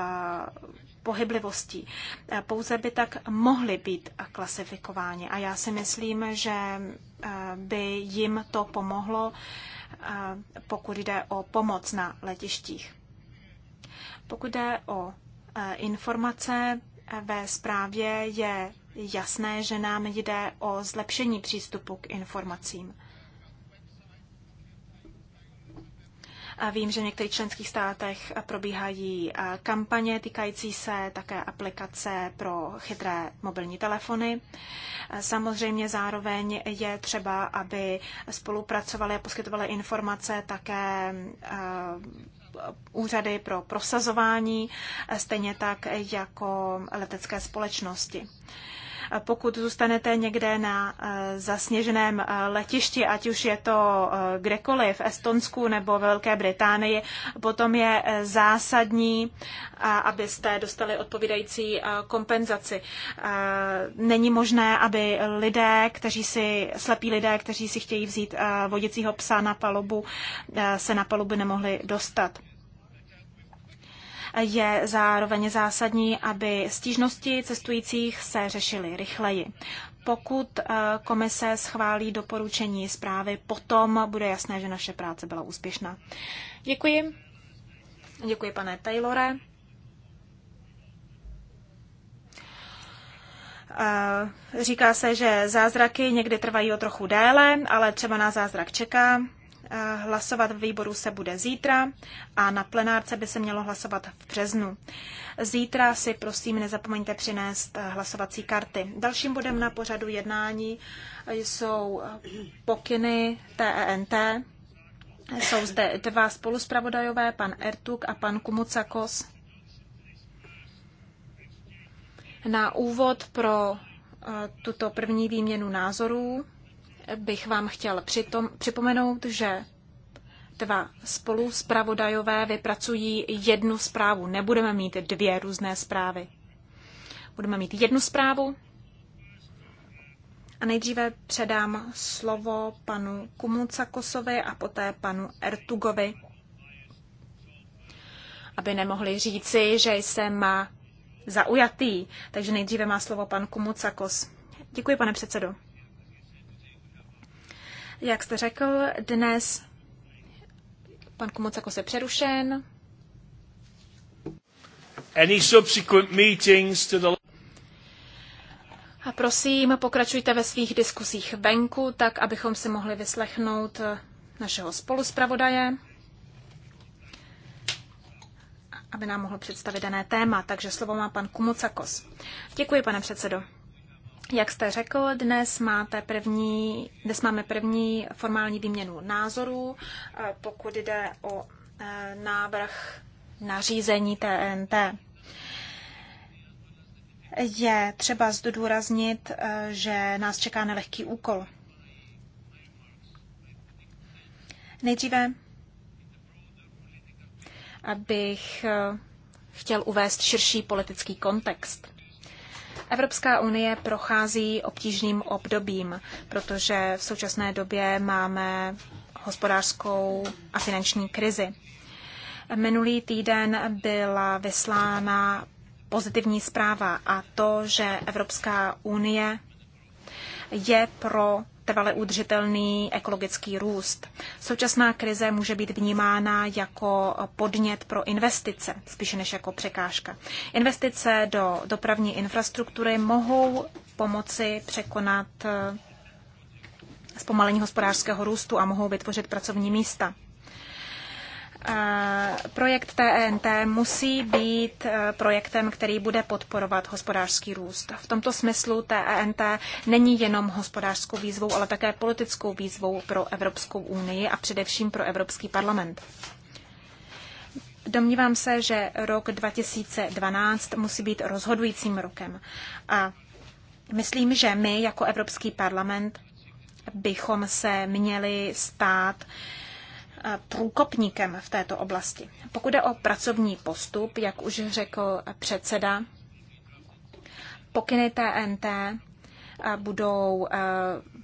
pohyblivostí. Eh, pouze by tak mohly být klasifikováni. A já si myslím, že by jim to pomohlo, pokud jde o pomoc na letištích. Pokud jde o informace, ve zprávě je jasné, že nám jde o zlepšení přístupu k informacím. A vím, že v některých členských státech probíhají eh, kampaně týkající se také aplikace pro chytré mobilní telefony. Eh, samozřejmě zároveň je třeba, aby spolupracovali a poskytovali informace také eh, úřady pro prosazování, stejně tak jako letecké společnosti pokud zůstanete někde na eh, zasněženém eh, letišti, ať už je to eh, kdekoliv, v Estonsku nebo ve Velké Británii, potom je zásadní, abyste dostali odpovídající kompenzaci. Není možné, aby lidé, kteří si, slepí lidé, kteří si chtějí vzít vodicího psa na palubu, se na palubu nemohli dostat. Je zároveň zásadní, aby stížnosti cestujících se řešily rychleji. Pokud eh, komise schválí doporučení zprávy, potom bude jasné, že naše práce byla úspěšná. Děkuji. Děkuji, pane Taylore. Eh, říká se, že zázraky někdy trvají o trochu déle, ale třeba na zázrak čeká. Hlasovat v výboru se bude zítra a na plenárce by se mělo hlasovat v březnu. Zítra si prosím nezapomeňte přinést hlasovací karty. Dalším bodem na pořadu jednání jsou pokyny TENT. E jsou zde dva spoluspravodajové, pan Ertuk a pan Kumucakos. Na úvod pro eh, tuto první výměnu názorů bych vám chtěl přitom, připomenout, že dva spolu zpravodajové vypracují jednu zprávu. Nebudeme mít dvě různé zprávy. Budeme mít jednu zprávu a nejdříve předám slovo panu Kosovi a poté panu Ertugovi, aby nemohli říci, že jsem zaujatý. Takže nejdříve má slovo pan Kumucakos. Děkuji, pane předsedo. Jak jste řekl, dnes pan Kumocakos je přerušen. Any subsequent meetings to the... A prosím, pokračujte ve svých diskusích venku, tak abychom si mohli vyslechnout eh, našeho spoluspravodaje, aby nám mohl představit dané téma. Takže slovo má pan Kumocakos. Děkuji, pane předsedo. Jak jste řekl, dnes, máte první, dnes máme první formální výměnu názorů, eh, pokud jde o eh, návrh nařízení TNT. Je třeba zdůraznit, eh, že nás čeká nelehký úkol. Nejdříve abych chtěl uvést širší politický kontext. Evropská unie prochází obtížným obdobím, protože v současné době máme hospodářskou a finanční krizi. Minulý týden byla vyslána pozitivní zpráva a to, že Evropská unie je pro trvale udržitelný ekologický růst. Současná krize může být vnímána jako podnět pro investice, spíše než jako překážka. Investice do dopravní infrastruktury mohou pomoci překonat eh, zpomalení hospodářského růstu a mohou vytvořit pracovní místa projekt TNT musí být e, projektem, který bude podporovat hospodářský růst. V tomto smyslu TNT není jenom hospodářskou výzvou, ale také politickou výzvou pro Evropskou unii a především pro Evropský parlament. Domnívám se, že rok 2012 musí být rozhodujícím rokem. A myslím, že my jako Evropský parlament bychom se měli stát uh, průkopníkem v této oblasti. Pokud je o pracovní postup, jak už řekl předseda, pokyny TNT eh, budou eh,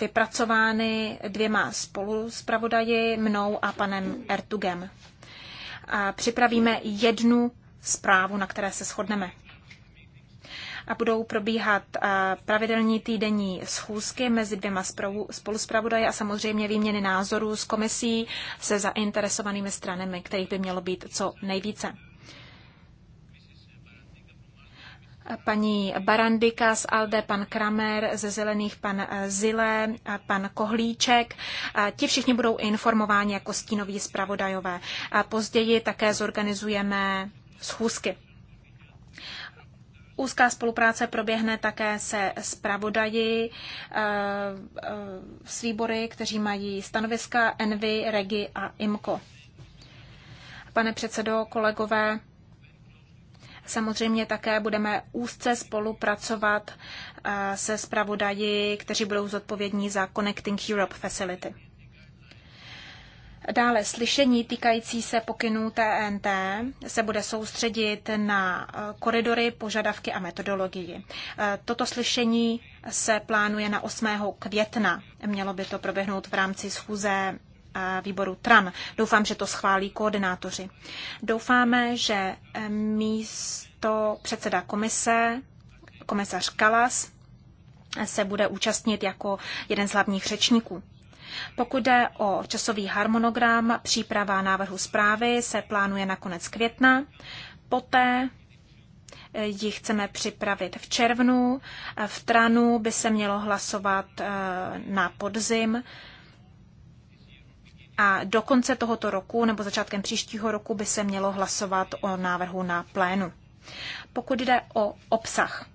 vypracovány dvěma spoluspravodaji, mnou a panem Ertugem. Připravíme jednu zprávu, na které se shodneme a budou probíhat pravidelní týdenní schůzky mezi dvěma spoluspravodaji a samozřejmě výměny názorů s komisí se zainteresovanými stranami, kterých by mělo být co nejvíce. paní Barandika z Alde, pan Kramer ze Zelených, pan eh, Zile, pan Kohlíček. Ti všichni budou informováni jako stínoví zpravodajové. Později také zorganizujeme schůzky. Úzká spolupráce proběhne také se zpravodaji eh, eh, s výbory, kteří mají stanoviska Envy, Regi a IMCO. Pane předsedo, kolegové, Samozřejmě také budeme úzce spolupracovat eh, se zpravodaji, kteří budou zodpovědní za Connecting Europe Facility. Dále slyšení týkající se pokynů TNT se bude soustředit na eh, koridory, požadavky a metodologii. Eh, toto slyšení se plánuje na 8. května. Mělo by to proběhnout v rámci schůze eh, výboru TRAN. Doufám, že to schválí koordinátoři. Doufáme, že místo předseda komise, komisař Kalas, se bude účastnit jako jeden z hlavních řečníků. Pokud jde o časový harmonogram, příprava návrhu zprávy se plánuje na konec května. Poté eh, ji chceme připravit v červnu. V Tranu by se mělo hlasovat eh, na podzim. A do konce tohoto roku nebo začátkem příštího roku by se mělo hlasovat o návrhu na plénu. Pokud jde o obsah,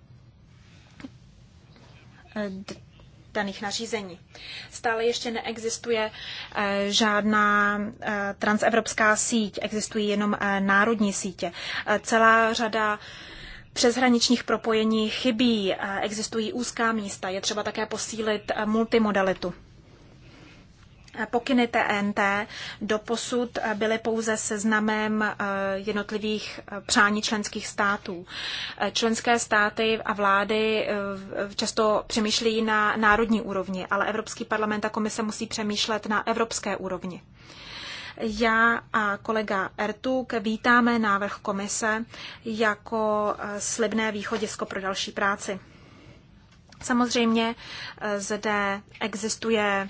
eh, daných nařízení. Stále ještě neexistuje eh, žádná eh, transevropská síť, existují jenom eh, národní sítě. Celá řada přeshraničních propojení chybí, existují úzká místa, je třeba také posílit multimodalitu. Pokyny TNT doposud byly pouze seznamem eh, jednotlivých eh, přání členských států. Eh, členské státy a vlády často přemýšlí na národní úrovni, ale Evropský parlament a komise musí přemýšlet na evropské úrovni. Já a kolega Ertuk vítáme návrh komise jako slibné východisko pro další práci. Samozřejmě zde existuje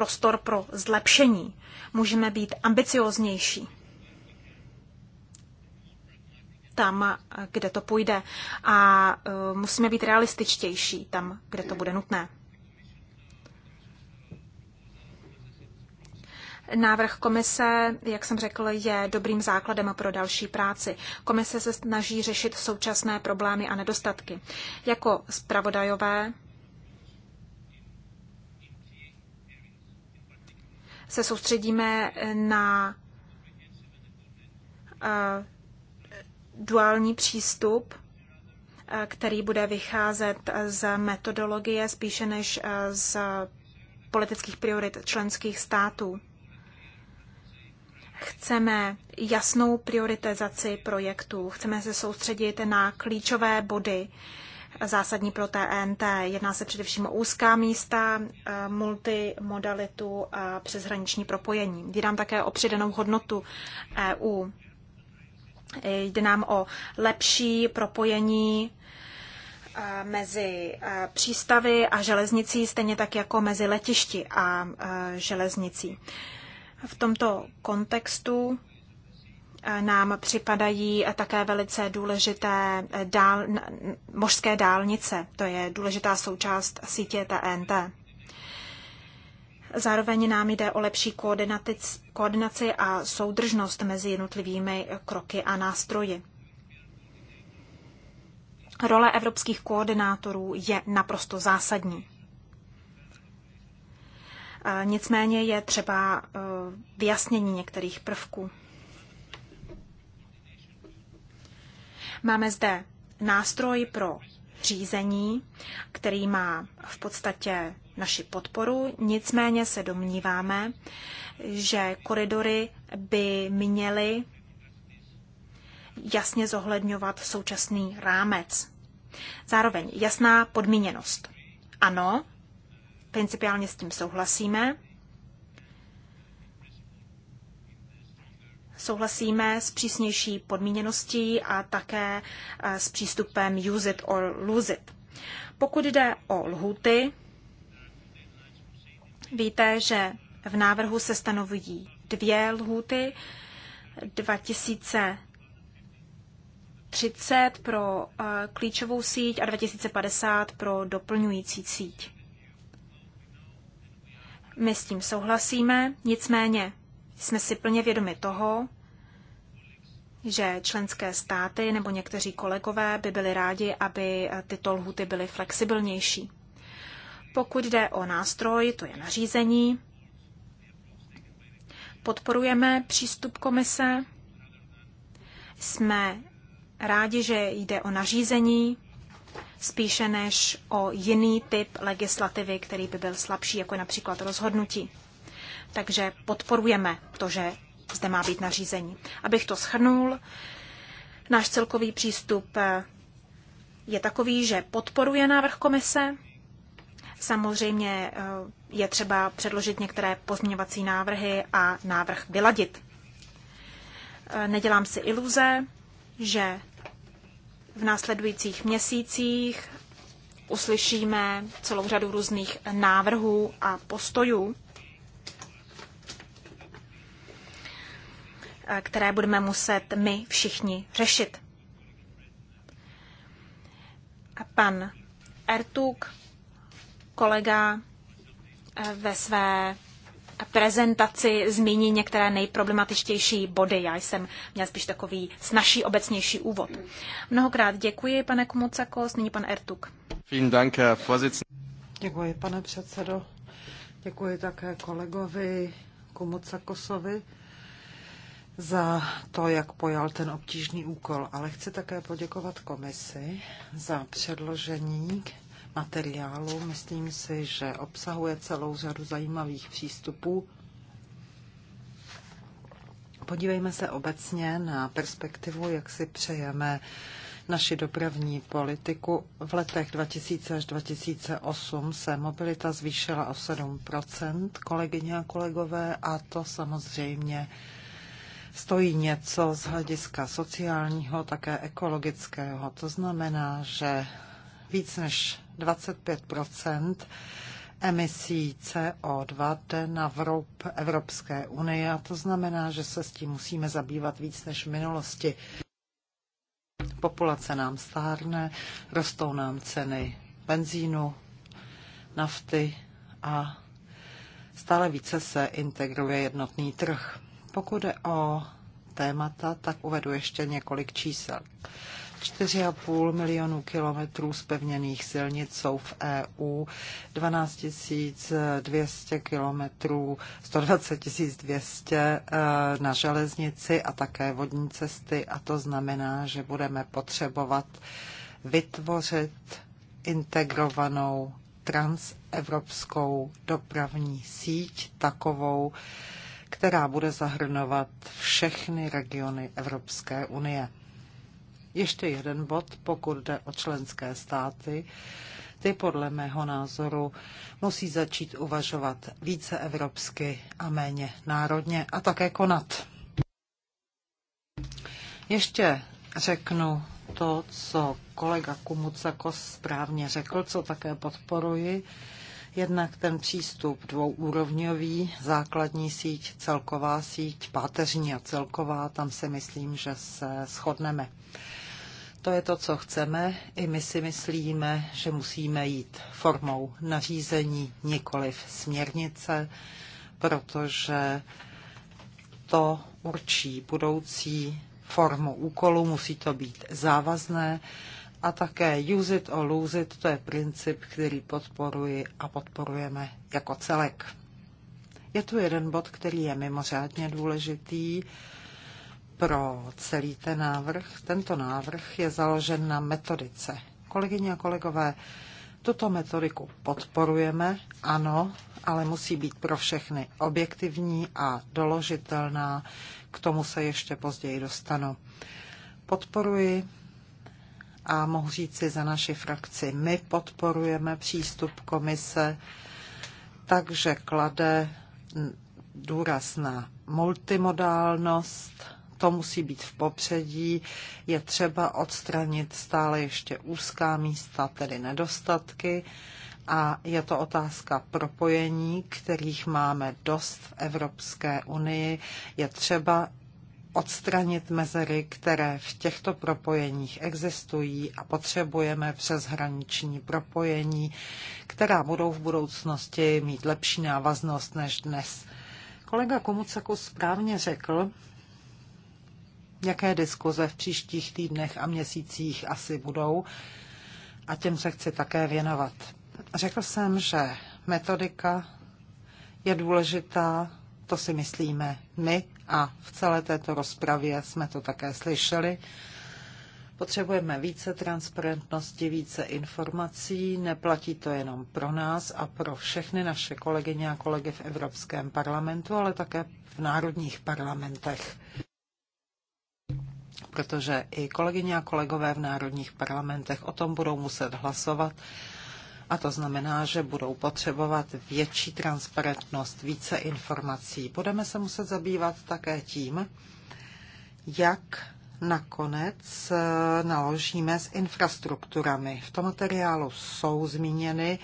prostor pro zlepšení. Můžeme být ambicioznější tam, kde to půjde a e, musíme být realističtější tam, kde to bude nutné. Návrh komise, jak jsem řekl, je dobrým základem pro další práci. Komise se snaží řešit současné problémy a nedostatky. Jako zpravodajové se soustředíme na eh, duální přístup, eh, který bude vycházet z metodologie spíše než eh, z politických priorit členských států. Chceme jasnou prioritizaci projektů, chceme se soustředit na klíčové body, zásadní pro TNT. Jedná se především o úzká místa, eh, multimodalitu a přeshraniční propojení. Jde nám také o přidanou hodnotu EU. Jde nám o lepší propojení eh, mezi eh, přístavy a železnicí, stejně tak jako mezi letišti a železnicí. V tomto kontextu nám připadají také velice důležité dál, mořské dálnice. To je důležitá součást sítě TNT. Zároveň nám jde o lepší koordinaci a soudržnost mezi jednotlivými kroky a nástroji. Role evropských koordinátorů je naprosto zásadní. E, nicméně je třeba e, vyjasnění některých prvků. Máme zde nástroj pro řízení, který má v podstatě naši podporu, nicméně se domníváme, že koridory by měly jasně zohledňovat současný rámec. Zároveň jasná podmíněnost. Ano, principiálně s tím souhlasíme, Souhlasíme s přísnější podmíněností a také eh, s přístupem use it or lose it. Pokud jde o lhuty, víte, že v návrhu se stanovují dvě lhuty 2030 pro eh, klíčovou síť a 2050 pro doplňující síť. My s tím souhlasíme, nicméně jsme si plně vědomi toho, že členské státy nebo někteří kolegové by byli rádi, aby tyto lhuty byly flexibilnější. Pokud jde o nástroj, to je nařízení, podporujeme přístup komise, jsme rádi, že jde o nařízení, spíše než o jiný typ legislativy, který by byl slabší, jako například rozhodnutí. Takže podporujeme to, že zde má být nařízení. Abych to shrnul, náš celkový přístup je takový, že podporuje návrh komise. Samozřejmě eh, je třeba předložit některé pozměňovací návrhy a návrh vyladit. Eh, nedělám si iluze, že v následujících měsících uslyšíme celou řadu různých návrhů a postojů Eh, které budeme muset my všichni řešit. A pan Ertuk, kolega, eh, ve své prezentaci zmíní některé nejproblematičtější body. Já jsem měl spíš takový snažší, obecnější úvod. Mnohokrát děkuji, pane Komocakos, nyní pan Ertuk. Děkuji, pane předsedo. Děkuji také kolegovi Komocakosovi za to, jak pojal ten obtížný úkol, ale chci také poděkovat komisi za předložení materiálu. Myslím si, že obsahuje celou řadu zajímavých přístupů. Podívejme se obecně na perspektivu, jak si přejeme naši dopravní politiku. V letech 2000 až 2008 se mobilita zvýšila o 7 kolegyně a kolegové, a to samozřejmě stojí něco z hlediska sociálního, také ekologického. To znamená, že víc než 25 emisí CO2 jde na vrub Evropské unie a to znamená, že se s tím musíme zabývat víc než v minulosti. Populace nám stárne, rostou nám ceny benzínu, nafty a stále více se integruje jednotný trh. Pokud je o témata, tak uvedu ještě několik čísel. 4,5 milionů kilometrů zpevněných silnic jsou v EU, 12 200 kilometrů, 120 200 eh, na železnici a také vodní cesty a to znamená, že budeme potřebovat vytvořit integrovanou transevropskou dopravní síť takovou, která bude zahrnovat všechny regiony Evropské unie. Ještě jeden bod, pokud jde o členské státy. Ty podle mého názoru musí začít uvažovat více evropsky a méně národně a také konat. Ještě řeknu to, co kolega Kumucakos správně řekl, co také podporuji. Jednak ten přístup dvouúrovňový, základní síť, celková síť, páteřní a celková, tam si myslím, že se shodneme. To je to, co chceme. I my si myslíme, že musíme jít formou nařízení, nikoliv směrnice, protože to určí budoucí formu úkolu, musí to být závazné a také use it or lose it, to je princip, který podporuji a podporujeme jako celek. Je tu jeden bod, který je mimořádně důležitý pro celý ten návrh. Tento návrh je založen na metodice. Kolegyně a kolegové, tuto metodiku podporujeme, ano, ale musí být pro všechny objektivní a doložitelná. K tomu se ještě později dostanu. Podporuji a mohu říci za naši frakci, my podporujeme přístup komise, takže klade důraz na multimodálnost, to musí být v popředí, je třeba odstranit stále ještě úzká místa, tedy nedostatky a je to otázka propojení, kterých máme dost v Evropské unii. Je třeba odstranit mezery, které v těchto propojeních existují a potřebujeme přeshraniční propojení, která budou v budoucnosti mít lepší návaznost než dnes. Kolega Komucakus správně řekl, jaké diskuze v příštích týdnech a měsících asi budou a těm se chci také věnovat. Řekl jsem, že metodika je důležitá to si myslíme my a v celé této rozpravě jsme to také slyšeli. Potřebujeme více transparentnosti, více informací. Neplatí to jenom pro nás a pro všechny naše kolegyně a kolegy v Evropském parlamentu, ale také v národních parlamentech. Protože i kolegyně a kolegové v národních parlamentech o tom budou muset hlasovat a to znamená, že budou potřebovat větší transparentnost, více informací. Budeme se muset zabývat také tím, jak nakonec eh, naložíme s infrastrukturami. V tom materiálu jsou zmíněny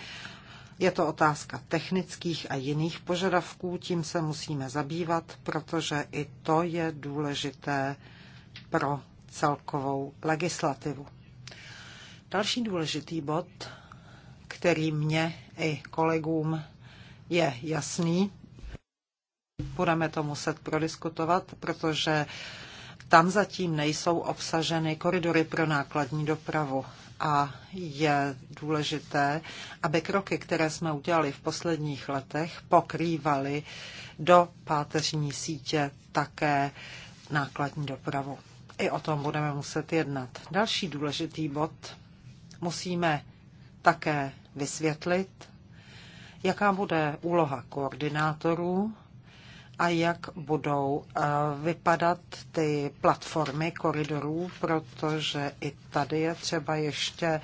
je to otázka technických a jiných požadavků, tím se musíme zabývat, protože i to je důležité pro celkovou legislativu. Další důležitý bod který mě i kolegům je jasný. Budeme to muset prodiskutovat, protože tam zatím nejsou obsaženy koridory pro nákladní dopravu a je důležité, aby kroky, které jsme udělali v posledních letech, pokrývaly do páteřní sítě také nákladní dopravu. I o tom budeme muset jednat. Další důležitý bod. Musíme také vysvětlit, jaká bude úloha koordinátorů a jak budou eh, vypadat ty platformy koridorů, protože i tady je třeba ještě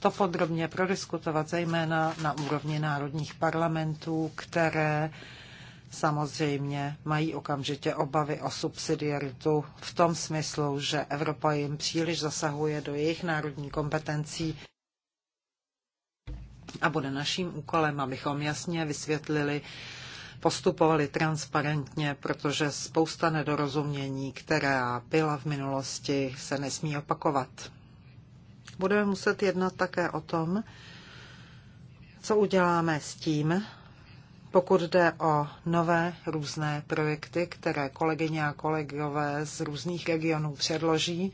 to podrobně prodiskutovat, zejména na úrovni národních parlamentů, které samozřejmě mají okamžitě obavy o subsidiaritu v tom smyslu, že Evropa jim příliš zasahuje do jejich národní kompetencí a bude naším úkolem, abychom jasně vysvětlili, postupovali transparentně, protože spousta nedorozumění, která byla v minulosti, se nesmí opakovat. Budeme muset jednat také o tom, co uděláme s tím, pokud jde o nové různé projekty, které kolegyně a kolegové z různých regionů předloží,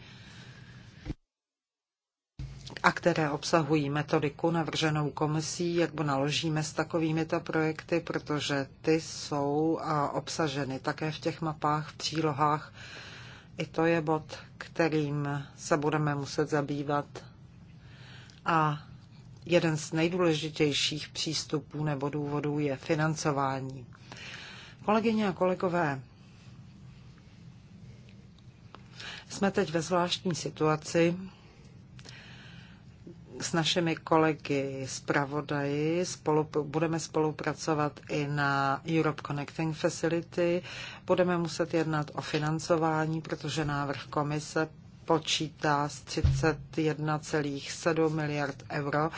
a které obsahují metodiku navrženou komisí, jak naložíme s takovýmito projekty, protože ty jsou obsaženy také v těch mapách, v přílohách. I to je bod, kterým se budeme muset zabývat. A jeden z nejdůležitějších přístupů nebo důvodů je financování. Kolegyně a kolegové, jsme teď ve zvláštní situaci, s našimi kolegy zpravodaji spolu, budeme spolupracovat i na Europe Connecting Facility. Budeme muset jednat o financování, protože návrh komise počítá s 31,7 miliard euro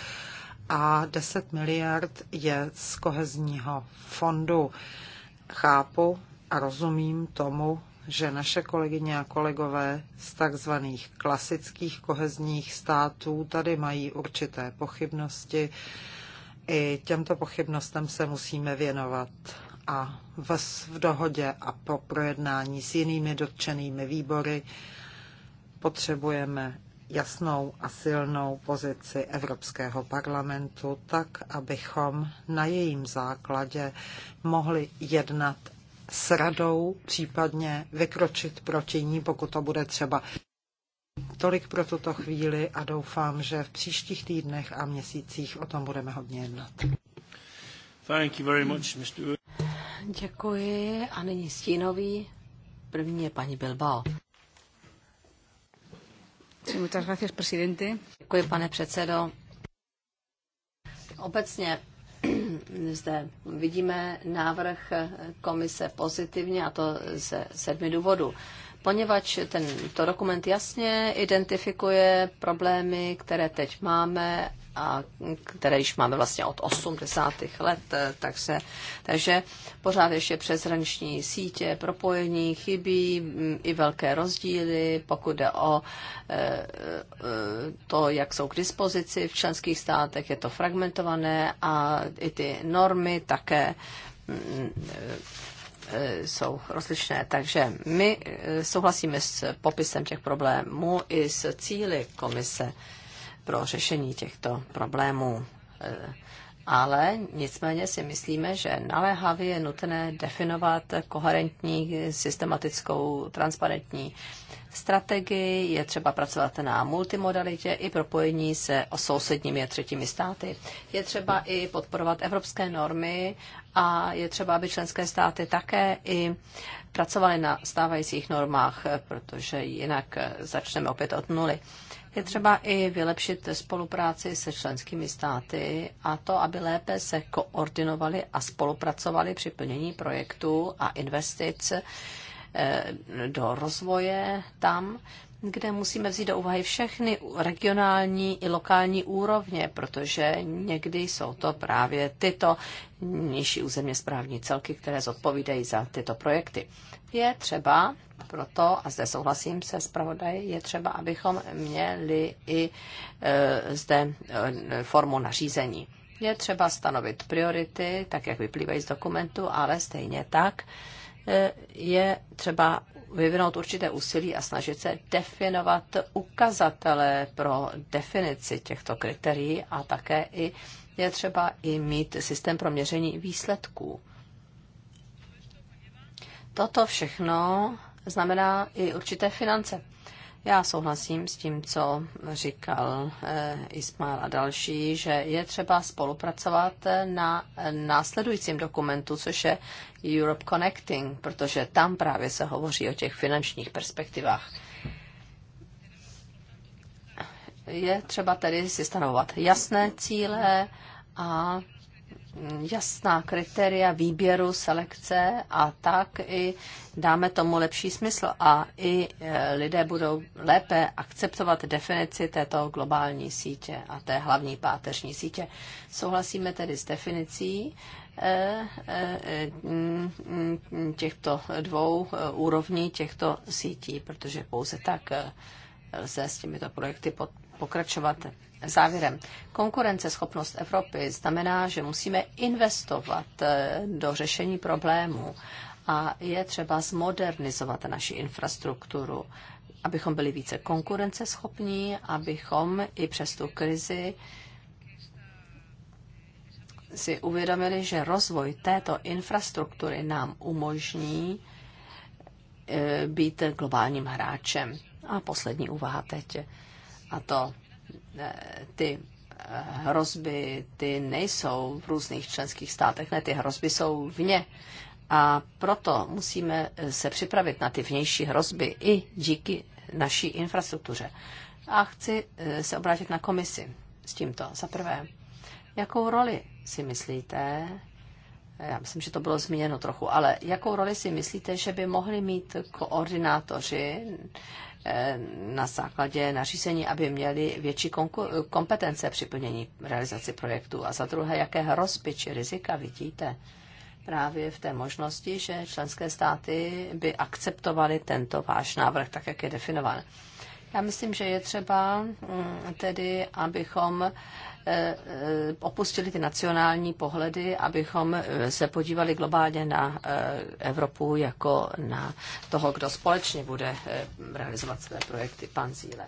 a 10 miliard je z kohezního fondu. Chápu a rozumím tomu, že naše kolegyně a kolegové z takzvaných klasických kohezních států tady mají určité pochybnosti. I těmto pochybnostem se musíme věnovat a v, v dohodě a po projednání s jinými dotčenými výbory potřebujeme jasnou a silnou pozici Evropského parlamentu, tak abychom na jejím základě mohli jednat s radou, případně vykročit proti ní, pokud to bude třeba. Tolik pro tuto chvíli a doufám, že v příštích týdnech a měsících o tom budeme hodně jednat. Thank you very much, Mr. Děkuji a nyní stínový. První je paní Bilbao. Děkuji, pane předsedo. Obecně zde vidíme návrh komise pozitivně a to ze sedmi důvodů poněvadž tento dokument jasně identifikuje problémy, které teď máme a které již máme vlastně od 80. let, eh, tak se, takže pořád ještě přeshraniční sítě, propojení chybí mm, i velké rozdíly, pokud jde o eh, eh, to, jak jsou k dispozici v členských státech, je to fragmentované a i ty normy také mm, E, jsou rozličné. Takže my e, souhlasíme s popisem těch problémů i s cíly komise pro řešení těchto problémů. E, ale nicméně si myslíme, že naléhavě je nutné definovat koherentní, systematickou, transparentní strategii. Je třeba pracovat na multimodalitě i propojení se o sousedními a třetími státy. Je třeba i podporovat evropské normy a je třeba, aby členské státy také i pracovaly na stávajících normách, protože jinak začneme opět od nuly. Je třeba i vylepšit spolupráci se členskými státy a to, aby lépe se koordinovali a spolupracovali při plnění projektů a investic eh, do rozvoje tam, kde musíme vzít do úvahy všechny regionální i lokální úrovně, protože někdy jsou to právě tyto nižší územně správní celky, které zodpovídají za tyto projekty. Je třeba proto, a zde souhlasím se zpravodaji, je třeba, abychom měli i e, zde e, formu nařízení. Je třeba stanovit priority, tak jak vyplývají z dokumentu, ale stejně tak e, je třeba vyvinout určité úsilí a snažit se definovat ukazatele pro definici těchto kritérií a také i je třeba i mít systém pro měření výsledků. Toto všechno znamená i určité finance. Já souhlasím s tím, co říkal eh, Ismail a další, že je třeba spolupracovat na následujícím dokumentu, což je Europe Connecting, protože tam právě se hovoří o těch finančních perspektivách. Je třeba tedy si stanovat jasné cíle a jasná kritéria výběru, selekce a tak i dáme tomu lepší smysl a i e, lidé budou lépe akceptovat definici této globální sítě a té hlavní páteřní sítě. Souhlasíme tedy s definicí E, e, e, těchto dvou úrovní těchto sítí, protože pouze tak lze s těmito projekty pokračovat. Závěrem, konkurenceschopnost Evropy znamená, že musíme investovat do řešení problémů a je třeba zmodernizovat naši infrastrukturu, abychom byli více konkurenceschopní, abychom i přes tu krizi si uvědomili, že rozvoj této infrastruktury nám umožní e, být globálním hráčem. A poslední úvaha teď. A to e, ty e, hrozby, ty nejsou v různých členských státech, ne, ty hrozby jsou vně. A proto musíme se připravit na ty vnější hrozby i díky naší infrastruktuře. A chci se obrátit na komisi s tímto. Za prvé, jakou roli si myslíte, já myslím, že to bylo zmíněno trochu, ale jakou roli si myslíte, že by mohli mít koordinátoři eh, na základě nařízení, aby měli větší kompetence při plnění realizaci projektu? A za druhé, jaké hrozby či rizika vidíte právě v té možnosti, že členské státy by akceptovaly tento váš návrh, tak jak je definován? Já myslím, že je třeba mm, tedy, abychom Eh, eh, opustili ty nacionální pohledy, abychom eh, se podívali globálně na Evropu jako na toho, kdo společně bude realizovat své projekty. Pan Zíle.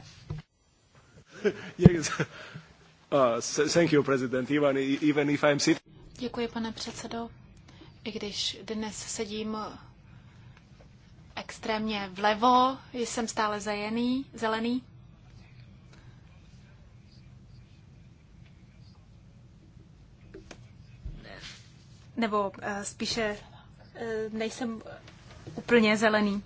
Děkuji, pane předsedo. I když dnes sedím extrémně vlevo, jsem stále zajený, zelený. nebo eh, spíše eh, nejsem úplně zelený.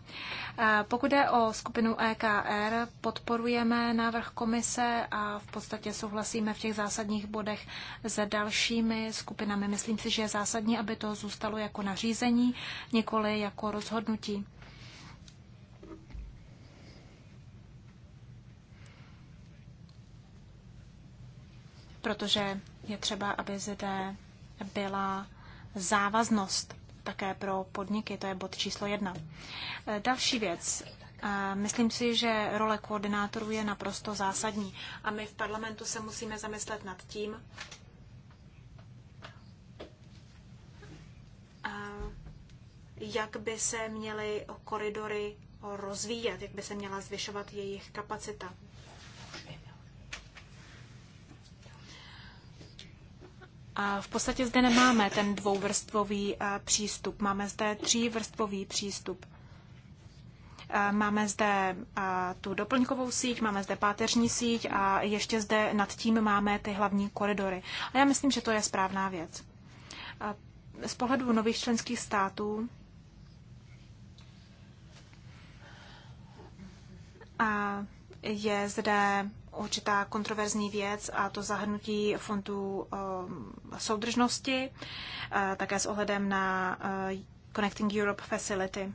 Eh, pokud jde o skupinu EKR, podporujeme návrh komise a v podstatě souhlasíme v těch zásadních bodech s dalšími skupinami. Myslím si, že je zásadní, aby to zůstalo jako nařízení, nikoli jako rozhodnutí. Protože je třeba, aby zde byla závaznost také pro podniky, to je bod číslo jedna. E, další věc. E, myslím si, že role koordinátorů je naprosto zásadní a my v parlamentu se musíme zamyslet nad tím, jak by se měly koridory rozvíjet, jak by se měla zvyšovat jejich kapacita. A v podstatě zde nemáme ten dvouvrstvový eh, přístup, máme zde třívrstvový přístup. Eh, máme zde eh, tu doplňkovou síť, máme zde páteřní síť a ještě zde nad tím máme ty hlavní koridory. A já myslím, že to je správná věc. Z pohledu nových členských států a je zde určitá kontroverzní věc a to zahrnutí fondů eh, soudržnosti, eh, také s ohledem na eh, Connecting Europe Facility.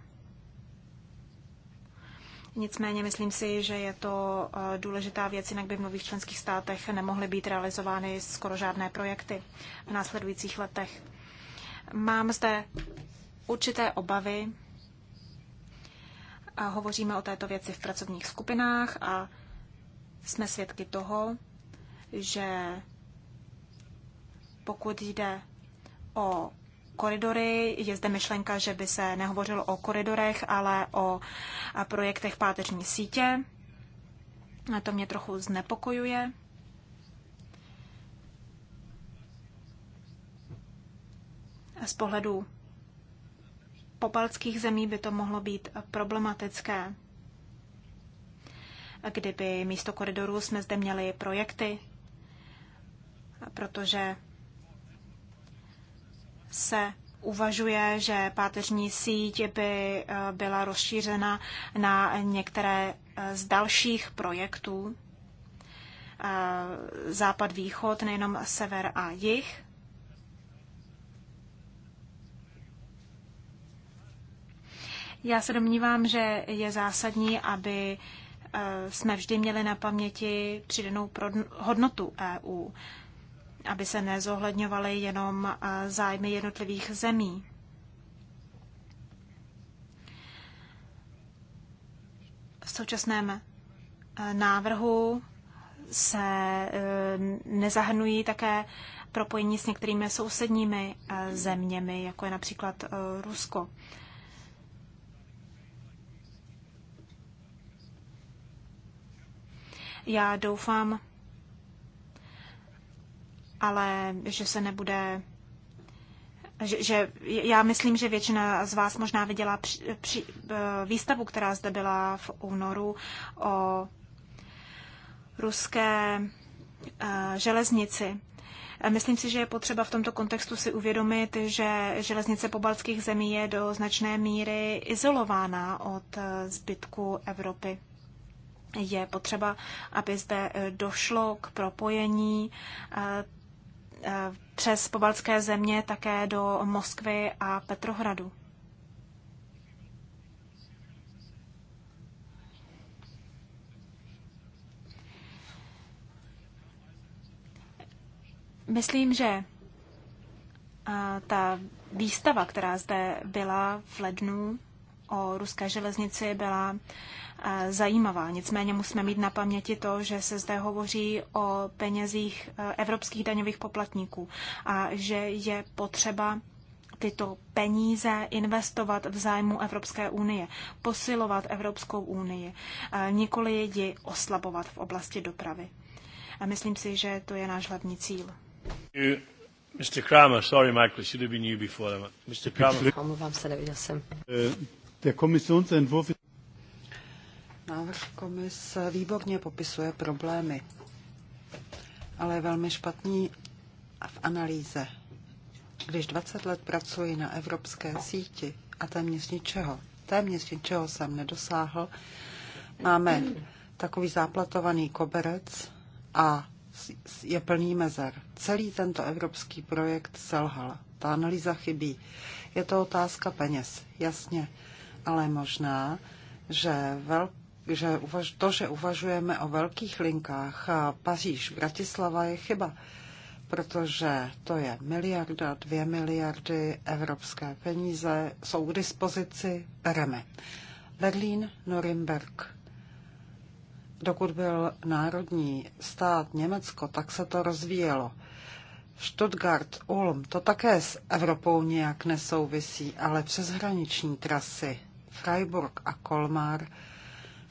Nicméně myslím si, že je to důležitá věc, jinak by v nových členských státech nemohly být realizovány skoro žádné projekty v následujících letech. Mám zde určité obavy. A hovoříme o této věci v pracovních skupinách a jsme svědky toho, že pokud jde o koridory, je zde myšlenka, že by se nehovořilo o koridorech, ale o projektech páteřní sítě. A to mě trochu znepokojuje. Z pohledu popalckých zemí by to mohlo být problematické kdyby místo koridorů jsme zde měli projekty, protože se uvažuje, že páteřní síť by eh, byla rozšířena na některé eh, z dalších projektů eh, západ-východ, nejenom sever a jih. Já se domnívám, že je zásadní, aby Eh, jsme vždy měli na paměti přidanou hodnotu EU, aby se nezohledňovaly jenom eh, zájmy jednotlivých zemí. V současném eh, návrhu se nezahrnují také propojení s některými sousedními zeměmi, jako je například Rusko. Já doufám, ale že se nebude že, že já myslím, že většina z vás možná viděla při, při, eh, výstavu, která zde byla v únoru o ruské eh, železnici. Eh, myslím si, že je potřeba v tomto kontextu si uvědomit, že železnice pobaltských zemí je do značné míry izolována od zbytku Evropy je potřeba, aby zde eh, došlo k propojení eh, eh, přes pobaltské země také do Moskvy a Petrohradu. Myslím, že ta výstava, která zde byla v lednu o ruské železnici, byla zajímavá. Nicméně musíme mít na paměti to, že se zde hovoří o penězích e, evropských daňových poplatníků a že je potřeba tyto peníze investovat v zájmu Evropské unie, posilovat Evropskou unii, nikoli ji oslabovat v oblasti dopravy. A myslím si, že to je náš hlavní cíl. Mr. Kramer, sorry Michael, should have been you before. Mr. Kramer. Omlouvám se, neviděl jsem. Eh, der Kommissionsentwurf Návrh komise výborně popisuje problémy, ale je velmi špatný v analýze. Když 20 let pracuji na evropské síti a téměř ničeho, téměř ničeho jsem nedosáhl, máme takový záplatovaný koberec a je plný mezer. Celý tento evropský projekt selhal. Ta analýza chybí. Je to otázka peněz, jasně, ale možná, že velký že uvaž, to, že uvažujeme o velkých linkách Paříž, Bratislava je chyba, protože to je miliarda, dvě miliardy evropské peníze, jsou k dispozici, bereme. Berlín, Norimberg. Dokud byl národní stát Německo, tak se to rozvíjelo. Stuttgart, Ulm, to také s Evropou nějak nesouvisí, ale přeshraniční trasy Freiburg a Kolmar –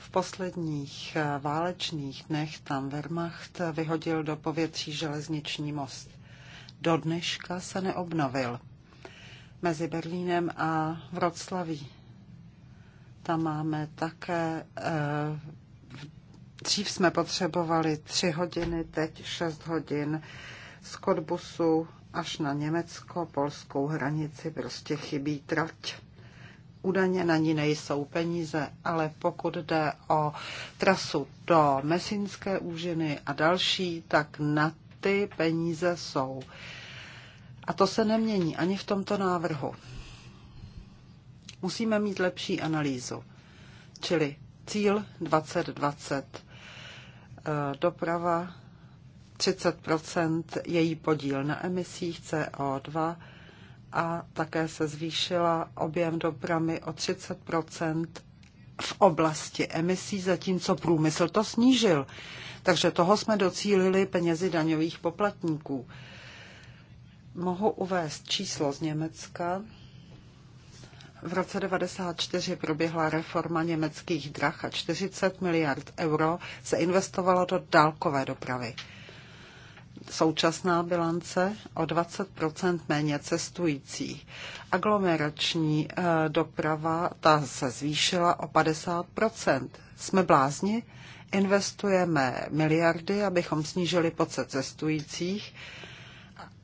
v posledních eh, válečných dnech tam Wehrmacht vyhodil do povětří železniční most. Do dneška se neobnovil. Mezi Berlínem a Vroclaví. Tam máme také eh, Dřív jsme potřebovali tři hodiny, teď šest hodin z Kodbusu až na Německo-polskou hranici. Prostě chybí trať údajně na ní nejsou peníze, ale pokud jde o trasu do Mesinské úžiny a další, tak na ty peníze jsou. A to se nemění ani v tomto návrhu. Musíme mít lepší analýzu. Čili cíl 2020, eh, doprava 30 její podíl na emisích CO2 a také se zvýšila objem dopravy o 30 v oblasti emisí, zatímco průmysl to snížil. Takže toho jsme docílili penězi daňových poplatníků. Mohu uvést číslo z Německa. V roce 1994 proběhla reforma německých drah a 40 miliard euro se investovalo do dálkové dopravy současná bilance o 20 méně cestujících. Aglomerační eh, doprava ta se zvýšila o 50 Jsme blázni? Investujeme miliardy, abychom snížili počet cestujících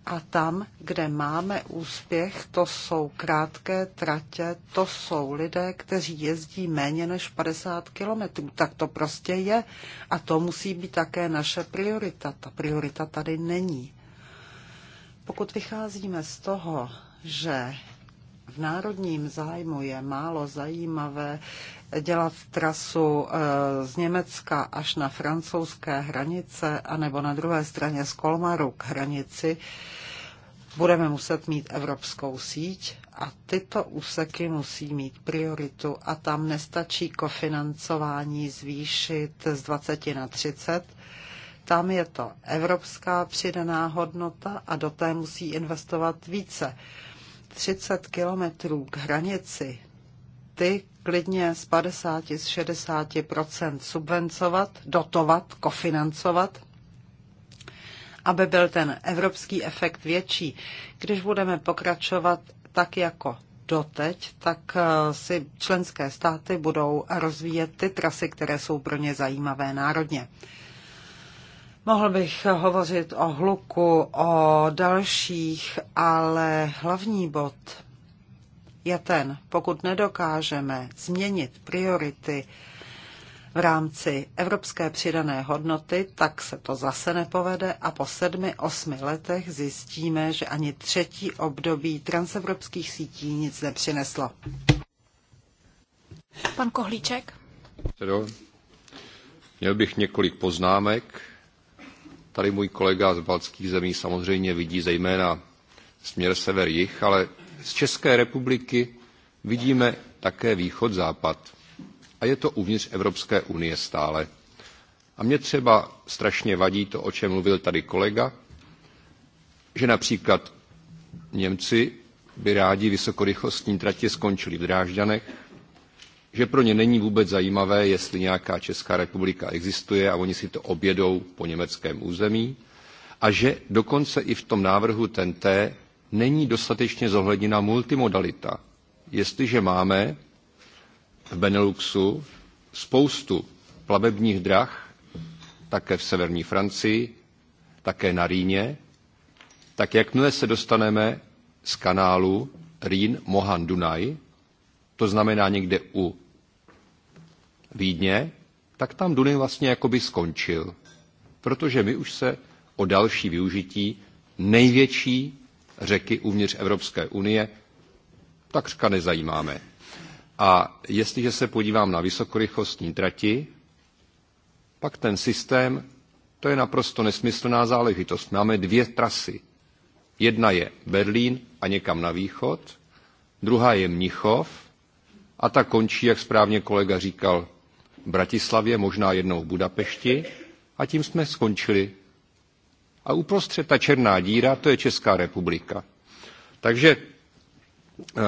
a tam, kde máme úspěch, to jsou krátké tratě, to jsou lidé, kteří jezdí méně než 50 kilometrů. Tak to prostě je. A to musí být také naše priorita. Ta priorita tady není. Pokud vycházíme z toho, že v národním zájmu je málo zajímavé dělat trasu eh, z Německa až na francouzské hranice, anebo na druhé straně z Kolmaru k hranici, budeme muset mít evropskou síť a tyto úseky musí mít prioritu a tam nestačí kofinancování zvýšit z 20 na 30. Tam je to evropská přidaná hodnota a do té musí investovat více. 30 kilometrů k hranici, ty klidně z 50, z 60 subvencovat, dotovat, kofinancovat, aby byl ten evropský efekt větší. Když budeme pokračovat tak jako doteď, tak eh, si členské státy budou rozvíjet ty trasy, které jsou pro ně zajímavé národně. Mohl bych hovořit o hluku, o dalších, ale hlavní bod je ten, pokud nedokážeme změnit priority v rámci evropské přidané hodnoty, tak se to zase nepovede a po sedmi, osmi letech zjistíme, že ani třetí období transevropských sítí nic nepřineslo. Pan Kohlíček. Předo, měl bych několik poznámek Tady můj kolega z baltských zemí samozřejmě vidí zejména směr sever-jih, ale z České republiky vidíme také východ-západ. A je to uvnitř Evropské unie stále. A mě třeba strašně vadí to, o čem mluvil tady kolega, že například Němci by rádi vysokorychlostní tratě skončili v Drážďanech, že pro ně není vůbec zajímavé, jestli nějaká Česká republika existuje a oni si to objedou po německém území a že dokonce i v tom návrhu TNT není dostatečně zohledněna multimodalita. Jestliže máme v Beneluxu spoustu plavebních drah, také v severní Francii, také na Rýně, tak jakmile se dostaneme z kanálu Rýn-Mohan-Dunaj, to znamená někde u Vídně, tak tam Dunaj vlastně jakoby skončil, protože my už se o další využití největší řeky uvnitř Evropské unie takřka nezajímáme. A jestliže se podívám na vysokorychlostní trati, pak ten systém, to je naprosto nesmyslná záležitost. Máme dvě trasy. Jedna je Berlín a někam na východ, druhá je Mnichov a ta končí, jak správně kolega říkal, v Bratislavě, možná jednou v Budapešti a tím jsme skončili. A uprostřed ta černá díra, to je Česká republika. Takže eh,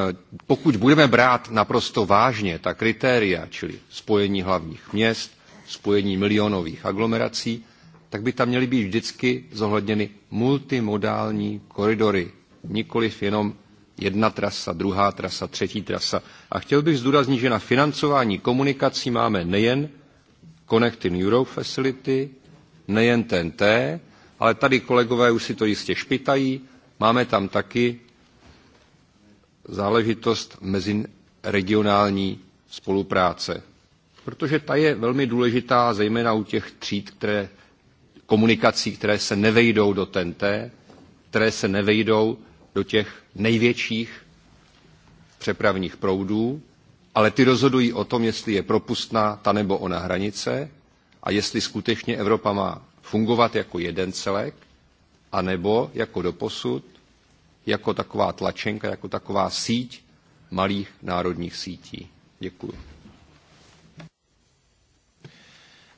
pokud budeme brát naprosto vážně ta kritéria, čili spojení hlavních měst, spojení milionových aglomerací, tak by tam měly být vždycky zohledněny multimodální koridory, nikoliv jenom Jedna trasa, druhá trasa, třetí trasa. A chtěl bych zdůraznit, že na financování komunikací máme nejen Connecting Europe Facility, nejen TNT, ale tady kolegové už si to jistě špitají. Máme tam taky záležitost regionální spolupráce, protože ta je velmi důležitá, zejména u těch tříd, které, komunikací, které se nevejdou do TNT, které se nevejdou do těch největších přepravních proudů, ale ty rozhodují o tom, jestli je propustná ta nebo ona hranice a jestli skutečně Evropa má fungovat jako jeden celek, anebo jako doposud, jako taková tlačenka, jako taková síť malých národních sítí. Děkuji.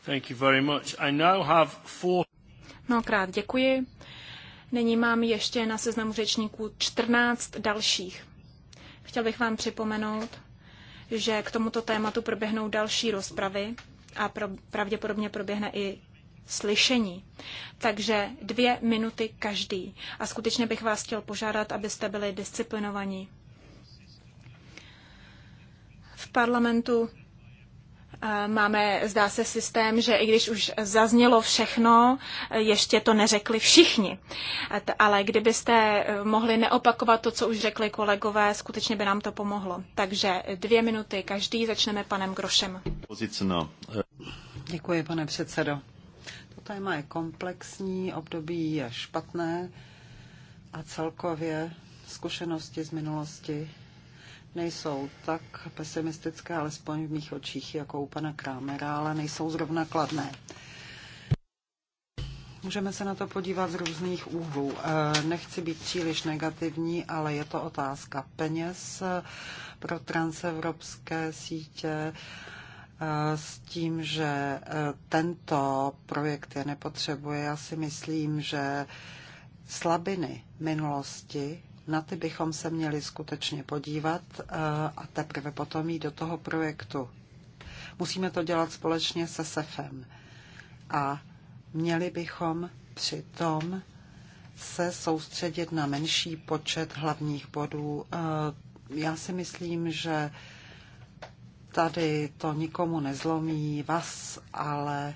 Thank you very much. I now have four... Mnohokrát děkuji. Nyní mám ještě na seznamu řečníků 14 dalších. Chtěl bych vám připomenout, že k tomuto tématu proběhnou další rozpravy a pro, pravděpodobně proběhne i slyšení. Takže dvě minuty každý. A skutečně bych vás chtěl požádat, abyste byli disciplinovaní. V parlamentu Máme, zdá se, systém, že i když už zaznělo všechno, ještě to neřekli všichni. Ale kdybyste eh, mohli neopakovat to, co už řekli kolegové, skutečně by nám to pomohlo. Takže dvě minuty každý, začneme panem Grošem. Eh. Děkuji, pane předsedo. To téma je komplexní, období je špatné a celkově zkušenosti z minulosti nejsou tak pesimistické, alespoň v mých očích, jako u pana Krámera, ale nejsou zrovna kladné. Můžeme se na to podívat z různých úhlů. E, nechci být příliš negativní, ale je to otázka peněz e, pro transevropské sítě e, s tím, že tento projekt je nepotřebuje. Já si myslím, že slabiny minulosti na ty bychom se měli skutečně podívat eh, a teprve potom jít do toho projektu. Musíme to dělat společně se SEFem. A měli bychom přitom se soustředit na menší počet hlavních bodů. Eh, já si myslím, že tady to nikomu nezlomí vás, ale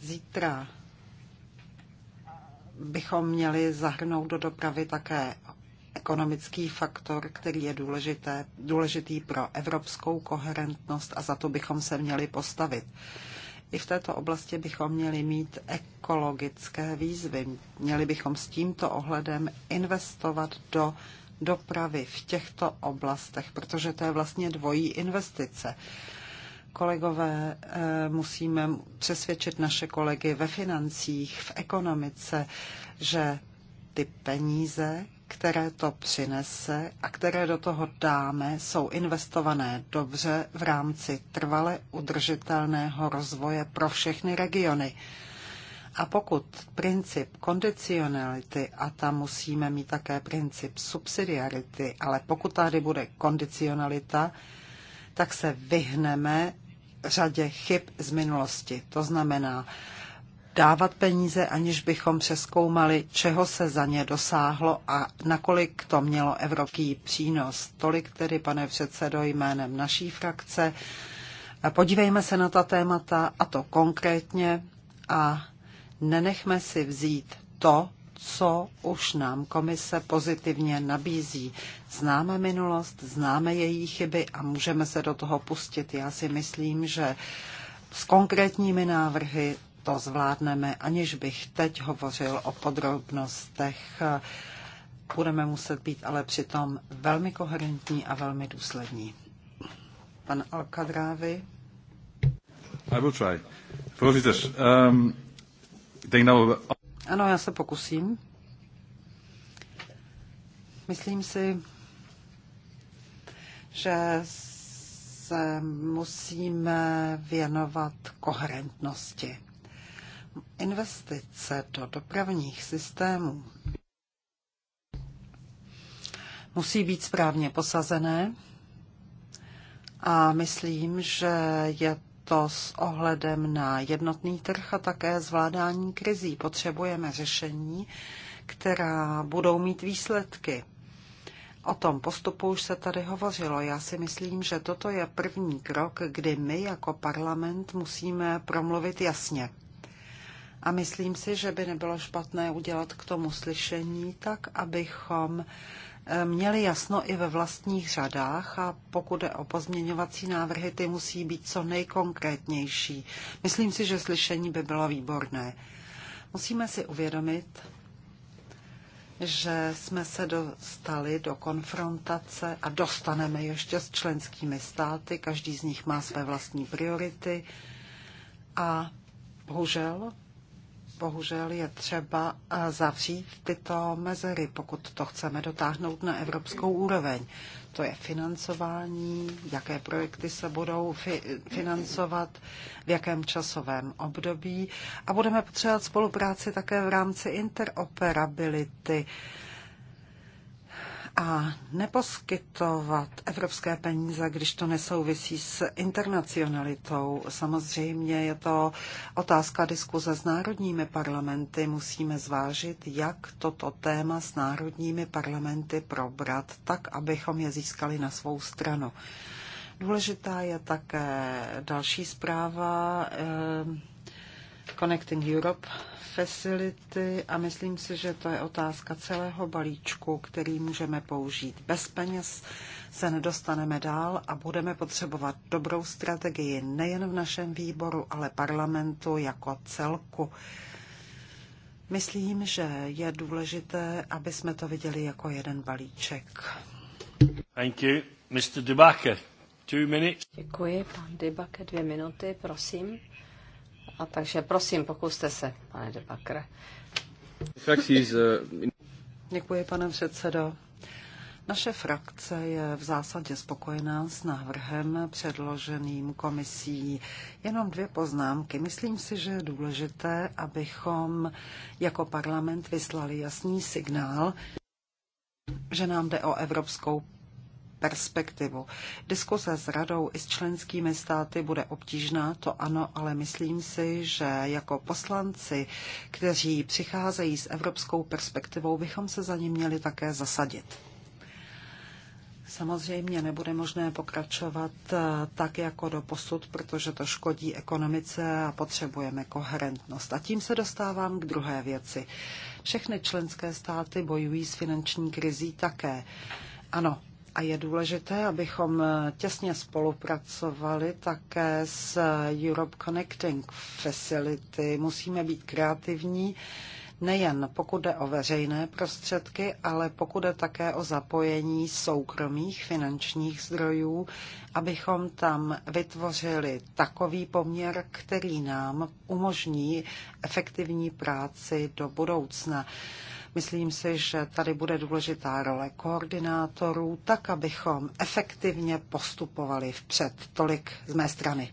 zítra bychom měli zahrnout do dopravy také ekonomický faktor, který je důležité, důležitý pro evropskou koherentnost a za to bychom se měli postavit. I v této oblasti bychom měli mít ekologické výzvy. Měli bychom s tímto ohledem investovat do dopravy v těchto oblastech, protože to je vlastně dvojí investice. Kolegové, eh, musíme přesvědčit naše kolegy ve financích, v ekonomice, že ty peníze, které to přinese a které do toho dáme, jsou investované dobře v rámci trvale udržitelného rozvoje pro všechny regiony. A pokud princip kondicionality, a tam musíme mít také princip subsidiarity, ale pokud tady bude kondicionalita, tak se vyhneme řadě chyb z minulosti. To znamená, dávat peníze, aniž bychom přeskoumali, čeho se za ně dosáhlo a nakolik to mělo evropský přínos. Tolik tedy, pane předsedo, jménem naší frakce. Podívejme se na ta témata, a to konkrétně, a nenechme si vzít to, co už nám komise pozitivně nabízí. Známe minulost, známe její chyby a můžeme se do toho pustit. Já si myslím, že s konkrétními návrhy to zvládneme, aniž bych teď hovořil o podrobnostech. Budeme muset být ale přitom velmi koherentní a velmi důslední. Pan Alkadrávy. I will try. Voorzitter, um, they know... Ano, já se pokusím. Myslím si, že se musíme věnovat koherentnosti investice do dopravních systémů musí být správně posazené a myslím, že je to s ohledem na jednotný trh a také zvládání krizí. Potřebujeme řešení, která budou mít výsledky. O tom postupu už se tady hovořilo. Já si myslím, že toto je první krok, kdy my jako parlament musíme promluvit jasně. A myslím si, že by nebylo špatné udělat k tomu slyšení tak, abychom eh, měli jasno i ve vlastních řadách a pokud je o pozměňovací návrhy, ty musí být co nejkonkrétnější. Myslím si, že slyšení by bylo výborné. Musíme si uvědomit, že jsme se dostali do konfrontace a dostaneme ještě s členskými státy. Každý z nich má své vlastní priority a bohužel bohužel je třeba eh, zavřít tyto mezery, pokud to chceme dotáhnout na evropskou úroveň. To je financování, jaké projekty se budou fi- financovat, v jakém časovém období a budeme potřebovat spolupráci také v rámci interoperability. Uh, a neposkytovat evropské peníze, když to nesouvisí s internacionalitou. Samozřejmě je to otázka diskuze s národními parlamenty. Musíme zvážit, jak toto téma s národními parlamenty probrat, tak, abychom je získali na svou stranu. Důležitá je také další zpráva eh, Connecting Europe facility a myslím si, že to je otázka celého balíčku, který můžeme použít. Bez peněz se nedostaneme dál a budeme potřebovat dobrou strategii nejen v našem výboru, ale parlamentu jako celku. Myslím, že je důležité, aby jsme to viděli jako jeden balíček. Thank you. Mr. Debake, two minutes. Děkuji, pan Debake, dvě minuty, prosím. A takže prosím, pokuste se, pane de Bakre. Děkuji, pane předsedo. Naše frakce je v zásadě spokojená s návrhem předloženým komisí. Jenom dvě poznámky. Myslím si, že je důležité, abychom jako parlament vyslali jasný signál, že nám jde o evropskou perspektivu. Diskuse s radou i s členskými státy bude obtížná, to ano, ale myslím si, že jako poslanci, kteří přicházejí s evropskou perspektivou, bychom se za ní měli také zasadit. Samozřejmě nebude možné pokračovat eh, tak jako do posud, protože to škodí ekonomice a potřebujeme koherentnost. A tím se dostávám k druhé věci. Všechny členské státy bojují s finanční krizí také. Ano, a je důležité, abychom těsně spolupracovali také s Europe Connecting Facility. Musíme být kreativní, nejen pokud jde o veřejné prostředky, ale pokud jde také o zapojení soukromých finančních zdrojů, abychom tam vytvořili takový poměr, který nám umožní efektivní práci do budoucna. Myslím si, že tady bude důležitá role koordinátorů, tak abychom efektivně postupovali vpřed. Tolik z mé strany.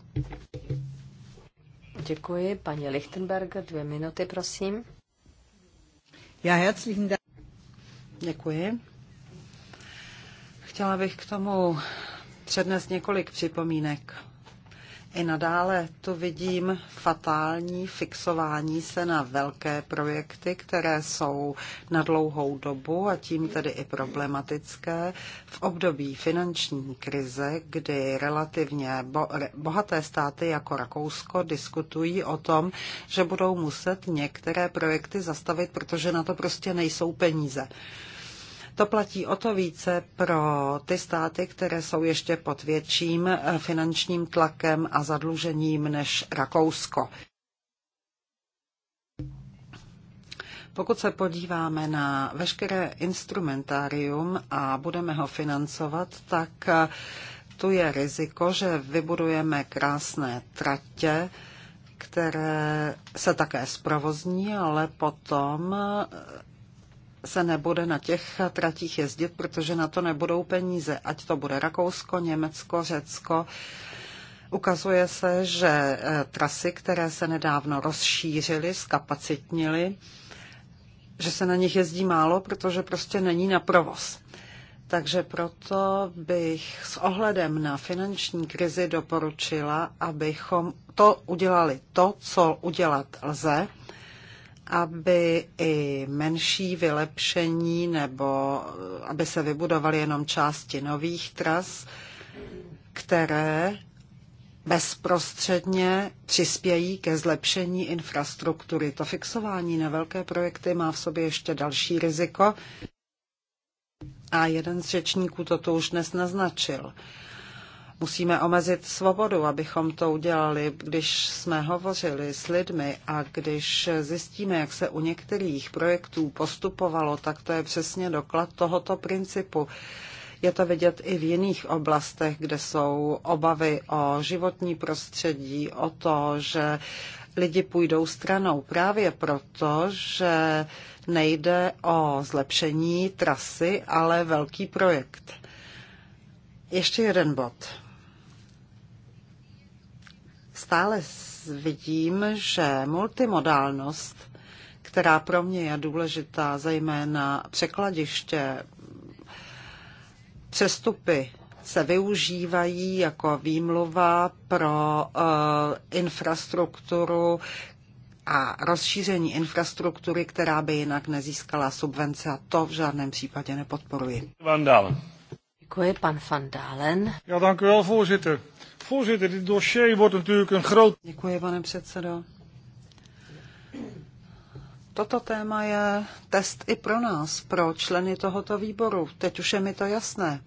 Děkuji. Paní Lichtenberger, dvě minuty, prosím. Já herzlichen Dank. Děkuji. Chtěla bych k tomu přednes několik připomínek. I nadále tu vidím fatální fixování se na velké projekty, které jsou na dlouhou dobu a tím tedy i problematické. V období finanční krize, kdy relativně bohaté státy jako Rakousko diskutují o tom, že budou muset některé projekty zastavit, protože na to prostě nejsou peníze. To platí o to více pro ty státy, které jsou ještě pod větším eh, finančním tlakem a zadlužením než Rakousko. Pokud se podíváme na veškeré instrumentárium a budeme ho financovat, tak eh, tu je riziko, že vybudujeme krásné tratě, které se také zprovozní, ale potom eh, se nebude na těch tratích jezdit, protože na to nebudou peníze, ať to bude Rakousko, Německo, Řecko. Ukazuje se, že eh, trasy, které se nedávno rozšířily, skapacitnily, že se na nich jezdí málo, protože prostě není na provoz. Takže proto bych s ohledem na finanční krizi doporučila, abychom to udělali to, co udělat lze, aby i menší vylepšení nebo eh, aby se vybudovaly jenom části nových tras, které bezprostředně přispějí ke zlepšení infrastruktury. To fixování na velké projekty má v sobě ještě další riziko a jeden z řečníků to tu už dnes naznačil. Musíme omezit svobodu, abychom to udělali, když jsme hovořili s lidmi a když zjistíme, jak se u některých projektů postupovalo, tak to je přesně doklad tohoto principu. Je to vidět i v jiných oblastech, kde jsou obavy o životní prostředí, o to, že lidi půjdou stranou právě proto, že nejde o zlepšení trasy, ale velký projekt. Ještě jeden bod stále vidím, že multimodálnost, která pro mě je důležitá, zejména překladiště, přestupy se využívají jako výmluva pro uh, infrastrukturu a rozšíření infrastruktury, která by jinak nezískala subvence a to v žádném případě nepodporuji. Van Dalen. Děkuji, pan Van Dalen. Ja, dank u voorzitter. Voorzitter, dit dossier wordt natuurlijk een groot... Děkuji, pane předsedo. Toto téma je test i pro nás, pro členy tohoto výboru. Teď už je mi to jasné.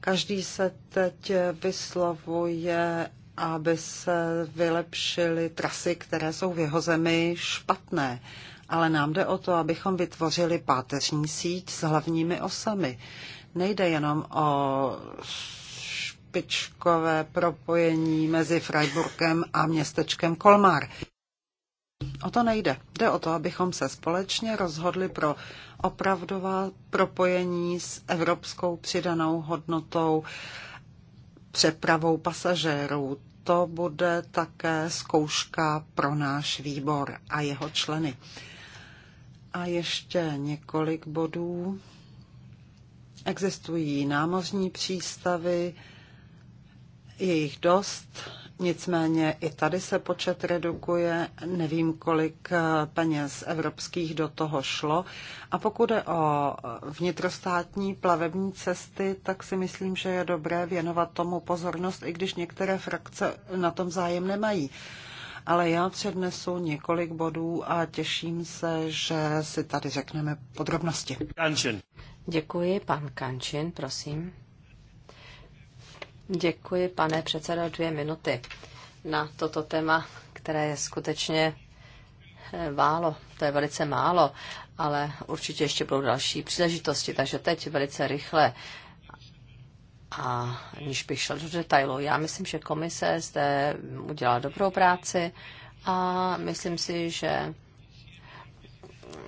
Každý se teď vyslovuje, aby se vylepšily trasy, které jsou v jeho zemi špatné. Ale nám jde o to, abychom vytvořili páteřní síť s hlavními osami. Nejde jenom o špičkové propojení mezi Freiburgem a městečkem Kolmar. O to nejde. Jde o to, abychom se společně rozhodli pro opravdová propojení s evropskou přidanou hodnotou přepravou pasažérů. To bude také zkouška pro náš výbor a jeho členy. A ještě několik bodů. Existují námořní přístavy, je jich dost, nicméně i tady se počet redukuje, nevím, kolik eh, peněz evropských do toho šlo. A pokud je o vnitrostátní plavební cesty, tak si myslím, že je dobré věnovat tomu pozornost, i když některé frakce na tom zájem nemají ale já přednesu několik bodů a těším se, že si tady řekneme podrobnosti. Kančin. Děkuji, pan Kančin, prosím. Děkuji, pane předsedo, dvě minuty na toto téma, které je skutečně válo, eh, to je velice málo, ale určitě ještě budou další příležitosti, takže teď velice rychle. A aniž bych šel do detailu, já myslím, že komise zde udělala dobrou práci a myslím si, že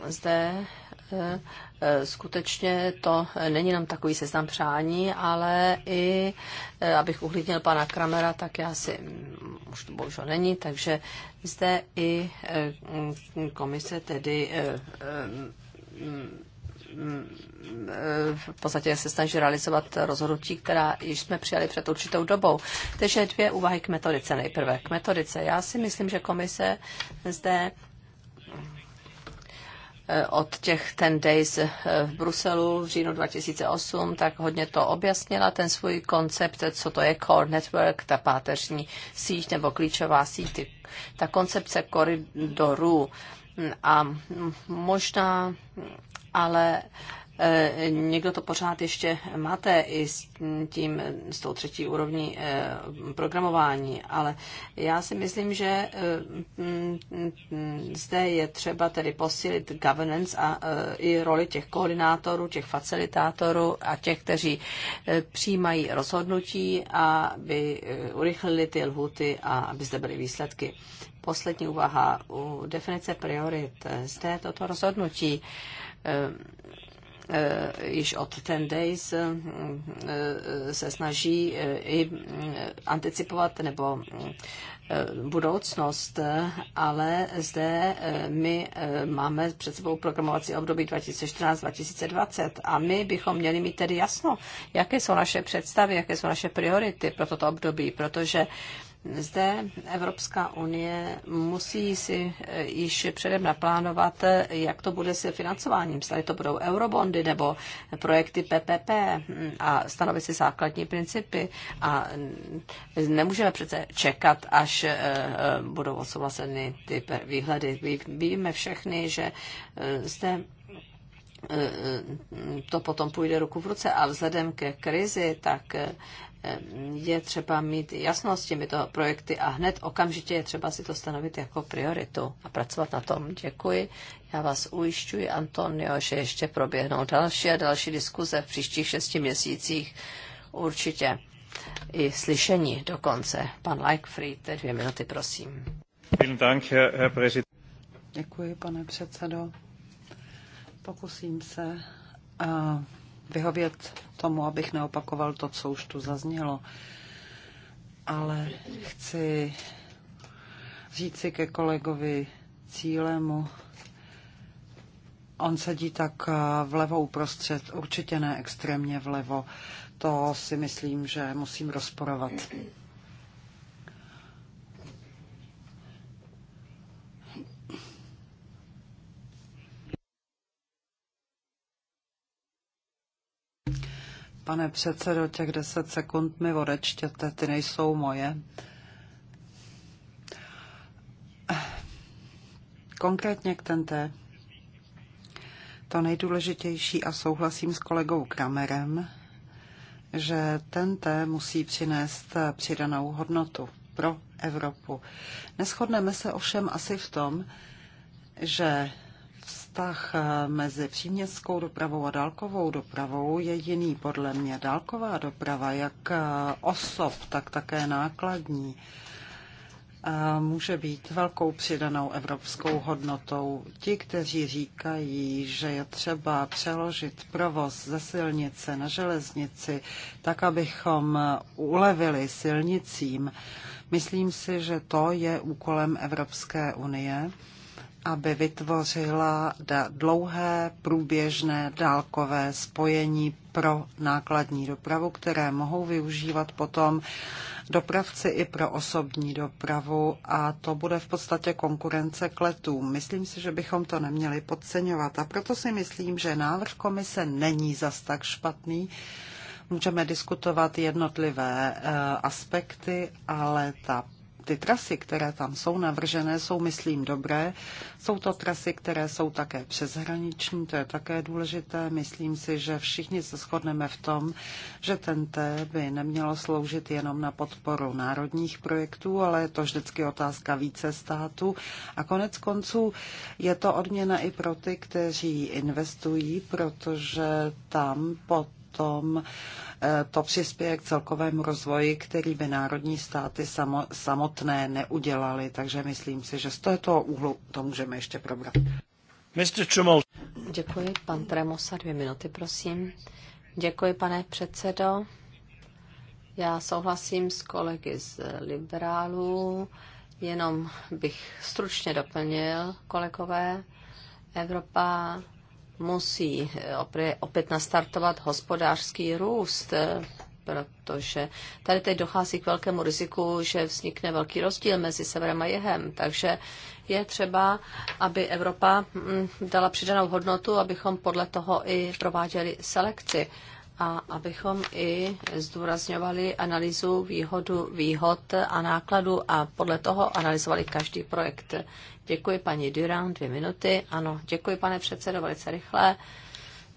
zde eh, Eh, skutečně to eh, není nám takový seznam přání, ale i, eh, abych uhlídnil pana Kramera, tak já si, mm, už to bohužel není, takže zde i mm, komise tedy mm, v podstatě se snaží realizovat rozhodnutí, která již jsme přijali před určitou dobou. Takže dvě úvahy k metodice nejprve. K metodice. Já si myslím, že komise zde od těch Ten Days eh, v Bruselu v říjnu 2008, tak hodně to objasnila, ten svůj koncept, co to je Core Network, ta páteřní síť nebo klíčová síť, ta koncepce koridorů. A možná ale Eh, někdo to pořád ještě máte i s tím, s tou třetí úrovní eh, programování, ale já si myslím, že eh, mm, mm, zde je třeba tedy posílit governance a i roli těch koordinátorů, těch facilitátorů a těch, kteří přijímají rozhodnutí, aby urychlili ty lhuty a aby zde byly výsledky. Poslední úvaha u definice priorit. Zde toto rozhodnutí Eh, již od ten days eh, eh, se snaží i anticipovat nebo budoucnost, ale zde my máme před sebou programovací období 2014-2020 a my bychom měli mít tedy jasno, jaké jsou naše představy, jaké jsou naše priority pro toto období, protože zde Evropská unie musí si eh, již předem naplánovat, eh, jak to bude se financováním. Zda to budou eurobondy nebo projekty PPP hm, a stanovit si základní principy. A hm, nemůžeme přece čekat, až eh, budou odsouhlaseny ty výhledy. Víme všechny, že zde to potom půjde ruku v ruce a vzhledem ke krizi, tak je třeba mít jasnost s těmito projekty a hned okamžitě je třeba si to stanovit jako prioritu a pracovat na tom. Děkuji. Já vás ujišťuji, Antonio, že ještě proběhnou další a další diskuze v příštích šesti měsících určitě. I slyšení dokonce. Pan Leichfried, dvě minuty, prosím. Děkuji, pane předsedo. Pokusím se vyhovět tomu, abych neopakoval to, co už tu zaznělo. Ale chci říci ke kolegovi cílemu. On sedí tak eh, vlevo uprostřed, určitě ne extrémně vlevo. To si myslím, že musím rozporovat. Pane předsedo, těch 10 sekund mi odečtěte, ty nejsou moje. Konkrétně k tenté. To nejdůležitější a souhlasím s kolegou Kramerem, že tenté musí přinést přidanou hodnotu pro Evropu. Neschodneme se ovšem asi v tom, že vztah eh, mezi příměstskou dopravou a dálkovou dopravou je jiný podle mě. Dálková doprava, jak eh, osob, tak také nákladní, eh, může být velkou přidanou evropskou hodnotou. Ti, kteří říkají, že je třeba přeložit provoz ze silnice na železnici, tak abychom ulevili silnicím, myslím si, že to je úkolem Evropské unie aby vytvořila dlouhé průběžné dálkové spojení pro nákladní dopravu, které mohou využívat potom dopravci i pro osobní dopravu a to bude v podstatě konkurence k letům. Myslím si, že bychom to neměli podceňovat a proto si myslím, že návrh komise není zas tak špatný. Můžeme diskutovat jednotlivé eh, aspekty, ale ta ty trasy, které tam jsou navržené, jsou, myslím, dobré. Jsou to trasy, které jsou také přeshraniční, to je také důležité. Myslím si, že všichni se shodneme v tom, že T by nemělo sloužit jenom na podporu národních projektů, ale je to vždycky otázka více států. A konec konců je to odměna i pro ty, kteří investují, protože tam pod potom eh, to přispěje k celkovému rozvoji, který by národní státy samotné neudělaly. Takže myslím si, že z tohoto úhlu to můžeme ještě probrat. Mr. Čumol. Děkuji, pan Tremosa, dvě minuty, prosím. Děkuji, pane předsedo. Já souhlasím s kolegy z liberálů, jenom bych stručně doplnil, kolegové, Evropa musí eh, opět nastartovat hospodářský růst, eh, protože tady teď dochází k velkému riziku, že vznikne velký rozdíl mezi severem a jihem. Takže je třeba, aby Evropa mm, dala přidanou hodnotu, abychom podle toho i prováděli selekci a abychom i zdůrazňovali analýzu výhodu, výhod a nákladu a podle toho analyzovali každý projekt. Děkuji paní Durán, dvě minuty. Ano, děkuji pane předsedo, velice rychle.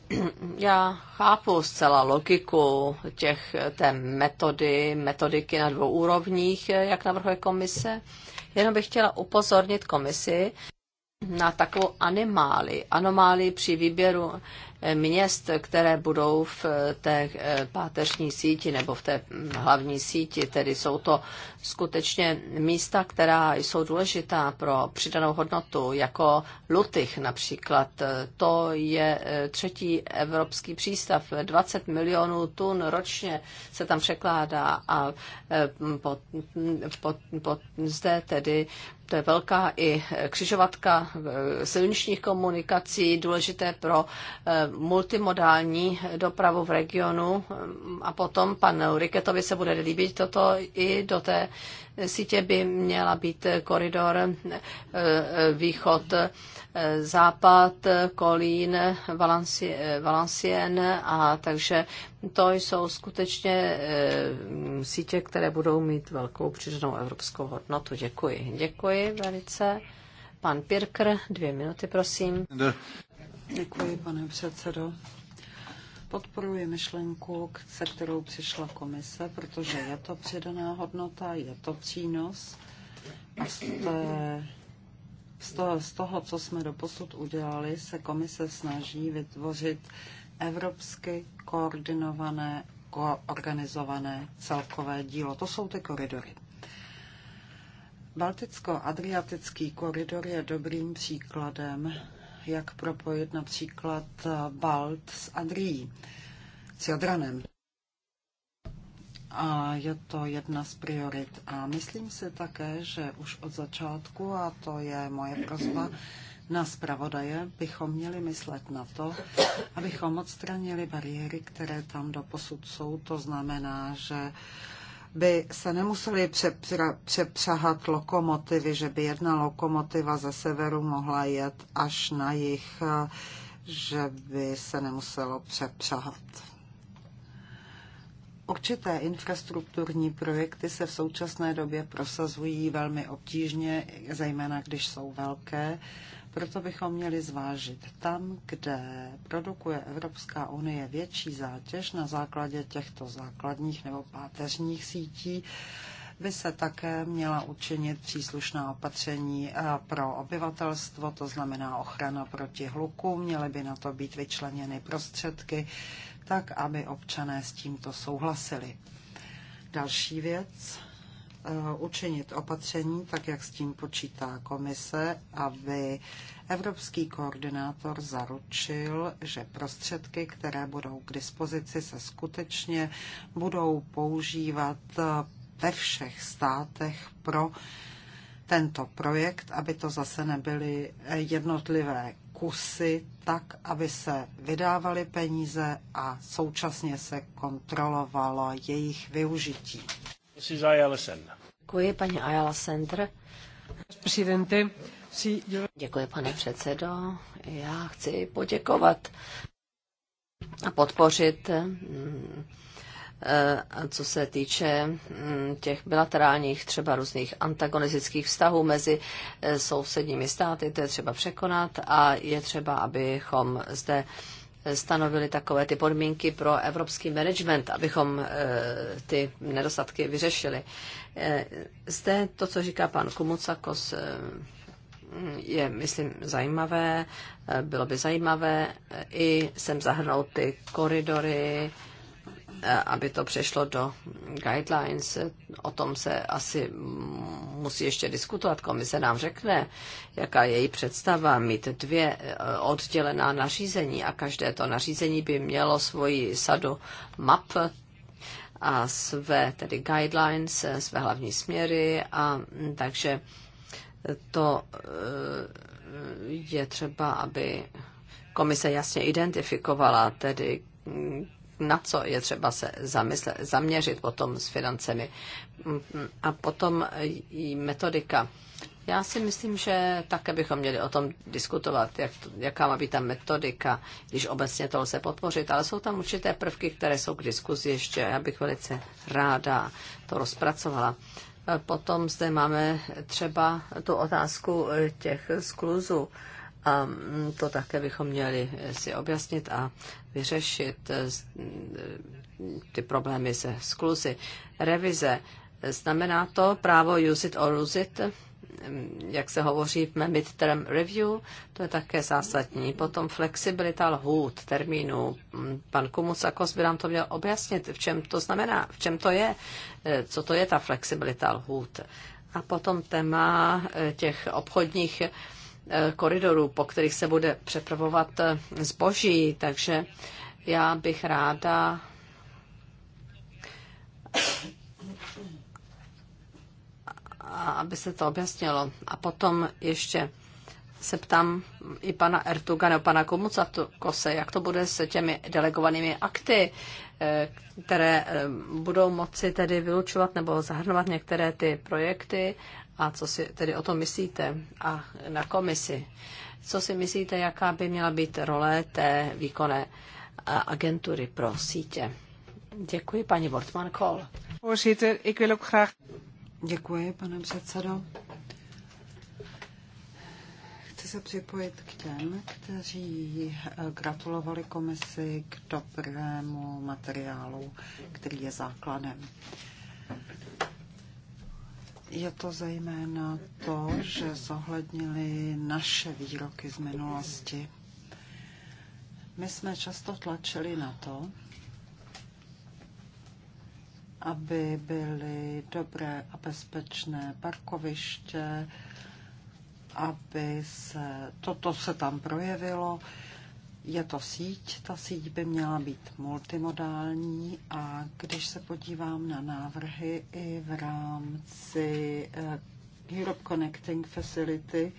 *clears throat* Já chápu zcela logiku těch té metody, metodiky na dvou úrovních, jak navrhuje komise. Jenom bych chtěla upozornit komisi na takovou animáli, anomálii při výběru měst, které budou v té eh, páteřní síti nebo v té hlavní síti. Tedy jsou to skutečně místa, která jsou důležitá pro přidanou hodnotu, jako Lutych například. To je eh, třetí evropský přístav. 20 milionů tun ročně se tam překládá a eh, pod, pod, pod, zde tedy to je velká i křižovatka silničních komunikací, důležité pro multimodální dopravu v regionu a potom panu Riketovi se bude líbit toto i do té sítě by měla být koridor eh, východ eh, západ, Kolín, eh, Valencien a takže to jsou skutečně sítě, které budou mít velkou přidanou evropskou hodnotu. Děkuji. Děkuji velice. Pan Pirkr, dvě minuty, prosím. Děkuji, pane předsedo. Podporuji myšlenku, se kterou přišla komise, protože je to přidaná hodnota, je to přínos. A z, té, z, toho, z toho, co jsme doposud udělali, se komise snaží vytvořit evropsky koordinované, organizované celkové dílo. To jsou ty koridory. Balticko-adriatický koridor je dobrým příkladem jak propojit například eh, Balt s Adrií, s Jadranem. A je to jedna z priorit. A myslím si také, že už od začátku, a to je moje prozba na zpravodaje, bychom měli myslet na to, abychom odstranili bariéry, které tam doposud jsou. To znamená, že uh, by se nemuseli přepřahat lokomotivy, že by jedna lokomotiva ze severu mohla jet až na jich, že by se nemuselo přepřahat. Určité infrastrukturní projekty se v současné době prosazují velmi obtížně, zejména když jsou velké. Proto bychom měli zvážit tam, kde produkuje Evropská unie větší zátěž na základě těchto základních nebo páteřních sítí, by se také měla učinit příslušná opatření eh, pro obyvatelstvo, to znamená ochrana proti hluku, měly by na to být vyčleněny prostředky, tak aby občané s tímto souhlasili. Další věc, Eh, učinit opatření, tak jak s tím počítá komise, aby evropský koordinátor zaručil, že prostředky, které budou k dispozici, se skutečně budou používat eh, ve všech státech pro tento projekt, aby to zase nebyly eh, jednotlivé kusy, tak, aby se vydávaly peníze a současně se kontrolovalo jejich využití. Mrs. Ayala Sender. Děkuji, paní Ayala Sender. Děkuji, pane předsedo. Já chci poděkovat a podpořit, mm, eh, co se týče mm, těch bilaterálních, třeba různých antagonistických vztahů mezi eh, sousedními státy, to je třeba překonat a je třeba, abychom zde stanovili takové ty podmínky pro evropský management, abychom eh, ty nedostatky vyřešili. Eh, zde to, co říká pan Kumucakos, eh, je, myslím, zajímavé. Bylo by zajímavé i sem zahrnout ty koridory, Eh, aby to přešlo do guidelines. O tom se asi musí ještě diskutovat. Komise nám řekne, jaká je její představa mít dvě eh, oddělená nařízení a každé to nařízení by mělo svoji sadu map a své tedy guidelines, eh, své hlavní směry a mm, takže to je třeba, aby komise jasně identifikovala tedy mm, na co je třeba se zamysle, zaměřit potom s financemi. A potom i metodika. Já si myslím, že také bychom měli o tom diskutovat, jak, jaká má být ta metodika, když obecně to lze podpořit, ale jsou tam určité prvky, které jsou k diskuzi ještě. Já bych velice ráda to rozpracovala. Potom zde máme třeba tu otázku těch skluzů a mm, to také bychom měli eh, si objasnit a vyřešit eh, mm, ty problémy se skluzy. Revize. Znamená to právo use it or lose it, mm, jak se hovoří v midterm review, to je také zásadní. Potom flexibilita lhůt, termínu. Pan Kumucakos by nám to měl objasnit, v čem to znamená, v čem to je, eh, co to je ta flexibilita lhůt. A potom téma těch obchodních Eh, koridorů, po kterých se bude přepravovat eh, zboží, takže já bych ráda aby se to objasnilo. A potom ještě se ptám i pana Ertuga nebo pana Komuca Kose, jak to bude s těmi delegovanými akty, eh, které budou moci tedy vylučovat nebo zahrnovat některé ty projekty a co si tedy o tom myslíte a na komisi. Co si myslíte, jaká by měla být role té výkonné agentury pro sítě? Děkuji, paní Wortmann Kohl. Děkuji, pane předsedo. Chci se připojit k těm, kteří eh, gratulovali komisi k dobrému materiálu, který je základem. Je to zejména to, že zohlednili naše výroky z minulosti. My jsme často tlačili na to, aby byly dobré a bezpečné parkoviště, aby se toto se tam projevilo je to síť, ta síť by měla být multimodální a když se podívám na návrhy i v rámci eh, Europe Connecting Facility,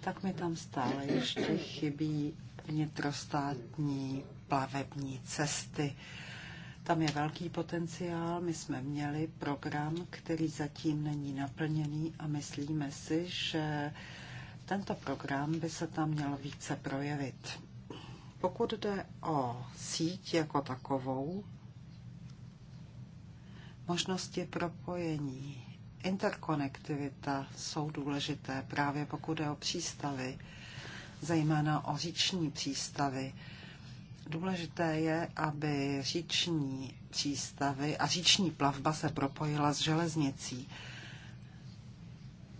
tak mi tam stále ještě chybí vnitrostátní plavební cesty. Tam je velký potenciál. My jsme měli program, který zatím není naplněný a myslíme si, že tento program by se tam měl více projevit. Pokud jde o síť jako takovou, možnosti propojení, interkonektivita jsou důležité právě pokud jde o přístavy, zejména o říční přístavy. Důležité je, aby říční přístavy a říční plavba se propojila s železnicí,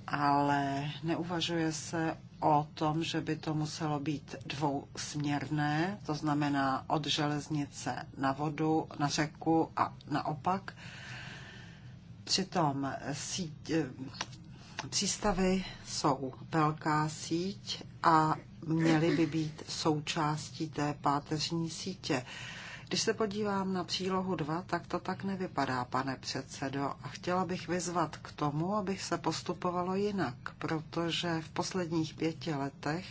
ale neuvažuje se o tom, že by to muselo být dvousměrné, to znamená od železnice na vodu, na řeku a naopak. Přitom síť, eh, přístavy jsou velká síť a měly by být součástí té páteřní sítě. Když se podívám na přílohu 2, tak to tak nevypadá, pane předsedo, a chtěla bych vyzvat k tomu, abych se postupovalo jinak, protože v posledních pěti letech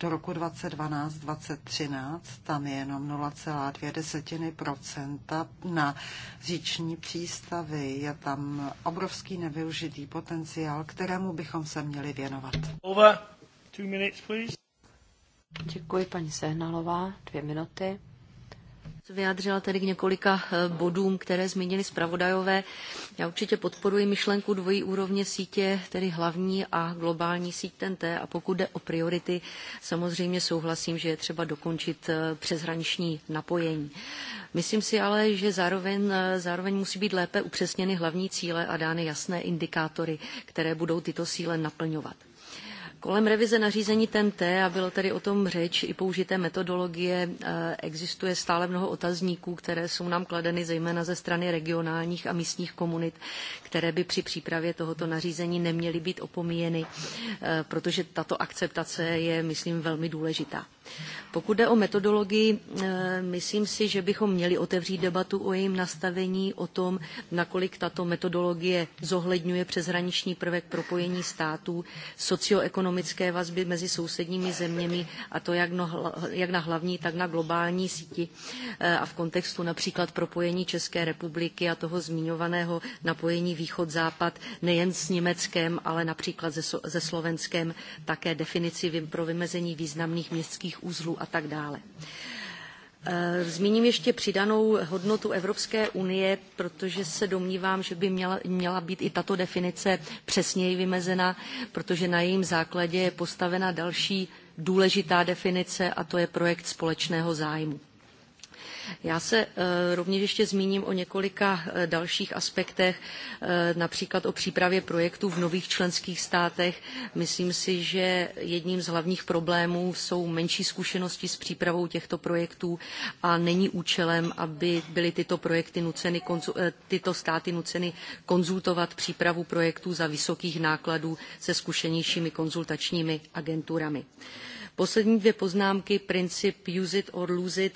do roku 2012-2013 tam je jenom 0,2% na říční přístavy. Je tam obrovský nevyužitý potenciál, kterému bychom se měli věnovat. Over. Two minutes, please. Děkuji, paní Sehnalová. Dvě minuty vyjádřila tedy k několika eh, bodům, které zmínili zpravodajové. Já určitě podporuji myšlenku dvojí úrovně sítě, tedy hlavní a globální síť TNT. A pokud jde o priority, samozřejmě souhlasím, že je třeba dokončit eh, přeshraniční napojení. Myslím si ale, že zároveň, eh, zároveň musí být lépe upřesněny hlavní cíle a dány jasné indikátory, které budou tyto síle naplňovat. Kolem revize nařízení TNT, a bylo tady o tom řeč, i použité metodologie, eh, existuje stále mnoho otazníků, které jsou nám kladeny zejména ze strany regionálních a místních komunit, které by při přípravě tohoto nařízení neměly být opomíjeny, eh, protože tato akceptace je, myslím, velmi důležitá. Pokud jde o metodologii, eh, myslím si, že bychom měli otevřít debatu o jejím nastavení, o tom, nakolik tato metodologie zohledňuje přeshraniční prvek propojení států, socioekonomické vazby mezi sousedními zeměmi, a to jak na hlavní, tak na globální síti eh, a v kontextu například propojení České republiky a toho zmiňovaného napojení východ-západ nejen s Německem, ale například se Slovenskem, také definici pro vymezení významných městských dopravních uzlů a tak dále. Eh, zmíním ještě přidanou hodnotu Evropské unie, protože se domnívám, že by měla, měla být i tato definice přesněji vymezena, protože na jejím základě je postavena další důležitá definice a to je projekt společného zájmu. Já se eh, rovněž ještě zmíním o několika eh, dalších aspektech, eh, například o přípravě projektů v nových členských státech. Myslím si, že jedním z hlavních problémů jsou menší zkušenosti s přípravou těchto projektů a není účelem, aby byly tyto projekty nuceny, tyto státy nuceny konzultovat přípravu projektů za vysokých nákladů se zkušenějšími konzultačními agenturami. Poslední dvě poznámky, princip use it or lose it.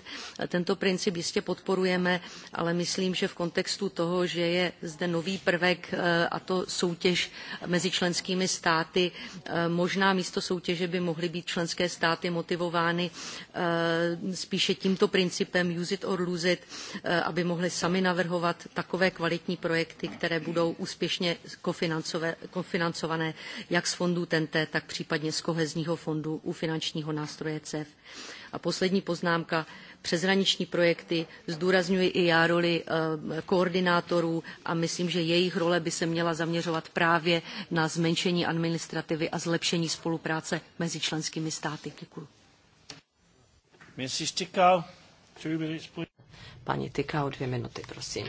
Tento princip jistě podporujeme, ale myslím, že v kontextu toho, že je zde nový prvek eh, a to soutěž mezi členskými státy, eh, možná místo soutěže by mohly být členské státy motivovány eh, spíše tímto principem use it or lose it, aby mohly sami navrhovat takové kvalitní projekty, které budou úspěšně kofinancované jak z fondů TENTE, tak případně z kohezního fondu u finanční finančního nástroje CEF. A poslední poznámka, přeshraniční projekty, zdůrazňuji i já roli eh, koordinátorů a myslím, že jejich role by se měla zaměřovat právě na zmenšení administrativy a zlepšení spolupráce mezi členskými státy. Děkuji. Mrs. Tikal, Pani Tikal, dvě minuty, prosím.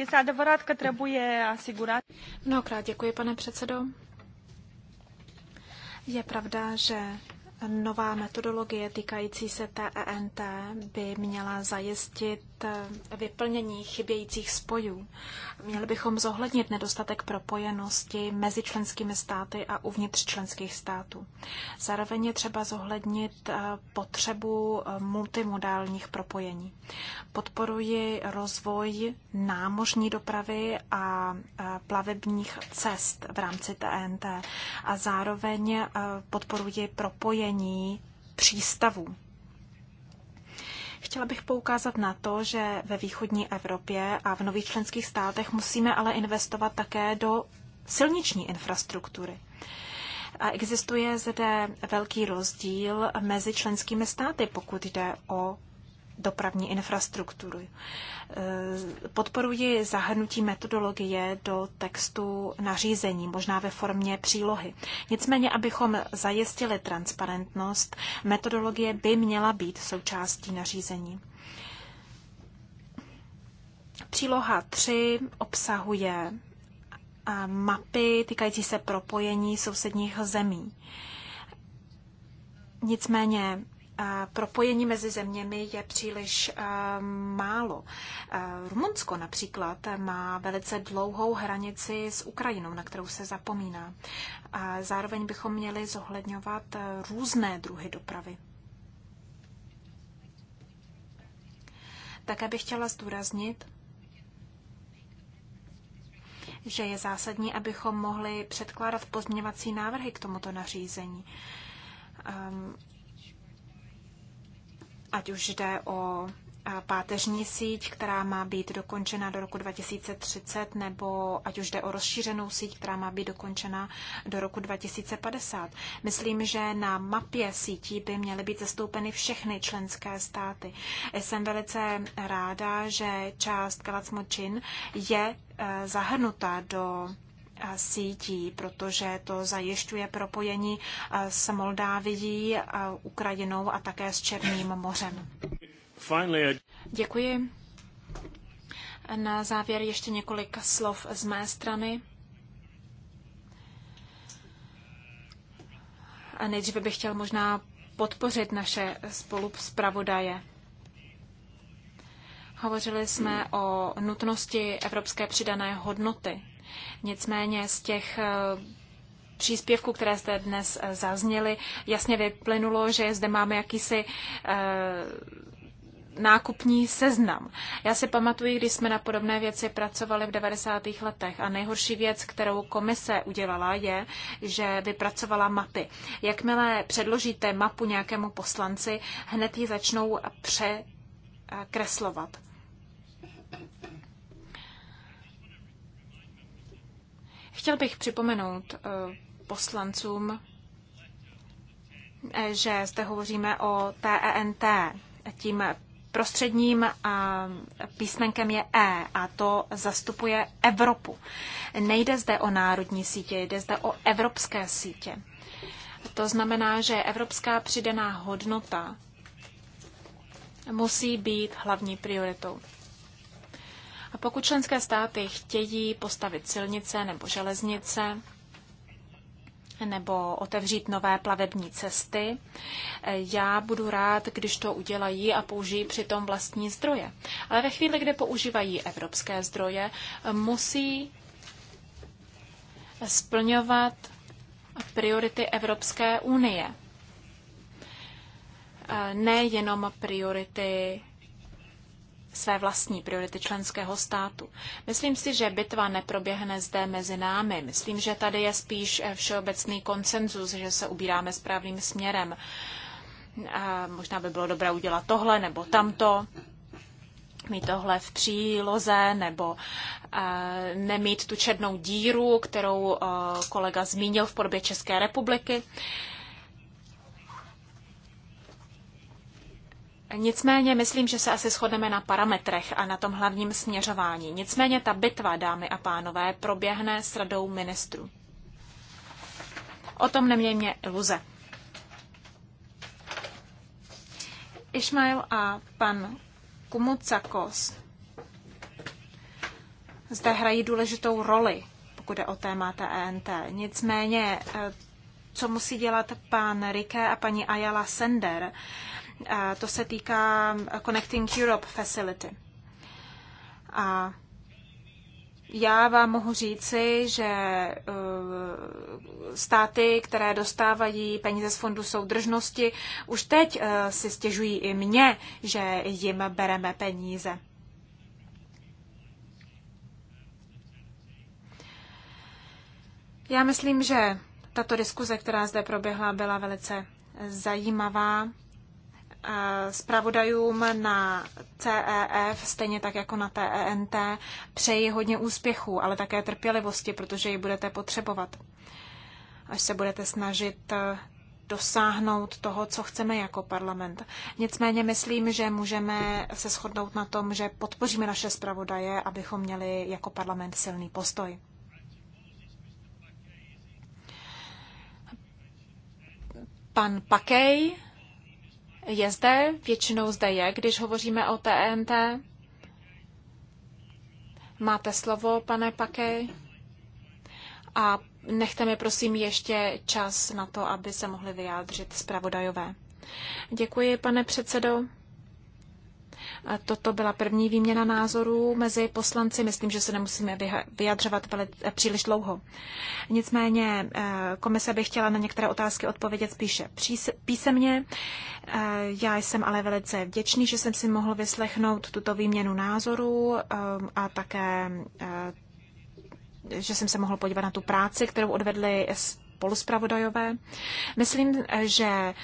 Este adevărat că trebuie asigurat. Mnohokrát děkuji, pane předsedo. Je pravda, že Nová metodologie týkající se TENT e by měla zajistit eh, vyplnění chybějících spojů. Měli bychom zohlednit nedostatek propojenosti mezi členskými státy a uvnitř členských států. Zároveň je třeba zohlednit eh, potřebu eh, multimodálních propojení. Podporuji rozvoj námořní dopravy a plavebních cest v rámci TNT e a zároveň podporuji propojení rozvíjení přístavů. Chtěla bych poukázat na to, že ve východní Evropě a v nových členských státech musíme ale investovat také do silniční infrastruktury. A existuje zde velký rozdíl mezi členskými státy, pokud jde o dopravní infrastruktury. E, podporuji zahrnutí metodologie do textu nařízení, možná ve formě přílohy. Nicméně, abychom zajistili transparentnost, metodologie by měla být součástí nařízení. Příloha 3 obsahuje e, mapy týkající se propojení sousedních zemí. Nicméně propojení mezi zeměmi je příliš eh, málo. Eh, Rumunsko například má velice dlouhou hranici s Ukrajinou, na kterou se zapomíná. A zároveň bychom měli zohledňovat eh, různé druhy dopravy. Také bych chtěla zdůraznit, že je zásadní, abychom mohli předkládat pozměňovací návrhy k tomuto nařízení. Ehm, ať už jde o páteřní síť, která má být dokončena do roku 2030, nebo ať už jde o rozšířenou síť, která má být dokončena do roku 2050. Myslím, že na mapě sítí by měly být zastoupeny všechny členské státy. Jsem velice ráda, že část Galacmočin je e, zahrnuta do sítí, protože to zajišťuje propojení s Moldávií, Ukrajinou a také s Černým mořem. Děkuji. Na závěr ještě několik slov z mé strany. A nejdříve bych chtěl možná podpořit naše spolupspravodaje. Hovořili jsme o nutnosti evropské přidané hodnoty Nicméně z těch eh, příspěvků, které zde dnes eh, zazněly, jasně vyplynulo, že zde máme jakýsi eh, nákupní seznam. Já si pamatuju, když jsme na podobné věci pracovali v 90. letech a nejhorší věc, kterou komise udělala, je, že vypracovala mapy. Jakmile předložíte mapu nějakému poslanci, hned ji začnou překreslovat. Chtěl bych připomenout eh, poslancům, eh, že zde hovoříme o TENT. E Tím prostředním písmenkem je E a to zastupuje Evropu. Nejde zde o národní sítě, jde zde o evropské sítě. To znamená, že evropská přidaná hodnota musí být hlavní prioritou. A pokud členské státy chtějí postavit silnice nebo železnice, nebo otevřít nové plavební cesty. Já budu rád, když to udělají a použijí přitom vlastní zdroje. Ale ve chvíli, kdy používají evropské zdroje, musí splňovat priority Evropské unie. Nejenom priority své vlastní priority členského státu. Myslím si, že bitva neproběhne zde mezi námi. Myslím, že tady je spíš eh, všeobecný konsenzus, že se ubíráme správným směrem. A možná by bylo dobré udělat tohle nebo tamto mít tohle v příloze nebo e, nemít tu černou díru, kterou e, kolega zmínil v podobě České republiky. E, Nicméně myslím, že se asi shodneme na parametrech a na tom hlavním směřování. Nicméně ta bitva, dámy a pánové, proběhne s radou ministrů. O tom nemějme iluze. Ismail a pan Kumucakos zde hrají důležitou roli, pokud je o témata ENT. Nicméně, eh, co musí dělat pan Rike a paní Ayala Sender, to se týká um, Connecting Europe Facility. A já vám mohu říci, že uh, státy, které dostávají peníze z Fondu soudržnosti, už teď uh, si stěžují i mě, že jim bereme peníze. Já myslím, že tato diskuze, která zde proběhla, byla velice zajímavá. Eh, zpravodajům na CEF, stejně tak jako na TENT, e přeji hodně úspěchů, ale také trpělivosti, protože ji budete potřebovat, až se budete snažit eh, dosáhnout toho, co chceme jako parlament. Nicméně myslím, že můžeme se shodnout na tom, že podpoříme naše zpravodaje, abychom měli jako parlament silný postoj. Pan Pakej je zde, většinou zde je, když hovoříme o TNT. Máte slovo, pane Pake? A nechte mi prosím ještě čas na to, aby se mohli vyjádřit zpravodajové. Děkuji, pane předsedo. Toto byla první výměna názorů mezi poslanci. Myslím, že se nemusíme vyjadřovat příliš dlouho. Nicméně eh, komise by chtěla na některé otázky odpovědět spíše písemně. Eh, já jsem ale velice vděčný, že jsem si mohl vyslechnout tuto výměnu názorů eh, a také že jsem se mohl podívat na tu práci, kterou odvedli spoluspravodajové. Myslím, že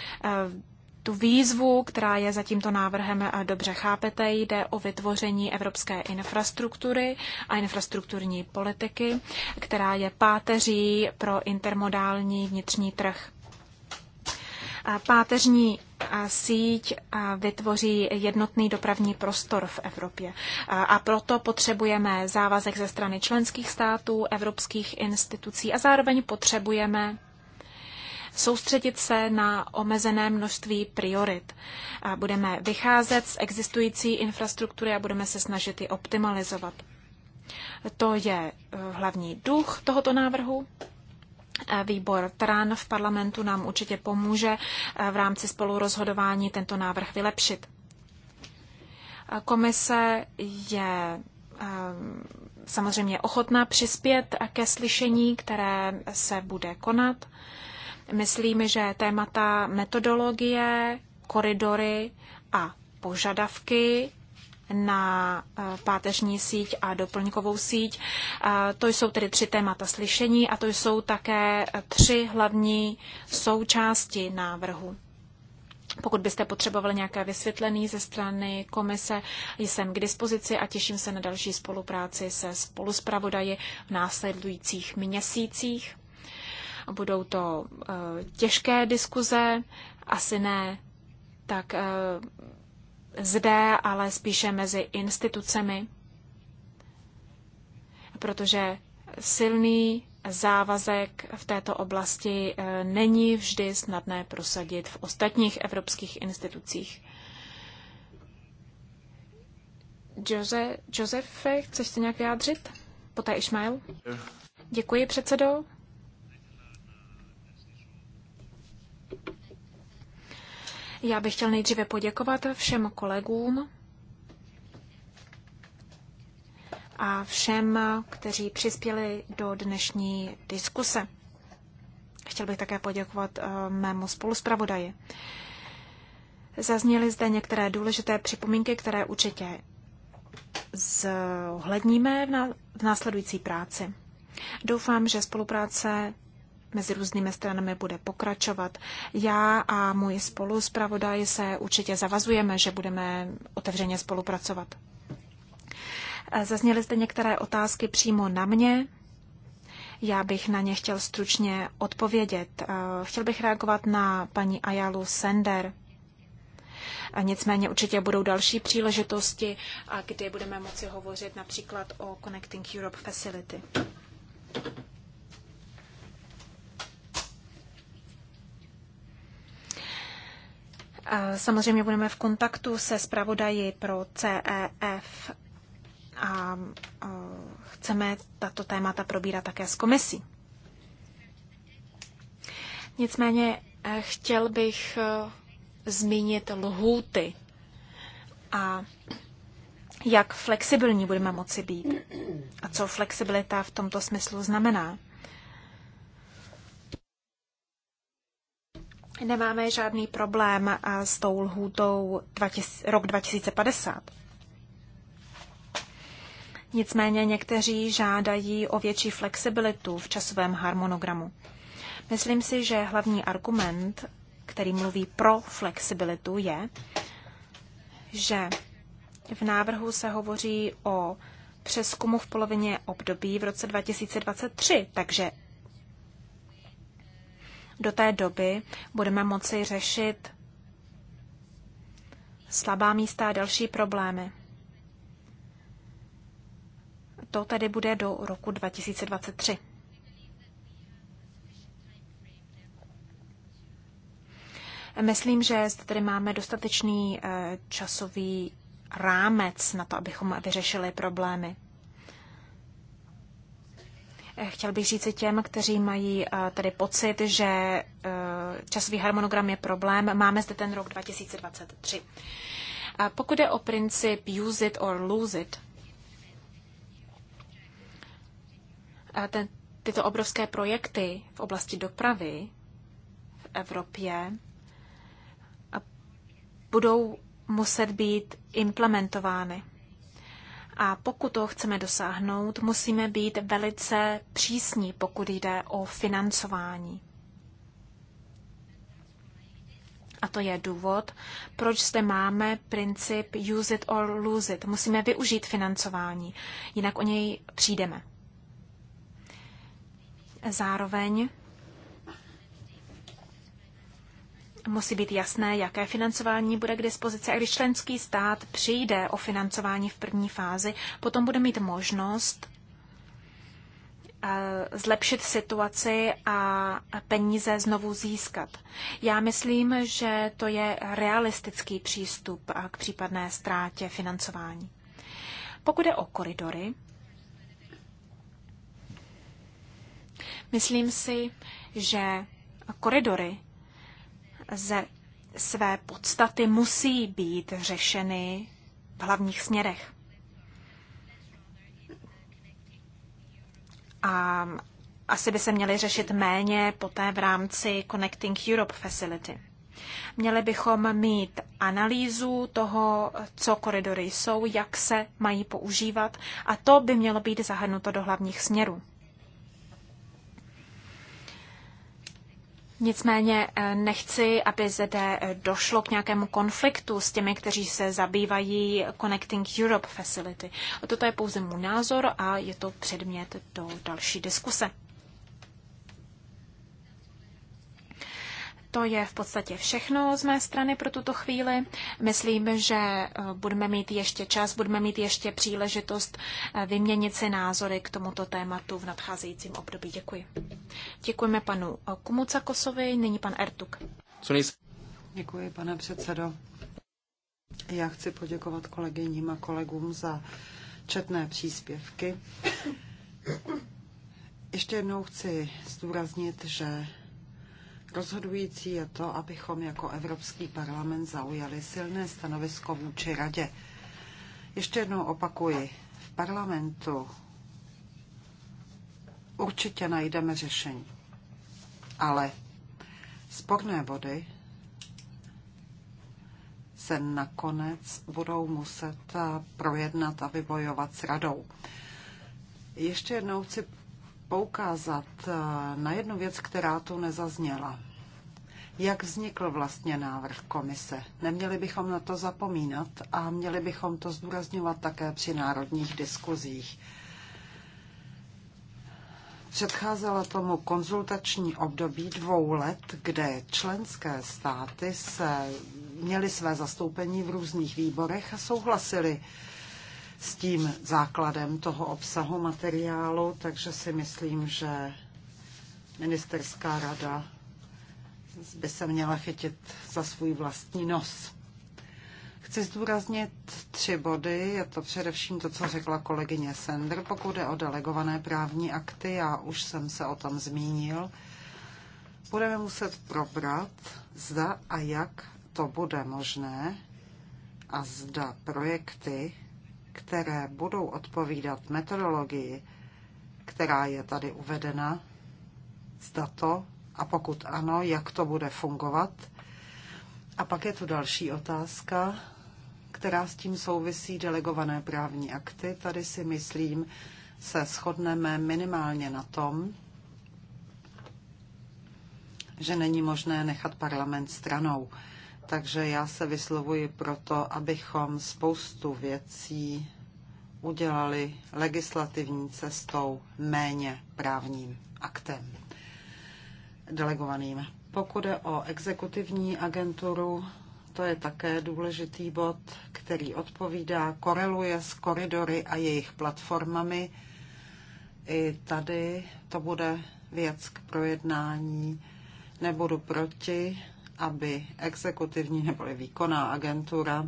tu výzvu, která je za tímto návrhem eh, dobře chápete, jde o vytvoření evropské infrastruktury a infrastrukturní politiky, která je páteří pro intermodální vnitřní trh. Eh, páteřní eh, síť vytvoří jednotný dopravní prostor v Evropě. A proto potřebujeme závazek ze strany členských států, evropských institucí a zároveň potřebujeme soustředit se na omezené množství priorit. Budeme vycházet z existující infrastruktury a budeme se snažit ji optimalizovat. To je eh, hlavní duch tohoto návrhu. Výbor TRAN v parlamentu nám určitě pomůže eh, v rámci spolurozhodování tento návrh vylepšit. Komise je eh, samozřejmě ochotná přispět ke slyšení, které se bude konat Myslím, že témata metodologie, koridory a požadavky na e, páteřní síť a doplňkovou síť. E, to jsou tedy tři témata slyšení a to jsou také tři hlavní součásti návrhu. Pokud byste potřebovali nějaké vysvětlení ze strany komise, jsem k dispozici a těším se na další spolupráci se spoluspravodaji v následujících měsících. Budou to eh, těžké diskuze, asi ne tak eh, zde, ale spíše mezi institucemi, protože silný závazek v této oblasti eh, není vždy snadné prosadit v ostatních evropských institucích. Jose, Josefe, chceš se nějak vyjádřit? Poté Ismail. Děkuji, předsedo. Já bych chtěl nejdříve poděkovat všem kolegům a všem, kteří přispěli do dnešní diskuse. Chtěl bych také poděkovat eh, mému spoluspravodaji. Zazněly zde některé důležité připomínky, které určitě zohledníme v následující práci. Doufám, že spolupráce mezi různými stranami bude pokračovat. Já a můj spoluzpravodaj se určitě zavazujeme, že budeme otevřeně spolupracovat. Zazněly zde některé otázky přímo na mě. Já bych na ně chtěl stručně odpovědět. Chtěl bych reagovat na paní Ayalu Sender. Nicméně určitě budou další příležitosti, kdy budeme moci hovořit například o Connecting Europe Facility. Samozřejmě budeme v kontaktu se zpravodaji pro CEF a chceme tato témata probírat také s komisí. Nicméně eh, chtěl bych eh, zmínit lhůty a jak flexibilní budeme moci být a co flexibilita v tomto smyslu znamená. nemáme žádný problém eh, s tou lhůtou 20, rok 2050. Nicméně někteří žádají o větší flexibilitu v časovém harmonogramu. Myslím si, že hlavní argument, který mluví pro flexibilitu, je, že v návrhu se hovoří o přeskumu v polovině období v roce 2023, takže do té doby budeme moci řešit slabá místa a další problémy. To tedy bude do roku 2023. Myslím, že zde tedy máme dostatečný eh, časový rámec na to, abychom vyřešili problémy. Chtěl bych říct těm, kteří mají eh, tedy pocit, že eh, časový harmonogram je problém, máme zde ten rok 2023. pokud je o princip use it or lose it, ten, tyto obrovské projekty v oblasti dopravy v Evropě budou muset být implementovány. A pokud to chceme dosáhnout, musíme být velice přísní, pokud jde o financování. A to je důvod, proč zde máme princip use it or lose it. Musíme využít financování, jinak o něj přijdeme. Zároveň Musí být jasné, jaké financování bude k dispozici a když členský stát přijde o financování v první fázi, potom bude mít možnost eh, zlepšit situaci a peníze znovu získat. Já myslím, že to je realistický přístup eh, k případné ztrátě financování. Pokud je o koridory, myslím si, že koridory ze své podstaty musí být řešeny v hlavních směrech. A asi by se měly řešit méně poté v rámci Connecting Europe Facility. Měli bychom mít analýzu toho, co koridory jsou, jak se mají používat a to by mělo být zahrnuto do hlavních směrů. Nicméně eh, nechci, aby zde eh, došlo k nějakému konfliktu s těmi, kteří se zabývají Connecting Europe Facility. Toto je pouze můj názor a je to předmět do další diskuse. To je v podstatě všechno z mé strany pro tuto chvíli. Myslím, že eh, budeme mít ještě čas, budeme mít ještě příležitost eh, vyměnit si názory k tomuto tématu v nadcházejícím období. Děkuji. Děkujeme panu eh, Kumucakosovi, nyní pan Ertuk. Co nejsi... Děkuji, pane předsedo. Já chci poděkovat kolegyním a kolegům za četné příspěvky. Ještě jednou chci zdůraznit, že Rozhodující je to, abychom jako Evropský parlament zaujali silné stanovisko vůči radě. Ještě jednou opakuji, v parlamentu určitě najdeme řešení, ale sporné body se nakonec budou muset eh, projednat a vybojovat s radou. Ještě jednou chci poukázat eh, na jednu věc, která tu nezazněla. Jak vznikl vlastně návrh komise? Neměli bychom na to zapomínat a měli bychom to zdůrazňovat také při národních diskuzích. Předcházela tomu konzultační období dvou let, kde členské státy se měly své zastoupení v různých výborech a souhlasili s tím základem toho obsahu materiálu, takže si myslím, že ministerská rada by se měla chytit za svůj vlastní nos. Chci zdůraznit tři body. Je to především to, co řekla kolegyně Sender. Pokud je o delegované právní akty, já už jsem se o tom zmínil, budeme muset probrat, zda a jak to bude možné a zda projekty které budou odpovídat metodologii, která je tady uvedena, zda to a pokud ano, jak to bude fungovat. A pak je tu další otázka, která s tím souvisí delegované právní akty. Tady si myslím, se shodneme minimálně na tom, že není možné nechat parlament stranou takže já se vyslovuji proto, abychom spoustu věcí udělali legislativní cestou méně právním aktem delegovaným. Pokud je o exekutivní agenturu, to je také důležitý bod, který odpovídá, koreluje s koridory a jejich platformami. I tady to bude věc k projednání. Nebudu proti aby exekutivní neboli výkonná agentura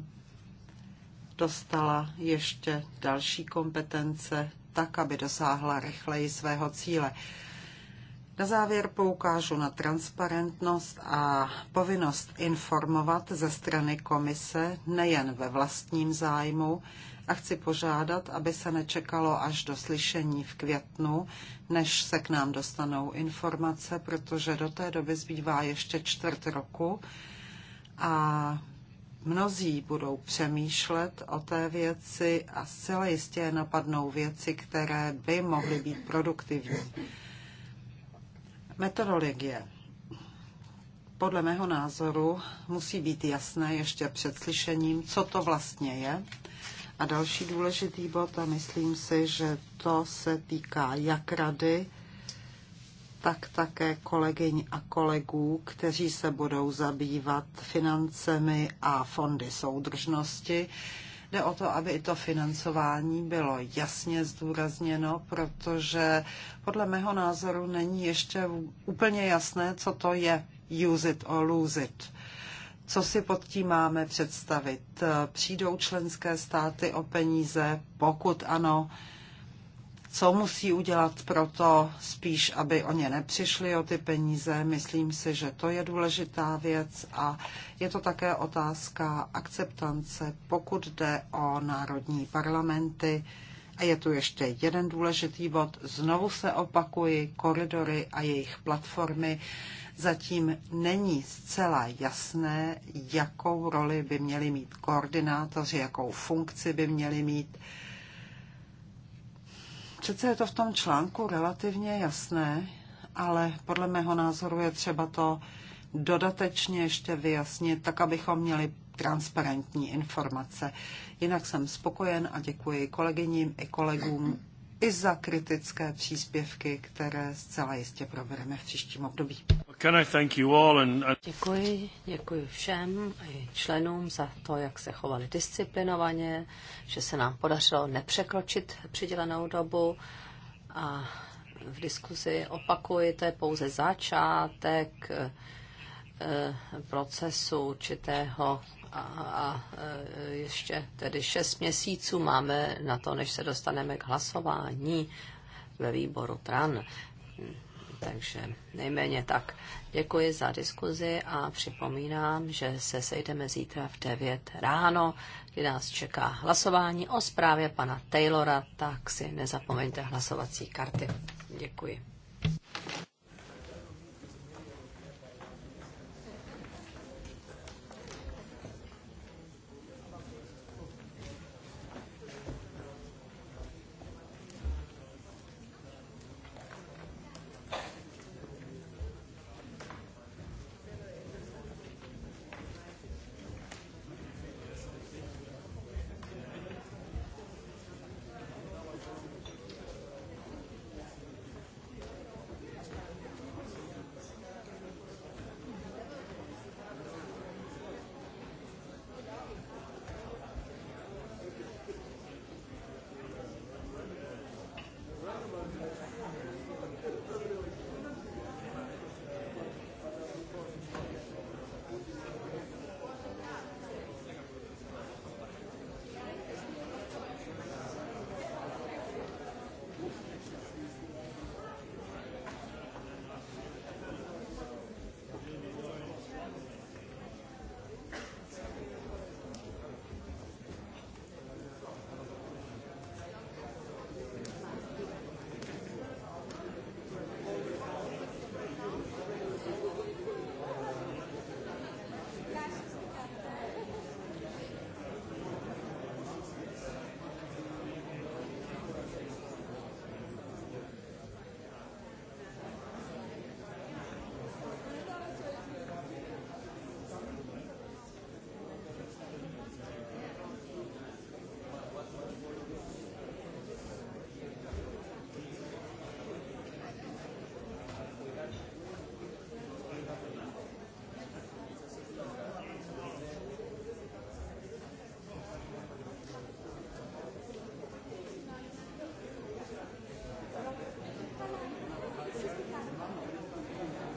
dostala ještě další kompetence, tak, aby dosáhla rychleji svého cíle. Na závěr poukážu na transparentnost a povinnost informovat ze strany komise nejen ve vlastním zájmu, a chci požádat, aby se nečekalo až do slyšení v květnu, než se k nám dostanou informace, protože do té doby zbývá ještě čtvrt roku a mnozí budou přemýšlet o té věci a zcela jistě napadnou věci, které by mohly být produktivní. Metodologie podle mého názoru musí být jasné ještě před slyšením, co to vlastně je a další důležitý bod, a myslím si, že to se týká jak rady, tak také kolegyň a kolegů, kteří se budou zabývat financemi a fondy soudržnosti. Jde o to, aby i to financování bylo jasně zdůrazněno, protože podle mého názoru není ještě úplně jasné, co to je use it or lose it. Co si pod tím máme představit? Přijdou členské státy o peníze? Pokud ano, co musí udělat pro to, spíš, aby o ně nepřišli, o ty peníze. Myslím si, že to je důležitá věc a je to také otázka akceptance, pokud jde o národní parlamenty. A je tu ještě jeden důležitý bod. Znovu se opakuji, koridory a jejich platformy. Zatím není zcela jasné, jakou roli by měli mít koordinátoři, jakou funkci by měli mít. Přece je to v tom článku relativně jasné, ale podle mého názoru je třeba to dodatečně ještě vyjasnit, tak abychom měli transparentní informace. Jinak jsem spokojen a děkuji kolegyním i kolegům i za kritické příspěvky, které zcela jistě probereme v příštím období. Děkuji, děkuji všem i členům za to, jak se chovali disciplinovaně, že se nám podařilo nepřekročit přidělenou dobu a v diskuzi opakuji, to je pouze začátek eh, procesu určitého a, a e, ještě tedy šest měsíců máme na to, než se dostaneme k hlasování ve výboru TRAN. Takže nejméně tak. Děkuji za diskuzi a připomínám, že se sejdeme zítra v 9 ráno, kdy nás čeká hlasování o zprávě pana Taylora, tak si nezapomeňte hlasovací karty. Děkuji.